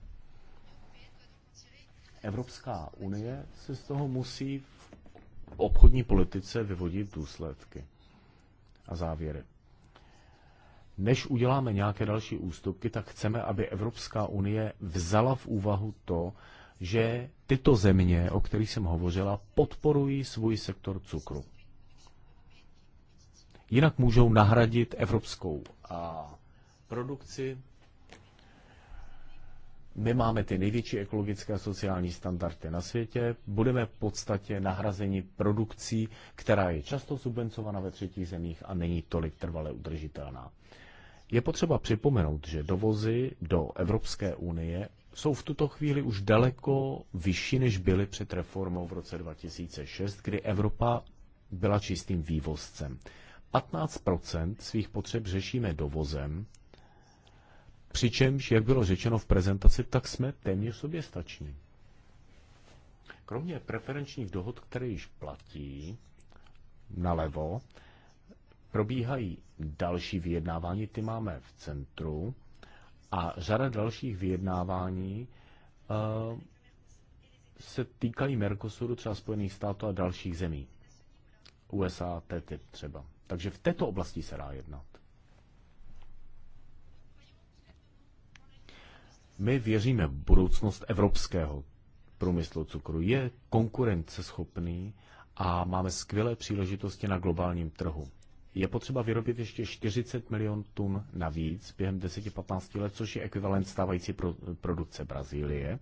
Evropská unie se z toho musí v obchodní politice vyvodit důsledky a závěry. Než uděláme nějaké další ústupky, tak chceme, aby Evropská unie vzala v úvahu to, že tyto země, o kterých jsem hovořila, podporují svůj sektor cukru. Jinak můžou nahradit evropskou a produkci. My máme ty největší ekologické a sociální standardy na světě. Budeme v podstatě nahrazeni produkcí, která je často subvencovaná ve třetích zemích a není tolik trvale udržitelná. Je potřeba připomenout, že dovozy do Evropské unie jsou v tuto chvíli už daleko vyšší, než byly před reformou v roce 2006, kdy Evropa byla čistým vývozcem. 15 svých potřeb řešíme dovozem, přičemž, jak bylo řečeno v prezentaci, tak jsme téměř stační. Kromě preferenčních dohod, které již platí nalevo, probíhají další vyjednávání, ty máme v centru, a řada dalších vyjednávání eh, se týkají Mercosuru, třeba Spojených států a dalších zemí. USA, TTIP třeba. Takže v této oblasti se dá jednat. My věříme v budoucnost evropského průmyslu cukru. Je konkurenceschopný a máme skvělé příležitosti na globálním trhu je potřeba vyrobit ještě 40 milion tun navíc během 10-15 let, což je ekvivalent stávající pro, produkce Brazílie.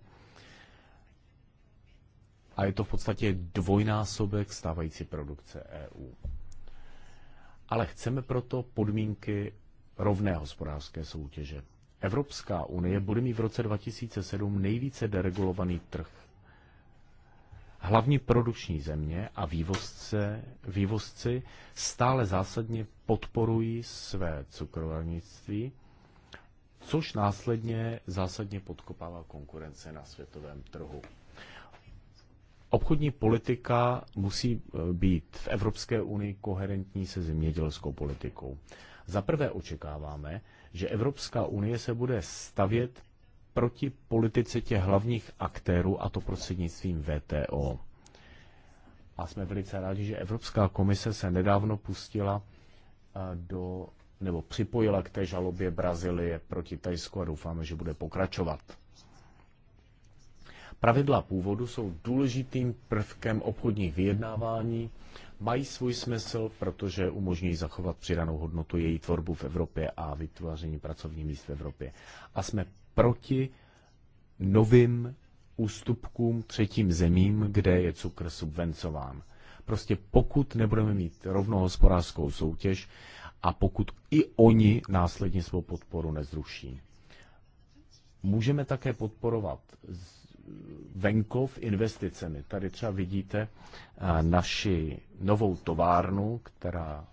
A je to v podstatě dvojnásobek stávající produkce EU. Ale chceme proto podmínky rovné hospodářské soutěže. Evropská unie bude mít v roce 2007 nejvíce deregulovaný trh Hlavní produkční země a vývozce, vývozci stále zásadně podporují své cukrovarnictví, což následně zásadně podkopává konkurence na světovém trhu. Obchodní politika musí e, být v Evropské unii koherentní se zemědělskou politikou. Za prvé očekáváme, že Evropská unie se bude stavět proti politice těch hlavních aktérů, a to prostřednictvím VTO. A jsme velice rádi, že Evropská komise se nedávno pustila eh, do, nebo připojila k té žalobě Brazílie proti Tajsku a doufáme, že bude pokračovat. Pravidla původu jsou důležitým prvkem obchodních vyjednávání, mají svůj smysl, protože umožňují zachovat přidanou hodnotu její tvorbu v Evropě a vytváření pracovních míst v Evropě. A jsme proti novým ústupkům třetím zemím, kde je cukr subvencován. Prostě pokud nebudeme mít rovnou hospodářskou soutěž a pokud i oni následně svou podporu nezruší. Můžeme také podporovat venkov investicemi. Tady třeba vidíte eh, naši novou továrnu, která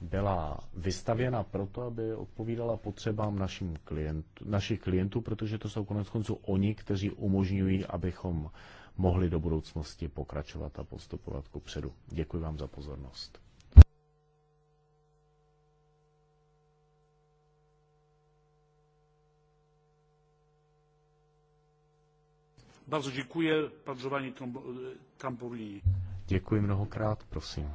byla vystavěna proto, aby odpovídala potřebám našim klientů, našich klientů, protože to jsou konec konců oni, kteří umožňují, abychom mohli do budoucnosti pokračovat a postupovat ku předu. Děkuji vám za pozornost. Bardzo dziękuję. Pan Giovanni Tamburini. Děkuji mnohokrát, prosím.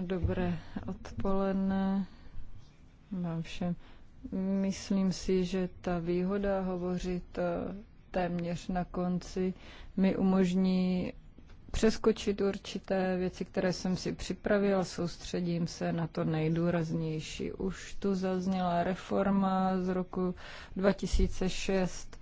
Dobré odpoledne vám všem. Myslím si, že ta výhoda hovořit eh, téměř na konci mi umožní přeskočit určité věci, které jsem si připravila, soustředím se na to nejdůraznější. Už tu zazněla reforma z roku 2006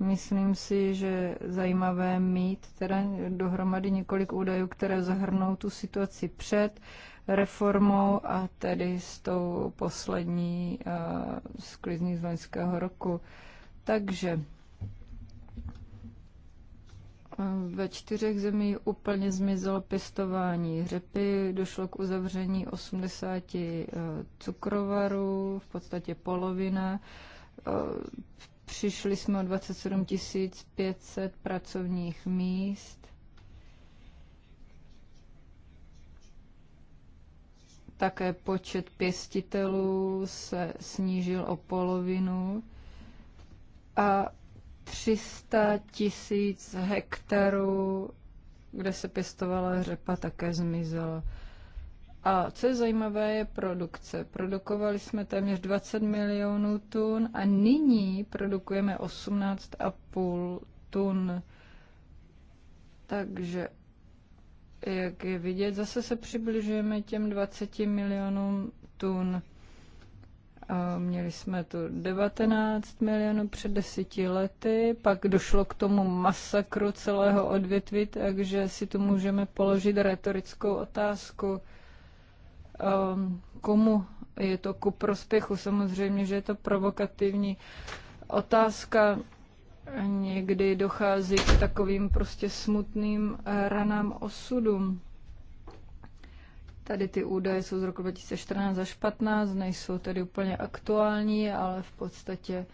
Myslím si, že zajímavé mít teda dohromady několik údajů, které zahrnou tu situaci před reformou a tedy s tou poslední uh, eh, sklizní z loňského roku. Takže eh, ve čtyřech zemí úplně zmizelo pěstování řepy, došlo k uzavření 80 eh, cukrovarů, v podstatě polovina Přišli jsme o 27 500 pracovních míst. Také počet pěstitelů se snížil o polovinu a 300 000 hektarů, kde se pěstovala řepa, také zmizelo. A co je zajímavé, je produkce. Produkovali jsme téměř 20 milionů tun a nyní produkujeme 18,5 tun. Takže, jak je vidět, zase se přibližujeme těm 20 milionům tun. A měli jsme tu 19 milionů před deseti lety, pak došlo k tomu masakru celého odvětví, takže si tu můžeme položit retorickou otázku – Ehm, komu je to ku prospěchu. Samozřejmě, že je to provokativní otázka. Někdy dochází k takovým prostě smutným eh, ranám osudům. Tady ty údaje jsou z roku 2014 až 15, nejsou tedy úplně aktuální, ale v podstatě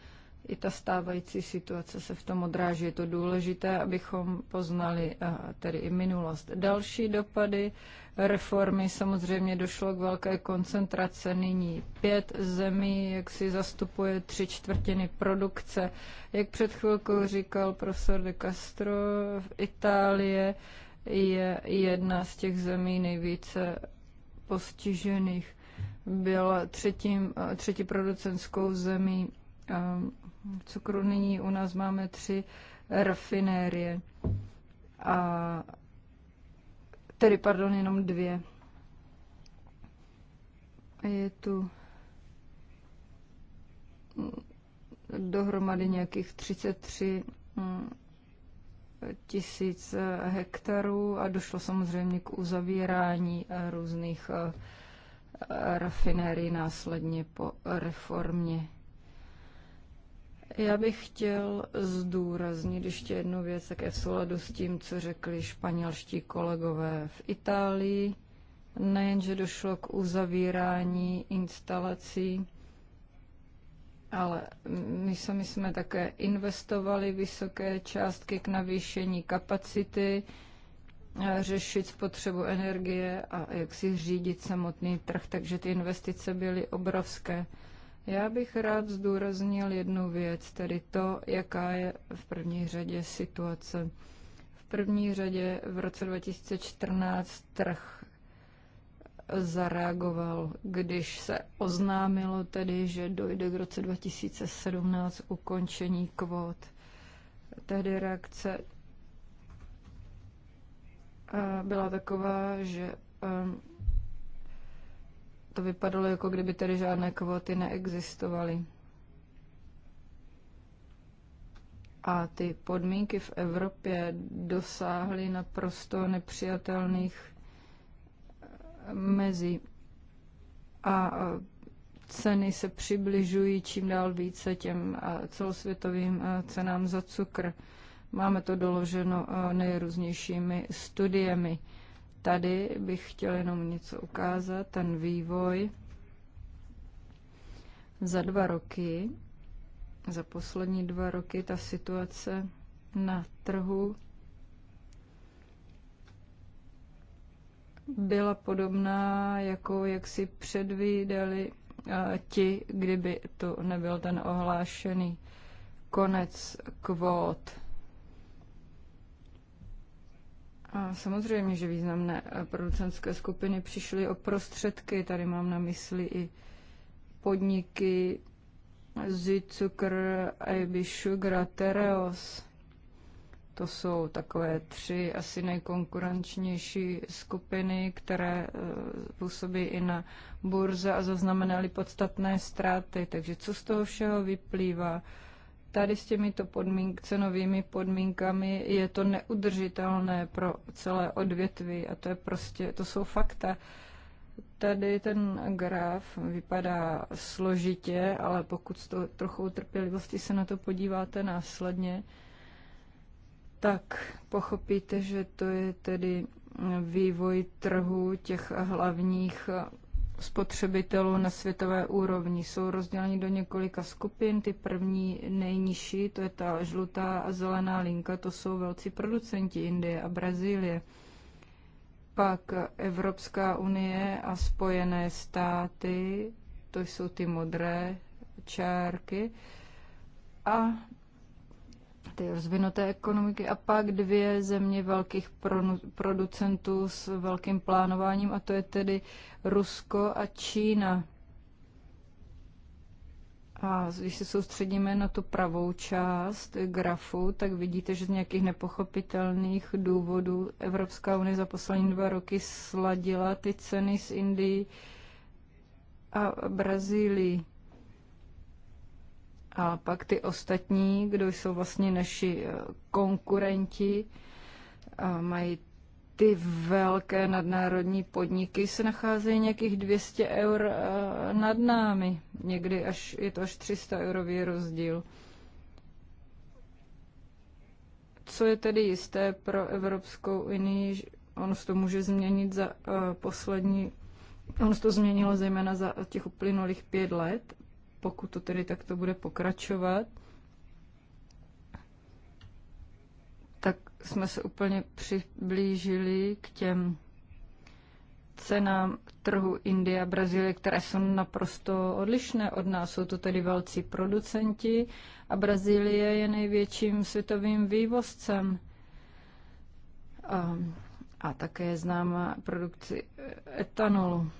i ta stávající situace se v tom odráží. Je to důležité, abychom poznali tedy i minulost. Další dopady reformy samozřejmě došlo k velké koncentrace. Nyní pět zemí, jak si zastupuje tři čtvrtiny produkce. Jak před chvilkou říkal profesor de Castro, v Itálie je jedna z těch zemí nejvíce postižených. Byla třetím, třetí producentskou zemí cukru. Nyní u nás máme tři rafinérie. A tedy, pardon, jenom dvě. Je tu dohromady nějakých 33 hm, tisíc eh, hektarů a došlo samozřejmě k uzavírání eh, různých eh, rafinérií následně po reformě. Já bych chtěl zdůraznit ještě jednu věc, je v souladu s tím, co řekli španělští kolegové v Itálii. Nejenže došlo k uzavírání instalací, ale my sami jsme také investovali vysoké částky k navýšení kapacity, řešit spotřebu energie a jak si řídit samotný trh, takže ty investice byly obrovské. Já bych rád zdůraznil jednu věc, tedy to, jaká je v první řadě situace. V první řadě v roce 2014 trh zareagoval, když se oznámilo tedy, že dojde k roce 2017 ukončení kvót. Tehdy reakce eh, byla taková, že eh, to vypadalo, jako kdyby tady žádné kvóty neexistovaly. A ty podmínky v Evropě dosáhly naprosto nepřijatelných eh, mezi A ceny se přibližují čím dál více těm eh, celosvětovým eh, cenám za cukr. Máme to doloženo nejrůznějšími studiemi. Tady bych chtěl jenom něco ukázat, ten vývoj za dva roky, za poslední dva roky, ta situace na trhu byla podobná, jako jak si předvídali ti, kdyby to nebyl ten ohlášený konec kvót. A samozřejmě, že významné eh, producentské skupiny přišly o prostředky. Tady mám na mysli i podniky Zycukr, Aby Sugar a Tereos. To jsou takové tři asi nejkonkurenčnější skupiny, které eh, působí i na burze a zaznamenaly podstatné ztráty. Takže co z toho všeho vyplývá? tady s těmito podmínk, cenovými podmínkami je to neudržitelné pro celé odvětví a to je prostě, to jsou fakta. Tady ten graf vypadá složitě, ale pokud s to trochu trpělivosti se na to podíváte následně, tak pochopíte, že to je tedy vývoj trhu těch hlavních spotřebitelů na světové úrovni. Jsou rozděleni do několika skupin. Ty první nejnižší, to je ta žlutá a zelená linka, to jsou velcí producenti Indie a Brazílie. Pak Evropská unie a Spojené státy, to jsou ty modré čárky. A ty rozvinuté ekonomiky a pak dvě země velkých producentů s velkým plánováním a to je tedy Rusko a Čína. A když se soustředíme na tu pravou část grafu, tak vidíte, že z nějakých nepochopitelných důvodů Evropská unie za poslední dva roky sladila ty ceny z Indii a Brazílii. A pak ty ostatní, kdo jsou vlastně naši eh, konkurenti, mají ty velké nadnárodní podniky se nacházejí nějakých 200 eur eh, nad námi. Někdy až, je to až 300 eurový rozdíl. Co je tedy jisté pro Evropskou unii, ono se to může změnit za eh, poslední, ono se to změnilo zejména za těch uplynulých pět let, pokud to tedy takto bude pokračovat, tak jsme se úplně přiblížili k těm cenám trhu Indie a Brazílie, které jsou naprosto odlišné od nás. Jsou to tedy velcí producenti a Brazílie je největším světovým vývozcem. A, a také známá produkci etanolu.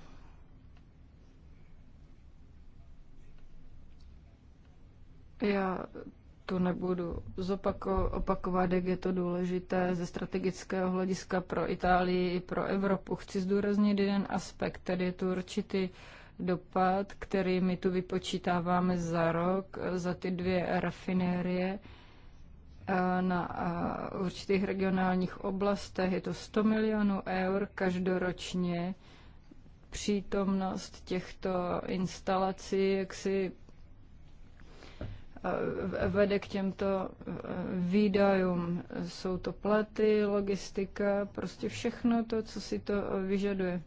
Já to nebudu zopako, opakovat, jak je to důležité ze strategického hlediska pro Itálii i pro Evropu. Chci zdůraznit jeden aspekt, tedy je tu určitý dopad, který my tu vypočítáváme za rok, za ty dvě rafinérie eh, na eh, určitých regionálních oblastech. Je to 100 milionů eur každoročně. Přítomnost těchto instalací, jak si Eh, vede k těmto eh, výdajům. Jsou to platy, logistika, prostě všechno to, co si to eh, vyžaduje.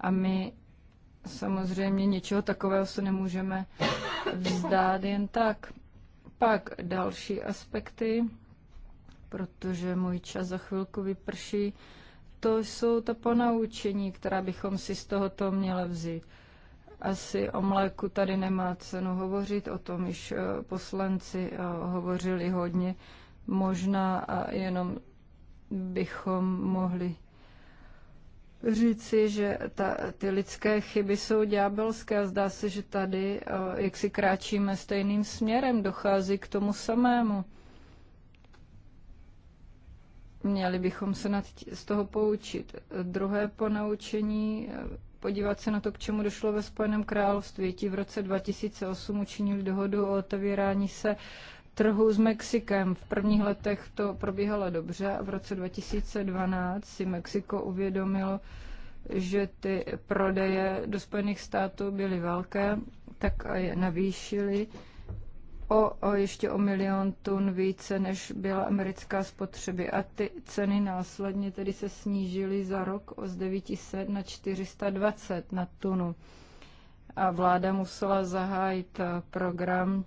A my samozřejmě něčeho takového se nemůžeme vzdát jen tak. Pak další aspekty, protože můj čas za chvilku vyprší, to jsou ta ponaučení, která bychom si z tohoto měli vzít. Asi o mléku tady nemá cenu hovořit, o tom již eh, poslanci eh, hovořili hodně. Možná a jenom bychom mohli říci, že ta, ty lidské chyby jsou ďábelské a zdá se, že tady, eh, jak si kráčíme stejným směrem, dochází k tomu samému. Měli bychom se nad, z toho poučit. Druhé ponaučení podívat se na to, k čemu došlo ve Spojeném království. Ti v roce 2008 učinili dohodu o otevírání se trhu s Mexikem. V prvních letech to probíhalo dobře a v roce 2012 si Mexiko uvědomilo, že ty prodeje do Spojených států byly velké, tak a je navýšili o, o ještě o milion tun více, než byla americká spotřeby. A ty ceny následně tedy se snížily za rok z 900 na 420 na tunu. A vláda musela zahájit eh, program,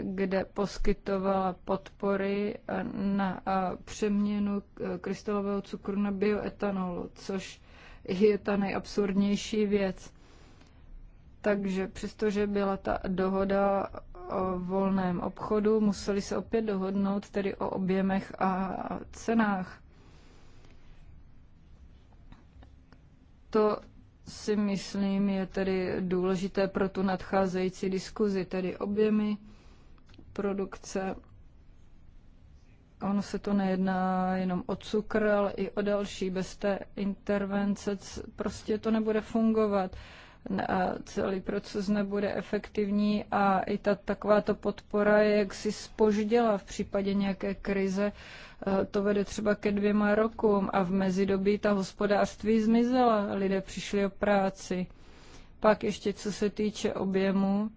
kde poskytovala podpory eh, na přeměnu eh, krystalového cukru na bioetanolu, což je ta nejabsurdnější věc takže přestože byla ta dohoda o volném obchodu, museli se opět dohodnout tedy o objemech a cenách. To si myslím je tedy důležité pro tu nadcházející diskuzi, tedy objemy produkce. Ono se to nejedná jenom o cukr, ale i o další. Bez té intervence prostě to nebude fungovat a celý proces nebude efektivní a i ta takováto podpora je jaksi spožděla v případě nějaké krize. E, to vede třeba ke dvěma rokům a v mezidobí ta hospodářství zmizela, lidé přišli o práci. Pak ještě co se týče objemu,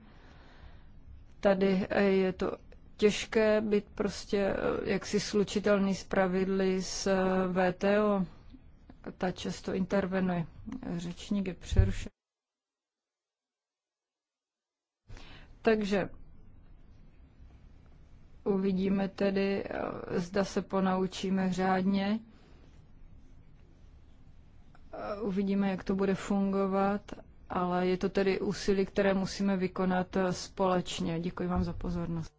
tady e, je to těžké být prostě e, jaksi slučitelný s pravidly s VTO. Ta často intervenuje. Řečník je přerušen. Takže uvidíme tedy, eh, zda se ponaučíme řádně. Eh, uvidíme, jak to bude fungovat, ale je to tedy úsilí, které musíme vykonat eh, společně. Děkuji vám za pozornost.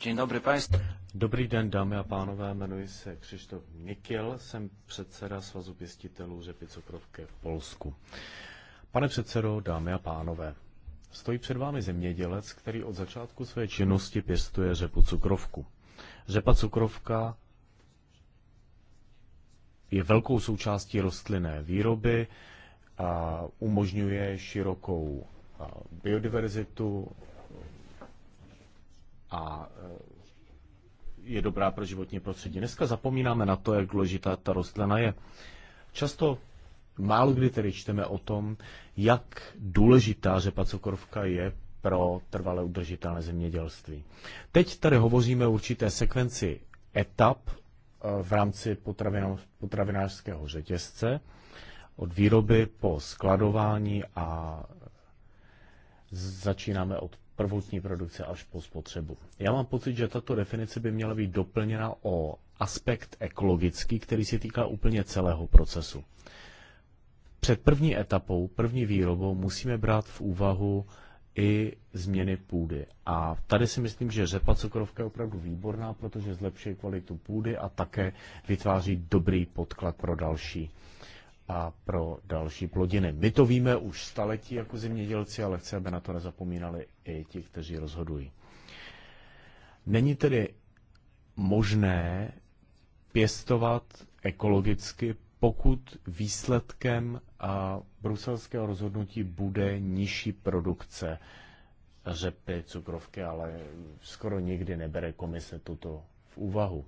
Dzień dobry Państwu. Dobrý den, dámy a pánové, jmenuji se Křištof Nikil, jsem předseda Svazu pěstitelů řepy v Polsku. Pane předsedo, dámy a pánové, stojí před vámi zemědělec, který od začátku své činnosti pěstuje řepu cukrovku. Řepa cukrovka je velkou součástí rostlinné výroby a umožňuje širokou biodiverzitu a je dobrá pro životní prostředí. Dneska zapomínáme na to, jak důležitá ta rostlina je. Často málo kdy tedy čteme o tom, jak důležitá řepa cukrovka je pro trvale udržitelné zemědělství. Teď tady hovoříme o určité sekvenci etap eh, v rámci potravinářského řetězce, od výroby po skladování a začínáme od prvotní produkce až po spotřebu. Já mám pocit, že tato definice by měla být doplněna o aspekt ekologický, který se týká úplně celého procesu. Před první etapou, první výrobou musíme brát v úvahu i změny půdy. A tady si myslím, že řepa cukrovka je opravdu výborná, protože zlepšuje kvalitu půdy a také vytváří dobrý podklad pro další a pro další plodiny. My to víme už staletí jako zemědělci, ale chci, aby na to nezapomínali i ti, kteří rozhodují. Není tedy možné pěstovat ekologicky, pokud výsledkem a bruselského rozhodnutí bude nižší produkce řepy, cukrovky, ale skoro nikdy nebere komise tuto v úvahu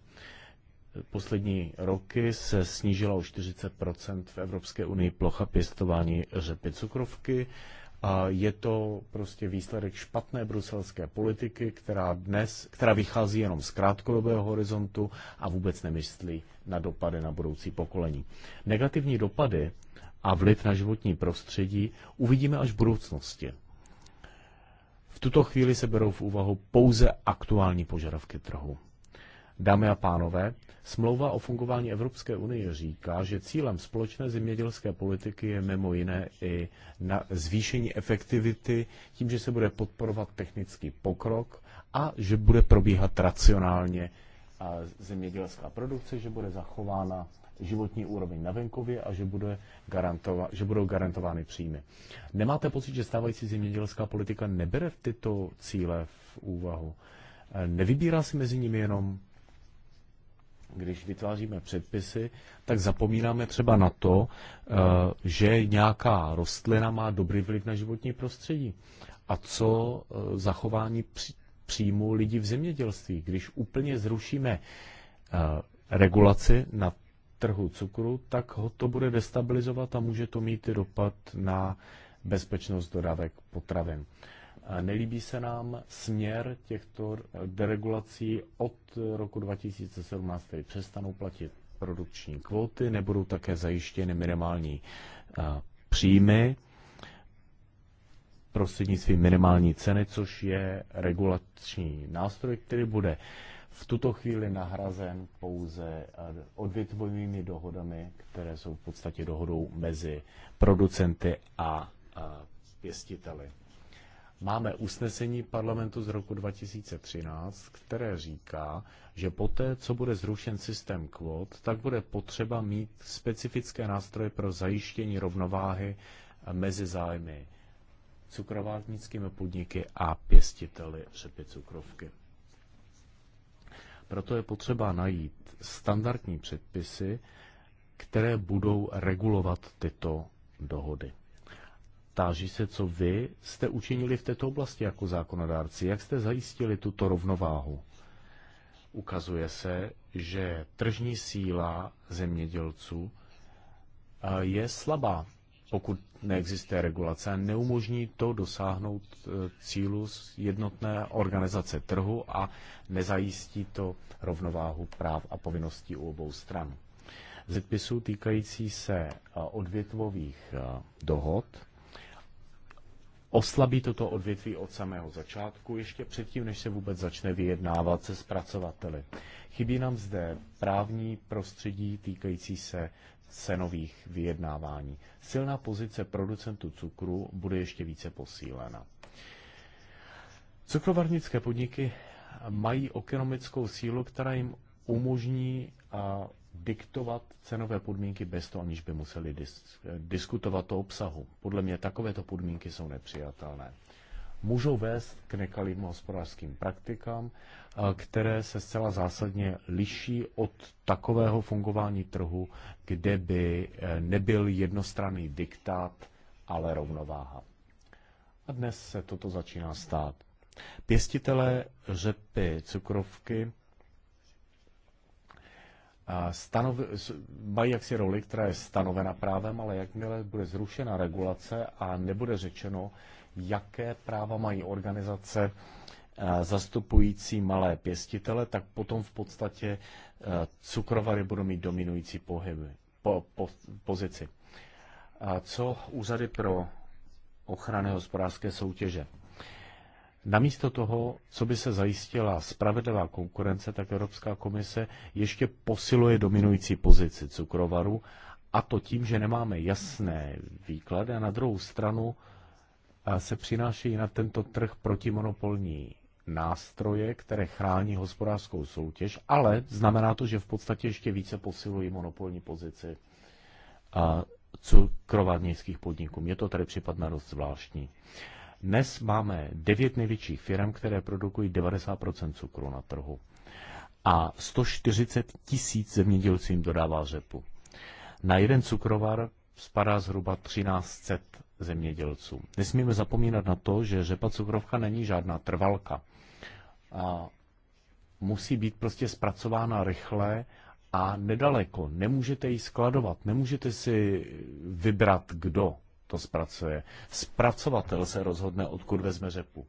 poslední roky se snížila o 40 v Evropské unii plocha pěstování řepy cukrovky. A je to prostě výsledek špatné bruselské politiky, která dnes, která vychází jenom z krátkodobého horizontu a vůbec nemyslí na dopady na budoucí pokolení. Negativní dopady a vliv na životní prostředí uvidíme až v budoucnosti. V tuto chvíli se berou v úvahu pouze aktuální požadavky trhu. Dámy a pánové, smlouva o fungování Evropské unie říká, že cílem společné zemědělské politiky je mimo jiné i na zvýšení efektivity tím, že se bude podporovat technický pokrok a že bude probíhat racionálně zemědělská produkce, že bude zachována životní úroveň na venkově a že, bude garantova, že budou garantovány příjmy. Nemáte pocit, že stávající zemědělská politika nebere tyto cíle v úvahu? E, nevybírá si mezi nimi jenom když vytváříme předpisy, tak zapomínáme třeba na to, eh, že nějaká rostlina má dobrý vliv na životní prostředí. A co eh, zachování příjmu lidí v zemědělství? Když úplně zrušíme eh, regulaci na trhu cukru, tak ho to bude destabilizovat a může to mít i dopad na bezpečnost dodávek potravin. Nelíbí se nám směr těchto deregulací od roku 2017, tedy přestanou platit produkční kvóty, nebudou také zajištěny minimální příjmy prostřednictvím minimální ceny, což je regulační nástroj, který bude v tuto chvíli nahrazen pouze odvětvovými dohodami, které jsou v podstatě dohodou mezi producenty a pěstiteli. Máme usnesení parlamentu z roku 2013, které říká, že poté, co bude zrušen systém kvot, tak bude potřeba mít specifické nástroje pro zajištění rovnováhy mezi zájmy cukrovárnickými podniky a pěstiteli řepy cukrovky. Proto je potřeba najít standardní předpisy, které budou regulovat tyto dohody. Táží se, co vy jste učinili v této oblasti jako zákonodárci. Jak jste zajistili tuto rovnováhu? Ukazuje se, že tržní síla zemědělců eh, je slabá, pokud neexistuje regulace a neumožní to dosáhnout eh, cílu z jednotné organizace trhu a nezajistí to rovnováhu práv a povinností u obou stran. Zepisů týkající se eh, odvětvových dohod oslabí toto odvětví od samého začátku, ještě předtím, než se vůbec začne vyjednávat se zpracovateli. Chybí nám zde právní prostředí týkající se cenových vyjednávání. Silná pozice producentů cukru bude ještě více posílena. Cukrovarnické podniky mají ekonomickou sílu, která jim umožní diktovat cenové podmínky bez toho, aniž by museli dis- diskutovat o obsahu. Podle mě takovéto podmínky jsou nepřijatelné. Můžou vést k nekalým hospodářským praktikám, které se zcela zásadně liší od takového fungování trhu, kde by e, nebyl jednostranný diktát, ale rovnováha. A dnes se toto začíná stát. Pěstitelé řepy cukrovky stanov, mají jaksi roli, která je stanovena právem, ale jakmile bude zrušena regulace a nebude řečeno, jaké práva mají organizace e, zastupující malé pěstitele, tak potom v podstatě e, cukrovary budou mít dominující pohyby, po, po, pozici. A co úřady pro ochrany hospodářské soutěže? Namísto toho, co by se zajistila spravedlivá konkurence, tak Evropská komise ještě posiluje dominující pozici cukrovaru a to tím, že nemáme jasné výklady a na druhou stranu se přináší na tento trh protimonopolní nástroje, které chrání hospodářskou soutěž, ale znamená to, že v podstatě ještě více posilují monopolní pozici cukrovarnických podniků. Je to tady případ dost zvláštní. Dnes máme devět největších firm, které produkují 90% cukru na trhu a 140 tisíc zemědělců jim dodává řepu. Na jeden cukrovar spadá zhruba 1300 zemědělců. Nesmíme zapomínat na to, že řepa cukrovka není žádná trvalka. A musí být prostě zpracována rychle a nedaleko. Nemůžete ji skladovat, nemůžete si vybrat kdo to zpracuje. Zpracovatel se rozhodne, odkud vezme řepu.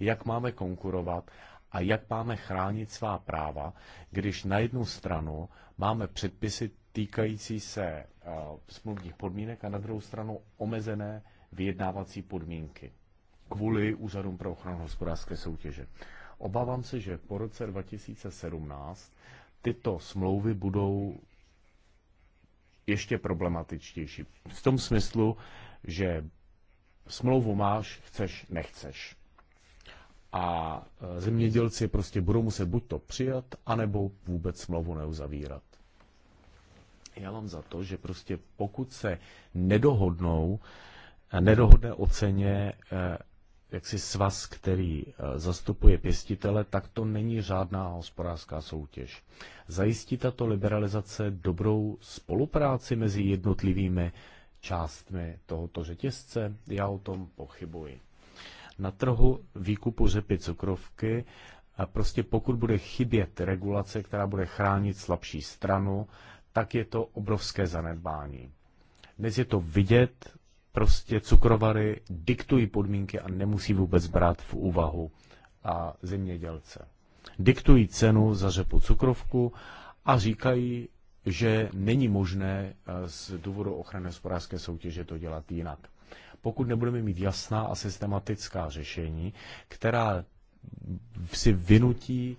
Jak máme konkurovat a jak máme chránit svá práva, když na jednu stranu máme předpisy týkající se uh, smluvních podmínek a na druhou stranu omezené vyjednávací podmínky kvůli úřadům pro ochranu hospodářské soutěže. Obávám se, že po roce 2017 tyto smlouvy budou ještě problematičtější. V tom smyslu, že smlouvu máš, chceš, nechceš. A e, zemědělci prostě budou muset buď to přijat, anebo vůbec smlouvu neuzavírat. Já mám za to, že prostě pokud se nedohodnou, e, nedohodne o ceně e, jaksi svaz, který zastupuje pěstitele, tak to není žádná hospodářská soutěž. Zajistí tato liberalizace dobrou spolupráci mezi jednotlivými částmi tohoto řetězce? Já o tom pochybuji. Na trhu výkupu řepy cukrovky a prostě pokud bude chybět regulace, která bude chránit slabší stranu, tak je to obrovské zanedbání. Dnes je to vidět, prostě cukrovary diktují podmínky a nemusí vůbec brát v úvahu a zemědělce. Diktují cenu za řepu cukrovku a říkají, že není možné eh, z důvodu ochrany hospodářské soutěže to dělat jinak. Pokud nebudeme mít jasná a systematická řešení, která si vynutí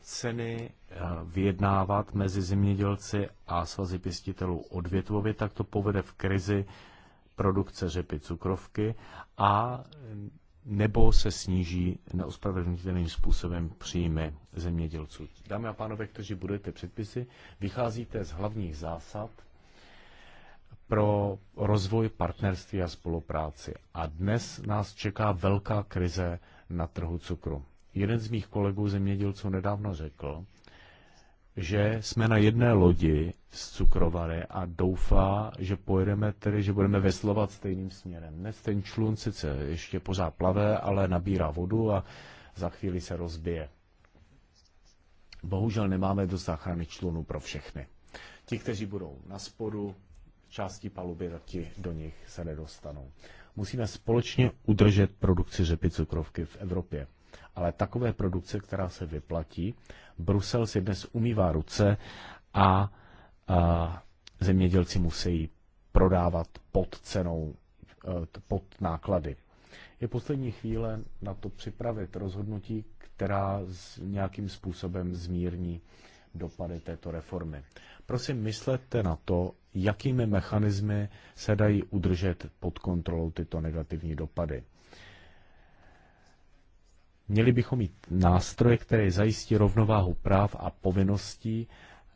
ceny eh, vyjednávat mezi zemědělci a svazy pěstitelů odvětvově, tak to povede v krizi produkce řepy cukrovky a nebo se sníží neospravedlnitelným způsobem příjmy zemědělců. Dámy a pánové, kteří budete předpisy, vycházíte z hlavních zásad pro rozvoj partnerství a spolupráci. A dnes nás čeká velká krize na trhu cukru. Jeden z mých kolegů zemědělců nedávno řekl, že jsme na jedné lodi z cukrovary a doufá, že pojedeme tedy, že budeme veslovat stejným směrem. Dnes ten člun sice ještě pořád plave, ale nabírá vodu a za chvíli se rozbije. Bohužel nemáme do záchrany člunu pro všechny. Ti, kteří budou na spodu části paluby, tak ti do nich se nedostanou. Musíme společně udržet produkci řepy cukrovky v Evropě. Ale takové produkce, která se vyplatí Brusel si dnes umývá ruce a, a zemědělci musí prodávat pod cenou, e, pod náklady. Je poslední chvíle na to připravit rozhodnutí, která s nějakým způsobem zmírní dopady této reformy. Prosím, myslete na to, jakými mechanismy se dají udržet pod kontrolou tyto negativní dopady. Měli bychom mít nástroje, které zajistí rovnováhu práv a povinností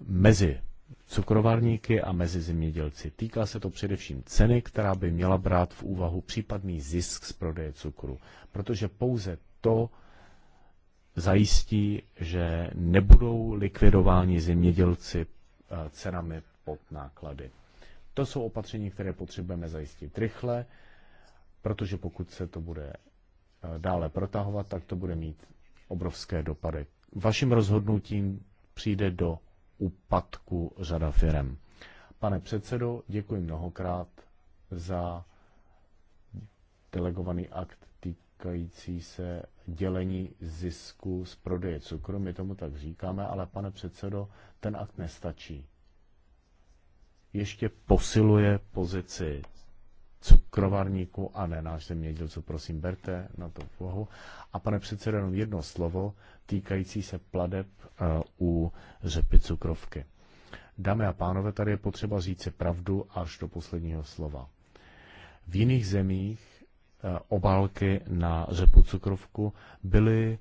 mezi cukrovarníky a mezi zemědělci. Týká se to především ceny, která by měla brát v úvahu případný zisk z prodeje cukru, protože pouze to zajistí, že nebudou likvidováni zemědělci eh, cenami pod náklady. To jsou opatření, které potřebujeme zajistit rychle, protože pokud se to bude dále protahovat, tak to bude mít obrovské dopady. Vaším rozhodnutím přijde do úpadku řada firem. Pane předsedo, děkuji mnohokrát za delegovaný akt týkající se dělení zisku z prodeje cukru. My tomu tak říkáme, ale pane předsedo, ten akt nestačí. Ještě posiluje pozici cukrovarníku a ne náš zemědělců. Prosím, berte na to úvahu. A pane předsedo, jenom jedno slovo týkající se pladeb eh, u řepy cukrovky. Dámy a pánové, tady je potřeba říct si pravdu až do posledního slova. V jiných zemích eh, obálky na řepu cukrovku byly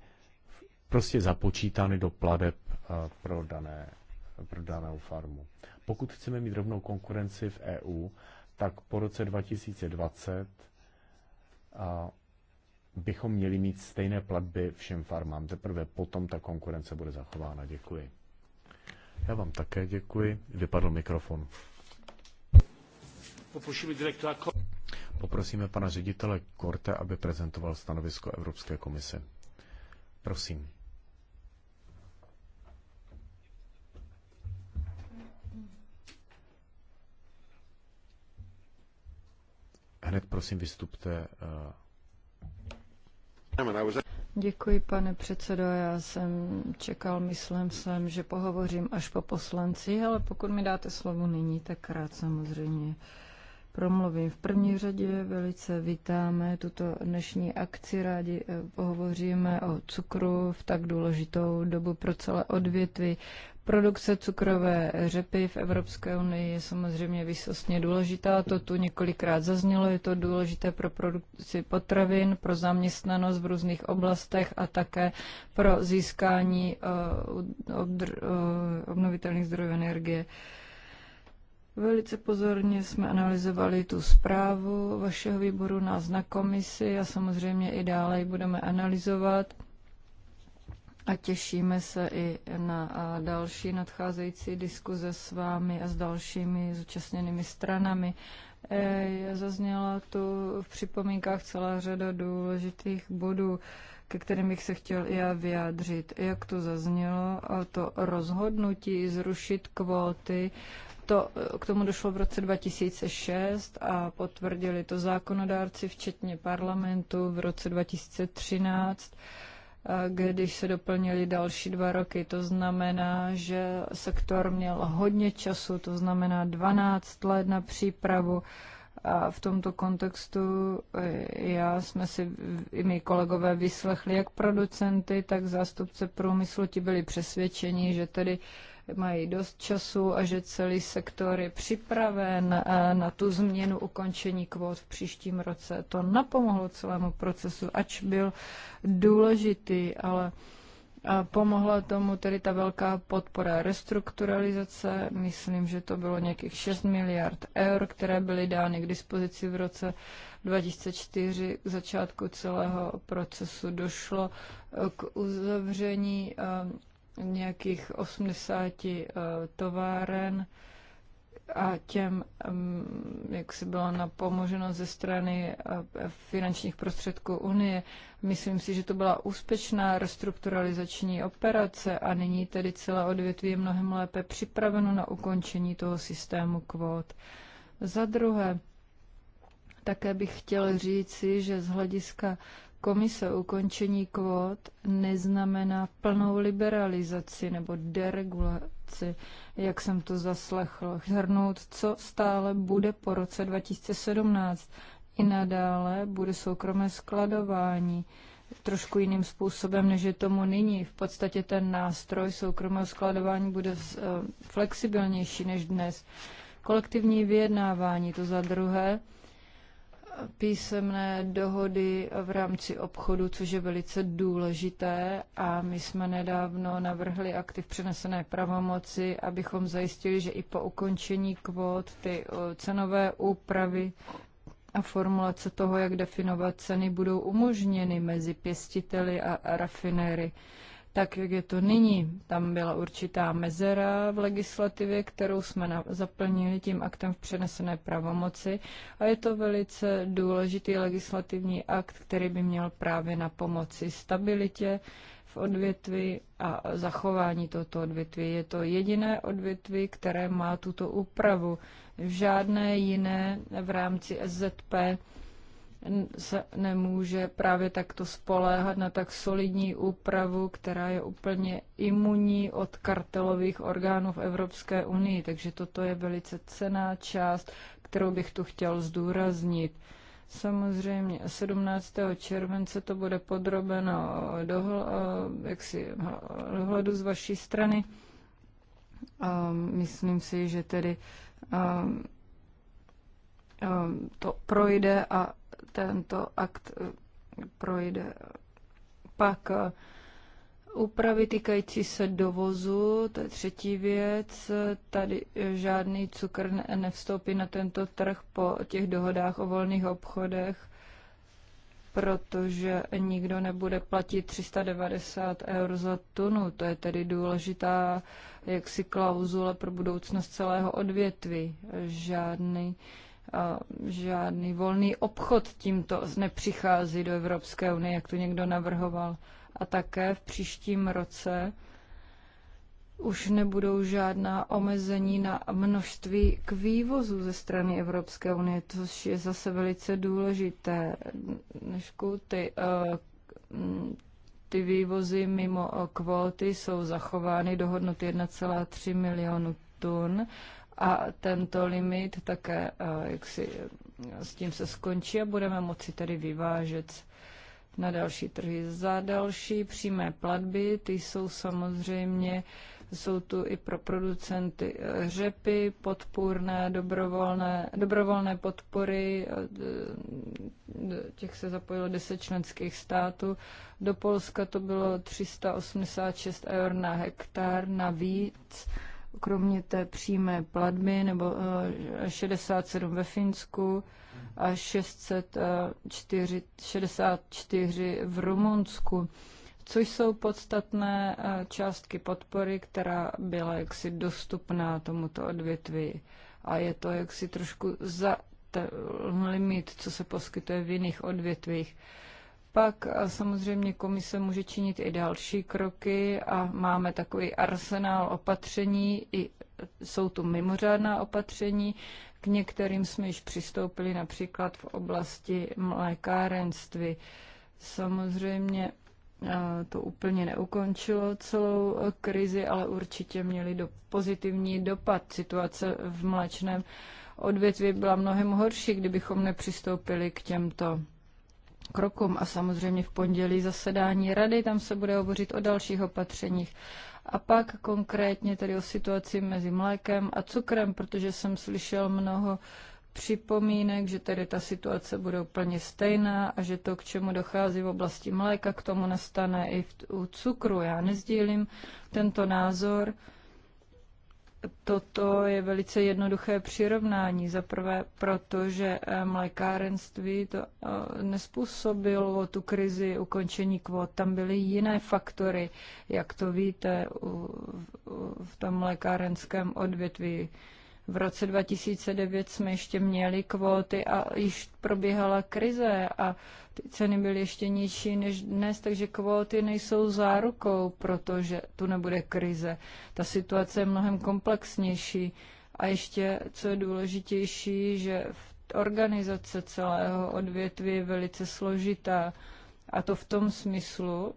prostě započítány do pladeb eh, pro, dané, pro danou farmu. Pokud chceme mít rovnou konkurenci v EU, tak po roce 2020 a bychom měli mít stejné platby všem farmám. Teprve potom ta konkurence bude zachována. Děkuji. Já vám také děkuji. Vypadl mikrofon. Poprosíme direktora Poprosíme pana ředitele Korte, aby prezentoval stanovisko Evropské komise. Prosím. Hned prosím vystupte. Eh. Děkuji, pane předsedo. Já jsem čekal, myslím jsem, že pohovořím až po poslanci, ale pokud mi dáte slovo nyní, tak rád samozřejmě promluvím. V první řadě velice vítáme tuto dnešní akci. Rádi eh, pohovoříme o cukru v tak důležitou dobu pro celé odvětví. Produkce cukrové řepy v Evropské unii je samozřejmě výsostně důležitá, to tu několikrát zaznělo, je to důležité pro produkci potravin, pro zaměstnanost v různých oblastech a také pro získání eh, eh, obnovitelných zdrojů energie. Velice pozorně jsme analyzovali tu zprávu vašeho výboru nás na komisi a samozřejmě i dále ji budeme analyzovat. A těšíme se i na další nadcházející diskuze s vámi a s dalšími zúčastněnými stranami. E, zazněla tu v připomínkách celá řada důležitých bodů, ke kterým bych se chtěl i já vyjádřit. Jak to zaznělo, to rozhodnutí zrušit kvóty to, e, k tomu došlo v roce 2006 a potvrdili to zákonodárci, včetně parlamentu v roce 2013 když se doplnili další dva roky. To znamená, že sektor měl hodně času, to znamená 12 let na přípravu. A v tomto kontextu eh, já jsme si i my kolegové vyslechli jak producenty, tak zástupce průmyslu, ti byli přesvědčeni, že tedy uh, mají dost času a že celý sektor je připraven eh, na tu změnu ukončení kvót v příštím roce. To napomohlo celému procesu, ač byl důležitý, ale eh, pomohla tomu tedy ta velká podpora restrukturalizace. Myslím, že to bylo nějakých 6 miliard eur, které byly dány k dispozici v roce 2004. K začátku celého procesu došlo eh, k uzavření nějakých 80 eh, továren a těm, jak si bylo napomoženo ze strany eh, finančních prostředků Unie. Myslím si, že to byla úspěšná restrukturalizační operace a nyní tedy celé odvětví je mnohem lépe připraveno na ukončení toho systému kvót. Za druhé, také bych chtěl říci, že z hlediska komise ukončení kvót neznamená plnou liberalizaci nebo deregulaci, jak jsem to zaslechl. Hrnout, co stále bude po roce 2017. I nadále bude soukromé skladování trošku jiným způsobem, než je tomu nyní. V podstatě ten nástroj soukromého skladování bude eh, flexibilnější než dnes. Kolektivní vyjednávání, to za druhé, písemné dohody v rámci obchodu, což je velice důležité a my jsme nedávno navrhli aktiv přenesené pravomoci, abychom zajistili, že i po ukončení kvót ty cenové úpravy a formulace toho, jak definovat ceny, budou umožněny mezi pěstiteli a rafinéry tak, jak je to nyní. Tam byla určitá mezera v legislativě, kterou jsme zaplnili tím aktem v přenesené pravomoci a je to velice důležitý legislativní akt, který by měl právě na pomoci stabilitě v odvětví a zachování tohoto odvětví. Je to jediné odvětví, které má tuto úpravu. Žádné jiné v rámci SZP se nemůže právě takto spoléhat na tak solidní úpravu, která je úplně imunní od kartelových orgánů v Evropské unii. Takže toto je velice cená část, kterou bych tu chtěl zdůraznit. Samozřejmě 17. července to bude podrobeno dohledu z vaší strany. A myslím si, že tedy a, to projde a tento akt eh, projde. Pak eh, úpravy týkající se dovozu, to je třetí věc. Tady eh, žádný cukr nevstoupí na tento trh po těch dohodách o volných obchodech protože nikdo nebude platit 390 eur za tunu. To je tedy důležitá jaksi klauzule pro budoucnost celého odvětví. Žádný žádný volný obchod tímto nepřichází do Evropské unie, jak to někdo navrhoval. A také v příštím roce už nebudou žádná omezení na množství k vývozu ze strany Evropské unie, což je zase velice důležité. Dnešku ty, eh, ty vývozy mimo eh, kvóty jsou zachovány do hodnoty 1,3 milionu tun a tento limit také, eh, jak si eh, s tím se skončí a budeme moci tedy vyvážet na další trhy. Za další přímé platby, ty jsou samozřejmě, jsou tu i pro producenty eh, řepy, podpůrné, dobrovolné, dobrovolné podpory, těch se zapojilo 10 členských států. Do Polska to bylo 386 eur na hektar navíc. víc kromě té přímé platby, nebo 67 eh, ve Finsku a 64 eh, v Rumunsku, což jsou podstatné eh, částky podpory, která byla jaksi dostupná tomuto odvětví. A je to jaksi trošku za ten limit, co se poskytuje v jiných odvětvích. Pak eh, samozřejmě komise může činit i další kroky a máme takový arsenál opatření, i, jsou tu mimořádná opatření, k některým jsme již přistoupili například v oblasti mlékárenství. Samozřejmě eh, to úplně neukončilo celou eh, krizi, ale určitě měli do pozitivní dopad. Situace v mlačném. odvětví byla mnohem horší, kdybychom nepřistoupili k těmto krokům. A samozřejmě v pondělí zasedání rady, tam se bude hovořit o dalších opatřeních. A pak konkrétně tedy o situaci mezi mlékem a cukrem, protože jsem slyšel mnoho připomínek, že tedy ta situace bude úplně stejná a že to, k čemu dochází v oblasti mléka, k tomu nastane i v, u cukru. Já nezdílím tento názor. Toto je velice jednoduché přirovnání. Za prvé, protože eh, mlékárenství to eh, nespůsobilo tu krizi ukončení kvot. Tam byly jiné faktory, jak to víte, v tom mlékárenském odvětví v roce 2009 jsme ještě měli kvóty a již probíhala krize a ty ceny byly ještě nižší než dnes, takže kvóty nejsou zárukou, protože tu nebude krize. Ta situace je mnohem komplexnější. A ještě, co je důležitější, že organizace celého odvětví je velice složitá. A to v tom smyslu,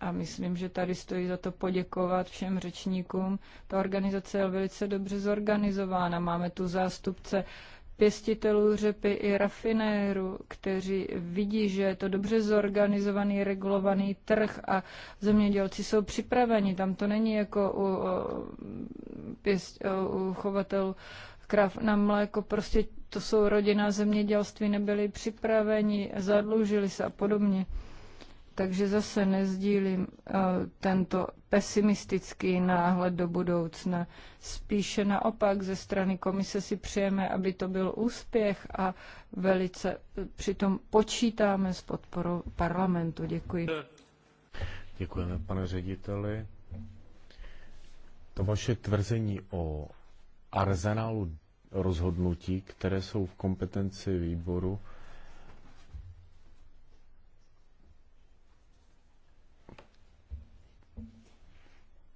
a myslím, že tady stojí za to poděkovat všem řečníkům. Ta organizace je velice dobře zorganizována. Máme tu zástupce pěstitelů řepy i rafinéru, kteří vidí, že je to dobře zorganizovaný, regulovaný trh a zemědělci jsou připraveni. Tam to není jako u, pěst, u chovatelů krav na mléko. Prostě to jsou rodina zemědělství, nebyli připraveni, zadlužili se a podobně. Takže zase nezdílím eh, tento pesimistický náhled do budoucna. Spíše naopak ze strany komise si přejeme, aby to byl úspěch a velice eh, přitom počítáme s podporou parlamentu. Děkuji. Děkujeme, pane řediteli. To vaše tvrzení o arzenálu rozhodnutí, které jsou v kompetenci výboru,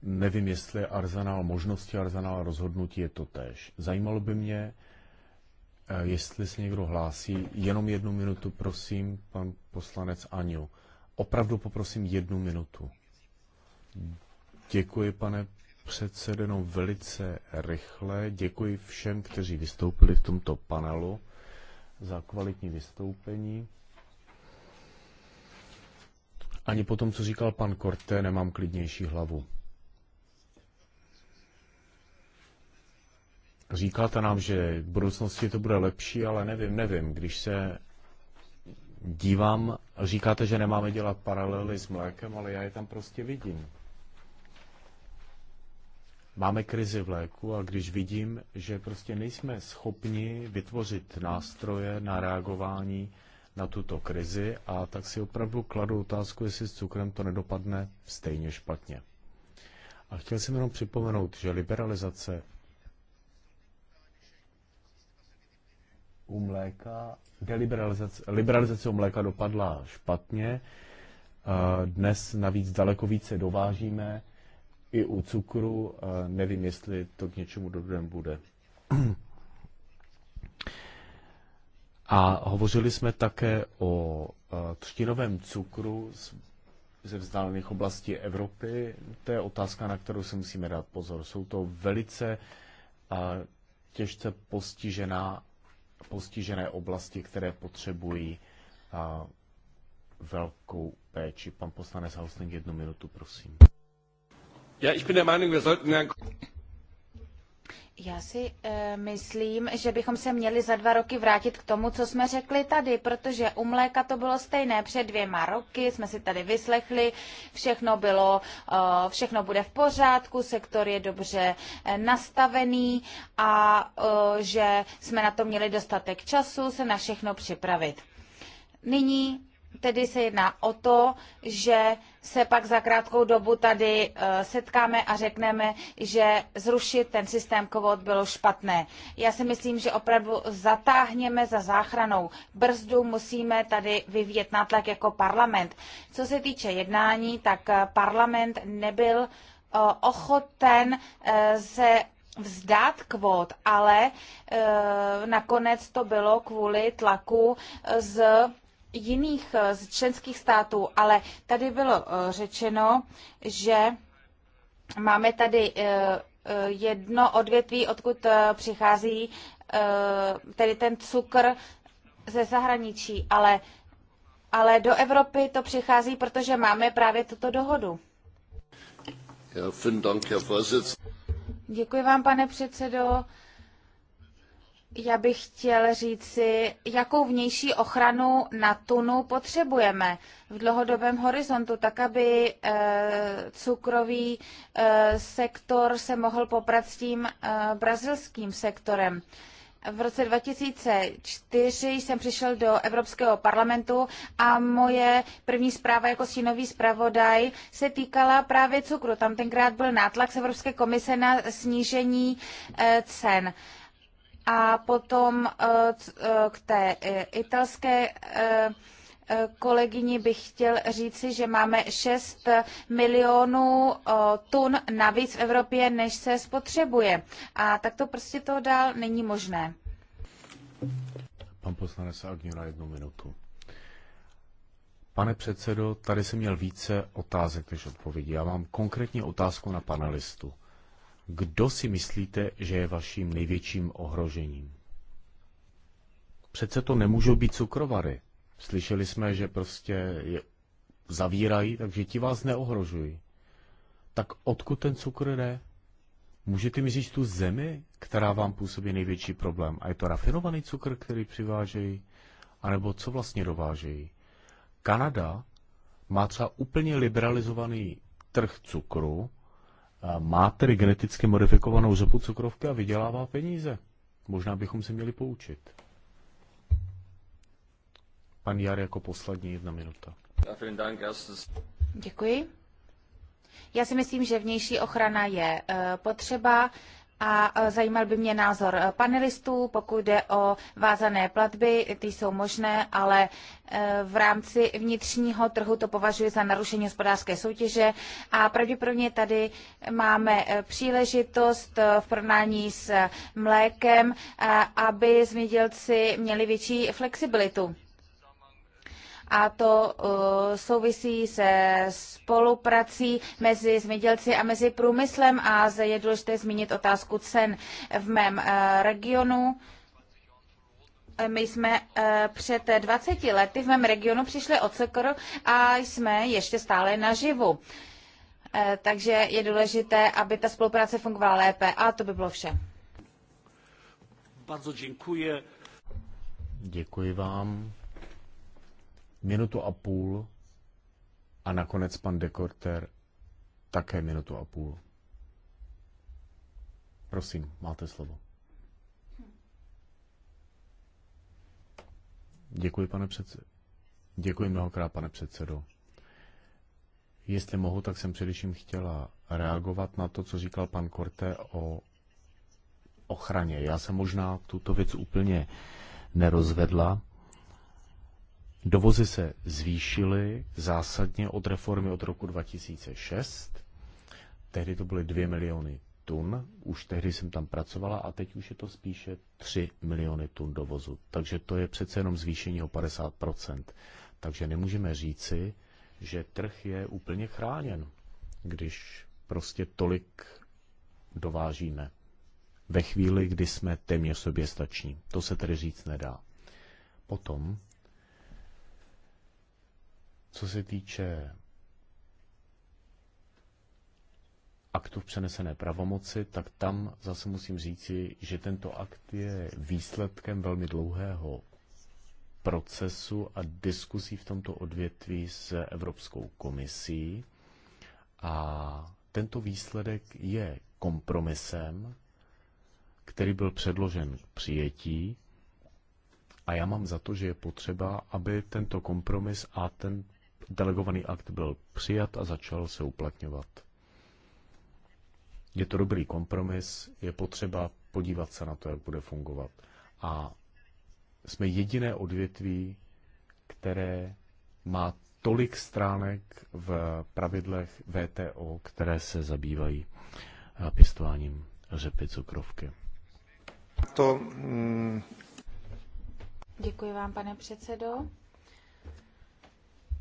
Nevím, jestli arzenál možnosti, arzenál rozhodnutí je to tež. Zajímalo by mě, eh, jestli se někdo hlásí. Jenom jednu minutu, prosím, pan poslanec Aňu. Opravdu poprosím jednu minutu. Děkuji, pane předsedeno, velice rychle. Děkuji všem, kteří vystoupili v tomto panelu za kvalitní vystoupení. Ani po tom, co říkal pan Korte, nemám klidnější hlavu. Říkáte nám, že v budoucnosti to bude lepší, ale nevím, nevím. Když se dívám, říkáte, že nemáme dělat paralely s mlékem, ale já je tam prostě vidím. Máme krizi v léku a když vidím, že prostě nejsme schopni vytvořit nástroje na reagování na tuto krizi a tak si opravdu kladu otázku, jestli s cukrem to nedopadne stejně špatně. A chtěl jsem jenom připomenout, že liberalizace u mléka, kde liberalizace, liberalizace u mléka dopadla špatně. Dnes navíc daleko více dovážíme i u cukru. Nevím, jestli to k něčemu dobrému bude. A hovořili jsme také o třtinovém cukru z ze vzdálených oblastí Evropy. To je otázka, na kterou si musíme dát pozor. Jsou to velice těžce postižená postižené oblasti, které potřebují velkou péči. Pan poslanec Hausling, jednu minutu, prosím. Já, ich bin der Meinung, wir sollten... Já si e, myslím, že bychom se měli za dva roky vrátit k tomu, co jsme řekli tady, protože u mléka to bylo stejné. Před dvěma roky jsme si tady vyslechli, všechno bylo, e, všechno bude v pořádku, sektor je dobře e, nastavený a e, že jsme na to měli dostatek času se na všechno připravit. Nyní Tedy se jedná o to, že se pak za krátkou dobu tady e, setkáme a řekneme, že zrušit ten systém kvót bylo špatné. Já si myslím, že opravdu zatáhněme za záchranou brzdu, musíme tady vyvíjet nátlak jako parlament. Co se týče jednání, tak e, parlament nebyl e, ochoten se vzdát kvót, ale nakonec to bylo kvůli tlaku z jiných eh, z členských států, ale tady bylo eh, řečeno, že máme tady eh, jedno odvětví, odkud přichází tedy ten cukr ze zahraničí, ale, ale do Evropy to přichází, protože máme právě tuto dohodu. Děkuji vám, pane předsedo já bych chtěl říci, jakou vnější ochranu na tunu potřebujeme v dlouhodobém horizontu, tak aby eh, cukrový eh, sektor se mohl poprat s tím eh, brazilským sektorem. V roce 2004 jsem přišel do Evropského parlamentu a moje první zpráva jako stínový zpravodaj se týkala právě cukru. Tam tenkrát byl nátlak z Evropské komise na snížení cen. A potom eh, eh, k té eh, italské kolegyni bych chtěl říci, že máme 6 milionů tun navíc v Evropě, než se spotřebuje. A tak to prostě to dál není možné. Pan poslanec Agňura, jednu minutu. Pane předsedo, tady jsem měl více otázek než odpovědi. Já mám konkrétní otázku na panelistu. Kdo si myslíte, že je vaším největším ohrožením? Přece to nemůžou být cukrovary. Slyšeli jsme, že prostě je zavírají, takže ti vás neohrožují. Tak odkud ten cukr jde? Můžete mi říct tu zemi, která vám působí největší problém? A je to rafinovaný cukr, který přivážejí? A nebo co vlastně dovážejí? Kanada má třeba úplně liberalizovaný trh cukru, má tedy geneticky modifikovanou zopu cukrovky a vydělává peníze. Možná bychom se měli poučit. Pan Jar jako poslední jedna minuta. Děkuji. Já si myslím, že vnější ochrana je eh, potřeba a e, zajímal by mě názor e, panelistů, pokud jde o vázané platby, ty jsou možné, ale e, v rámci vnitřního trhu to považuji za narušení hospodářské soutěže a pravděpodobně tady máme příležitost v porovnání s mlékem, aby zemědělci měli větší flexibilitu a to eh, souvisí se spoluprací mezi zemědělci a mezi průmyslem a zde je důležité zmínit otázku cen v mém eh, regionu. Eh, my jsme před 20 lety v mém regionu přišli od cukru a jsme ještě stále naživu. Takže je důležité, aby ta spolupráce fungovala lépe a to by bylo vše. Bardzo děkuji. Děkuji vám minutu a půl a nakonec pan Dekorter také minutu a půl. Prosím, máte slovo. Děkuji, pane předsedo. Děkuji mnohokrát, pane předsedo. Jestli mohu, tak jsem především chtěla reagovat na to, co říkal pan Korte o ochraně. Já jsem možná tuto věc úplně nerozvedla. Dovozy se zvýšily zásadně od reformy od roku 2006. Tehdy to byly 2 miliony tun, už tehdy jsem tam pracovala a teď už je to spíše 3 miliony tun dovozu. Takže to je přece jenom zvýšení o 50%. Takže nemůžeme říci, že trh je úplně chráněn, když prostě tolik dovážíme. Ve chvíli, kdy jsme téměř soběstační. To se tedy říct nedá. Potom co se týče aktu v přenesené pravomoci, tak tam zase musím říci, že tento akt je výsledkem velmi dlouhého procesu a diskusí v tomto odvětví s Evropskou komisí. A tento výsledek je kompromisem, který byl předložen k přijetí. A já mám za to, že je potřeba, aby tento kompromis a ten Delegovaný akt byl přijat a začal se uplatňovat. Je to dobrý kompromis, je potřeba podívat se na to, jak bude fungovat. A jsme jediné odvětví, které má tolik stránek v pravidlech VTO, které se zabývají eh, pěstováním řepy cukrovky. To, mm... Děkuji vám, pane předsedo.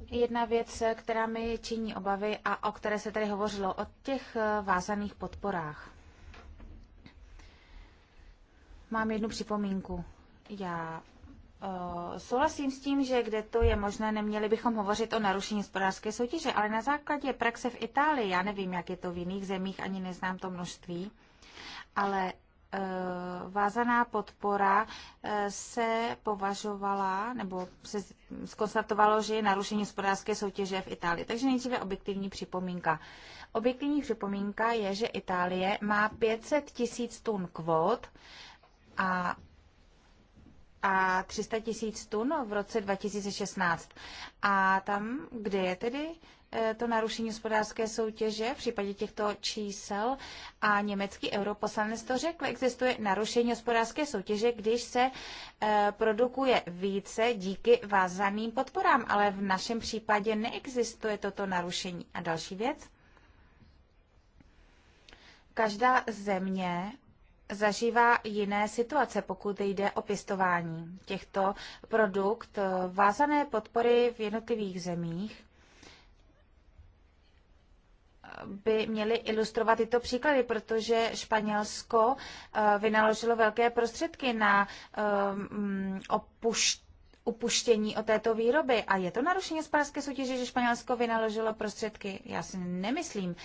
Jedna věc, která mi činí obavy a o které se tady hovořilo, o těch eh, vázaných podporách. Mám jednu připomínku. Já eh, souhlasím s tím, že kde to je možné, neměli bychom hovořit o narušení hospodářské soutěže, ale na základě praxe v Itálii, já nevím, jak je to v jiných zemích, ani neznám to množství, ale Eh, vázaná podpora eh, se považovala, nebo se skonstatovalo, že je narušení hospodářské soutěže v Itálii. Takže nejdříve objektivní připomínka. Objektivní připomínka je, že Itálie má 500 tisíc tun kvot a a 300 tisíc tun v roce 2016. A tam, kde je tedy Eh, to narušení hospodářské soutěže v případě těchto čísel a německý europoslanec to řekl, existuje narušení hospodářské soutěže, když se eh, produkuje více díky vázaným podporám, ale v našem případě neexistuje toto narušení. A další věc? Každá země zažívá jiné situace, pokud jde o pěstování těchto produkt. Vázané podpory v jednotlivých zemích by měly ilustrovat tyto příklady, protože Španělsko eh, vynaložilo velké prostředky na eh, opuštění upuštění o této výroby. A je to narušení hospodářské soutěže, že Španělsko vynaložilo prostředky? Já si nemyslím.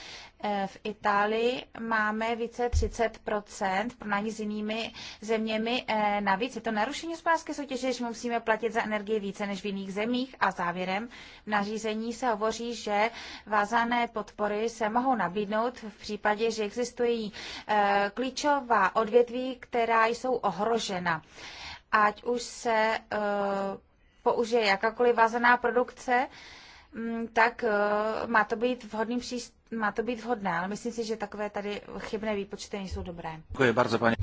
E, v Itálii máme více 30 v porovnání s jinými zeměmi. E, navíc je to narušení hospodářské soutěže, že musíme platit za energii více než v jiných zemích. A závěrem v nařízení se hovoří, že vázané podpory se mohou nabídnout v případě, že existují e, klíčová odvětví, která jsou ohrožena ať už se eh, použije jakákoliv vázaná produkce, mm, tak eh, má to být vhodným příst, má to být vhodné, ale myslím si, že takové tady chybné výpočty nejsou dobré. Děkuji bardzo, paní.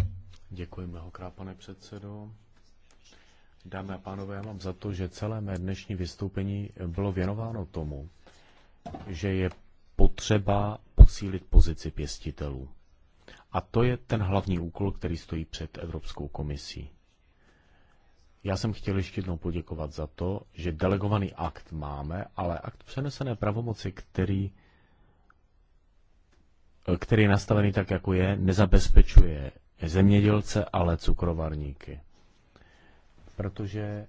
Děkuji mnohokrát, pane předsedo. Dámy a pánové, já mám za to, že celé mé dnešní vystoupení bylo věnováno tomu, že je potřeba posílit pozici pěstitelů. A to je ten hlavní úkol, který stojí před Evropskou komisí. Já jsem chtěl ještě jednou poděkovat za to, že delegovaný akt máme, ale akt přenesené pravomoci, který, eh, který je nastavený tak, jako je, nezabezpečuje zemědělce, ale cukrovarníky. Protože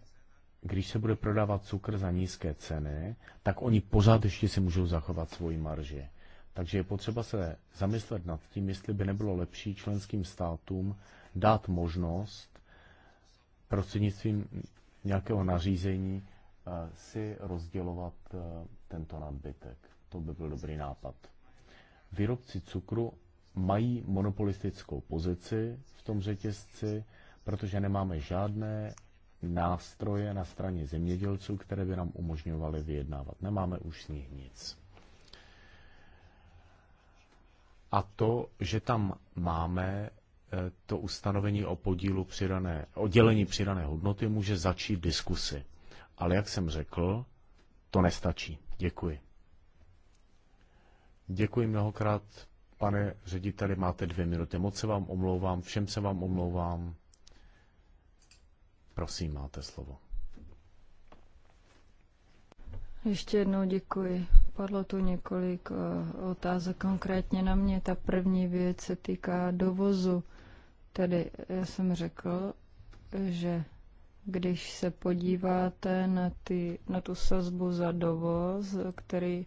když se bude prodávat cukr za nízké ceny, tak oni pořád ještě si můžou zachovat svoji marži. Takže je potřeba se zamyslet nad tím, jestli by nebylo lepší členským státům dát možnost prostřednictvím nějakého nařízení eh, si rozdělovat eh, tento nadbytek. To by byl dobrý nápad. Výrobci cukru mají monopolistickou pozici v tom řetězci, protože nemáme žádné nástroje na straně zemědělců, které by nám umožňovaly vyjednávat. Nemáme už s nich nic. A to, že tam máme Eh, to ustanovení o podílu přidané, oddělení přidané hodnoty může začít diskusy. Ale jak jsem řekl, to nestačí. Děkuji. Děkuji mnohokrát, pane řediteli, máte dvě minuty. Moc se vám omlouvám, všem se vám omlouvám. Prosím, máte slovo. Ještě jednou děkuji. Padlo tu několik eh, otázek konkrétně na mě. Ta první věc se týká dovozu. Tedy eh, já jsem řekl, že když se podíváte na, ty, na tu sazbu za dovoz, který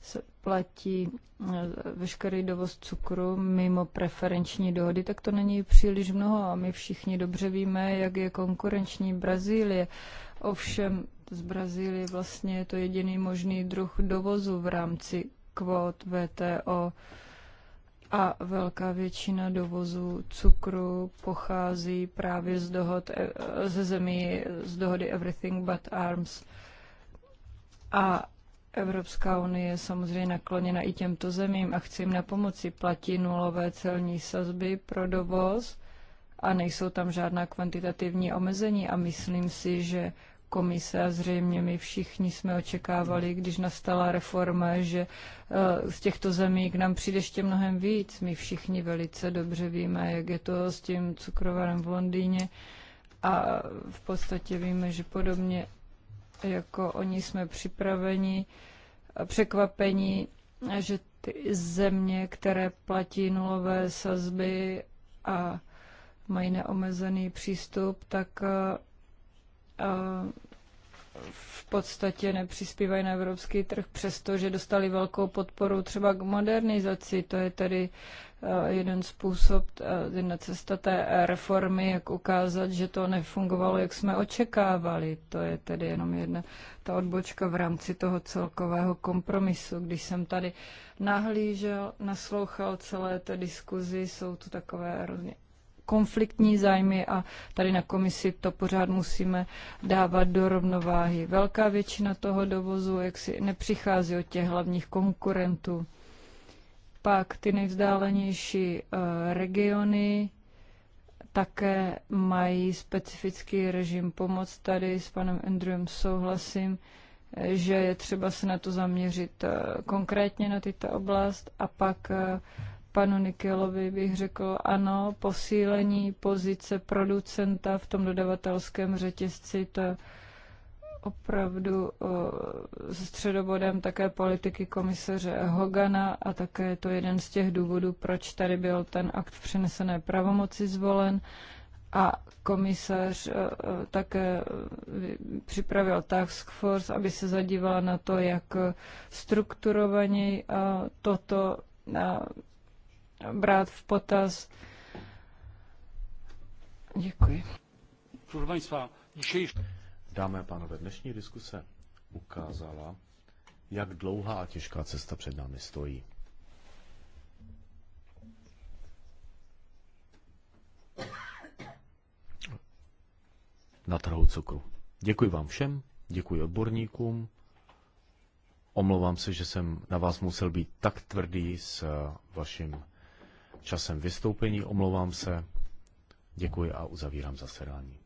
se platí eh, veškerý dovoz cukru mimo preferenční dohody, tak to není příliš mnoho a my všichni dobře víme, jak je konkurenční Brazílie. Ovšem z Brazílie vlastně je to jediný možný druh dovozu v rámci kvót VTO a velká většina dovozu cukru pochází právě z dohod, eh, ze zemí z dohody Everything But Arms. A Evropská unie je samozřejmě nakloněna i těmto zemím a chce jim na pomoci. Platí nulové celní sazby pro dovoz a nejsou tam žádná kvantitativní omezení a myslím si, že komise a zřejmě my všichni jsme očekávali, když nastala reforma, že eh, z těchto zemí k nám přijde ještě mnohem víc. My všichni velice dobře víme, jak je to s tím cukrovarem v Londýně a v podstatě víme, že podobně jako oni jsme připraveni, eh, překvapení, že ty země, které platí nulové sazby a mají neomezený přístup, tak eh, v podstatě nepřispívají na evropský trh, přestože dostali velkou podporu třeba k modernizaci. To je tedy jeden způsob, jedna cesta té reformy, jak ukázat, že to nefungovalo, jak jsme očekávali. To je tedy jenom jedna ta odbočka v rámci toho celkového kompromisu. Když jsem tady nahlížel, naslouchal celé té diskuzi, jsou tu takové různě konfliktní zájmy a tady na komisi to pořád musíme dávat do rovnováhy. Velká většina toho dovozu jak si nepřichází od těch hlavních konkurentů. Pak ty nejvzdálenější eh, regiony, také mají specifický režim pomoc. Tady s panem Andrewem souhlasím, eh, že je třeba se na to zaměřit eh, konkrétně na tyto oblast a pak panu Nikelovi bych řekl ano, posílení pozice producenta v tom dodavatelském řetězci, to je opravdu s středobodem také politiky komisaře Hogana a také je to jeden z těch důvodů, proč tady byl ten akt přenesené pravomoci zvolen a komisař také připravil task force, aby se zadívala na to, jak strukturovaně toto brát v potaz. Děkuji. Dámy a pánové, dnešní diskuse ukázala, jak dlouhá a těžká cesta před námi stojí. Na trhu cukru. Děkuji vám všem, děkuji odborníkům. Omlouvám se, že jsem na vás musel být tak tvrdý s vaším časem vystoupení. Omlouvám se. Děkuji a uzavírám zasedání.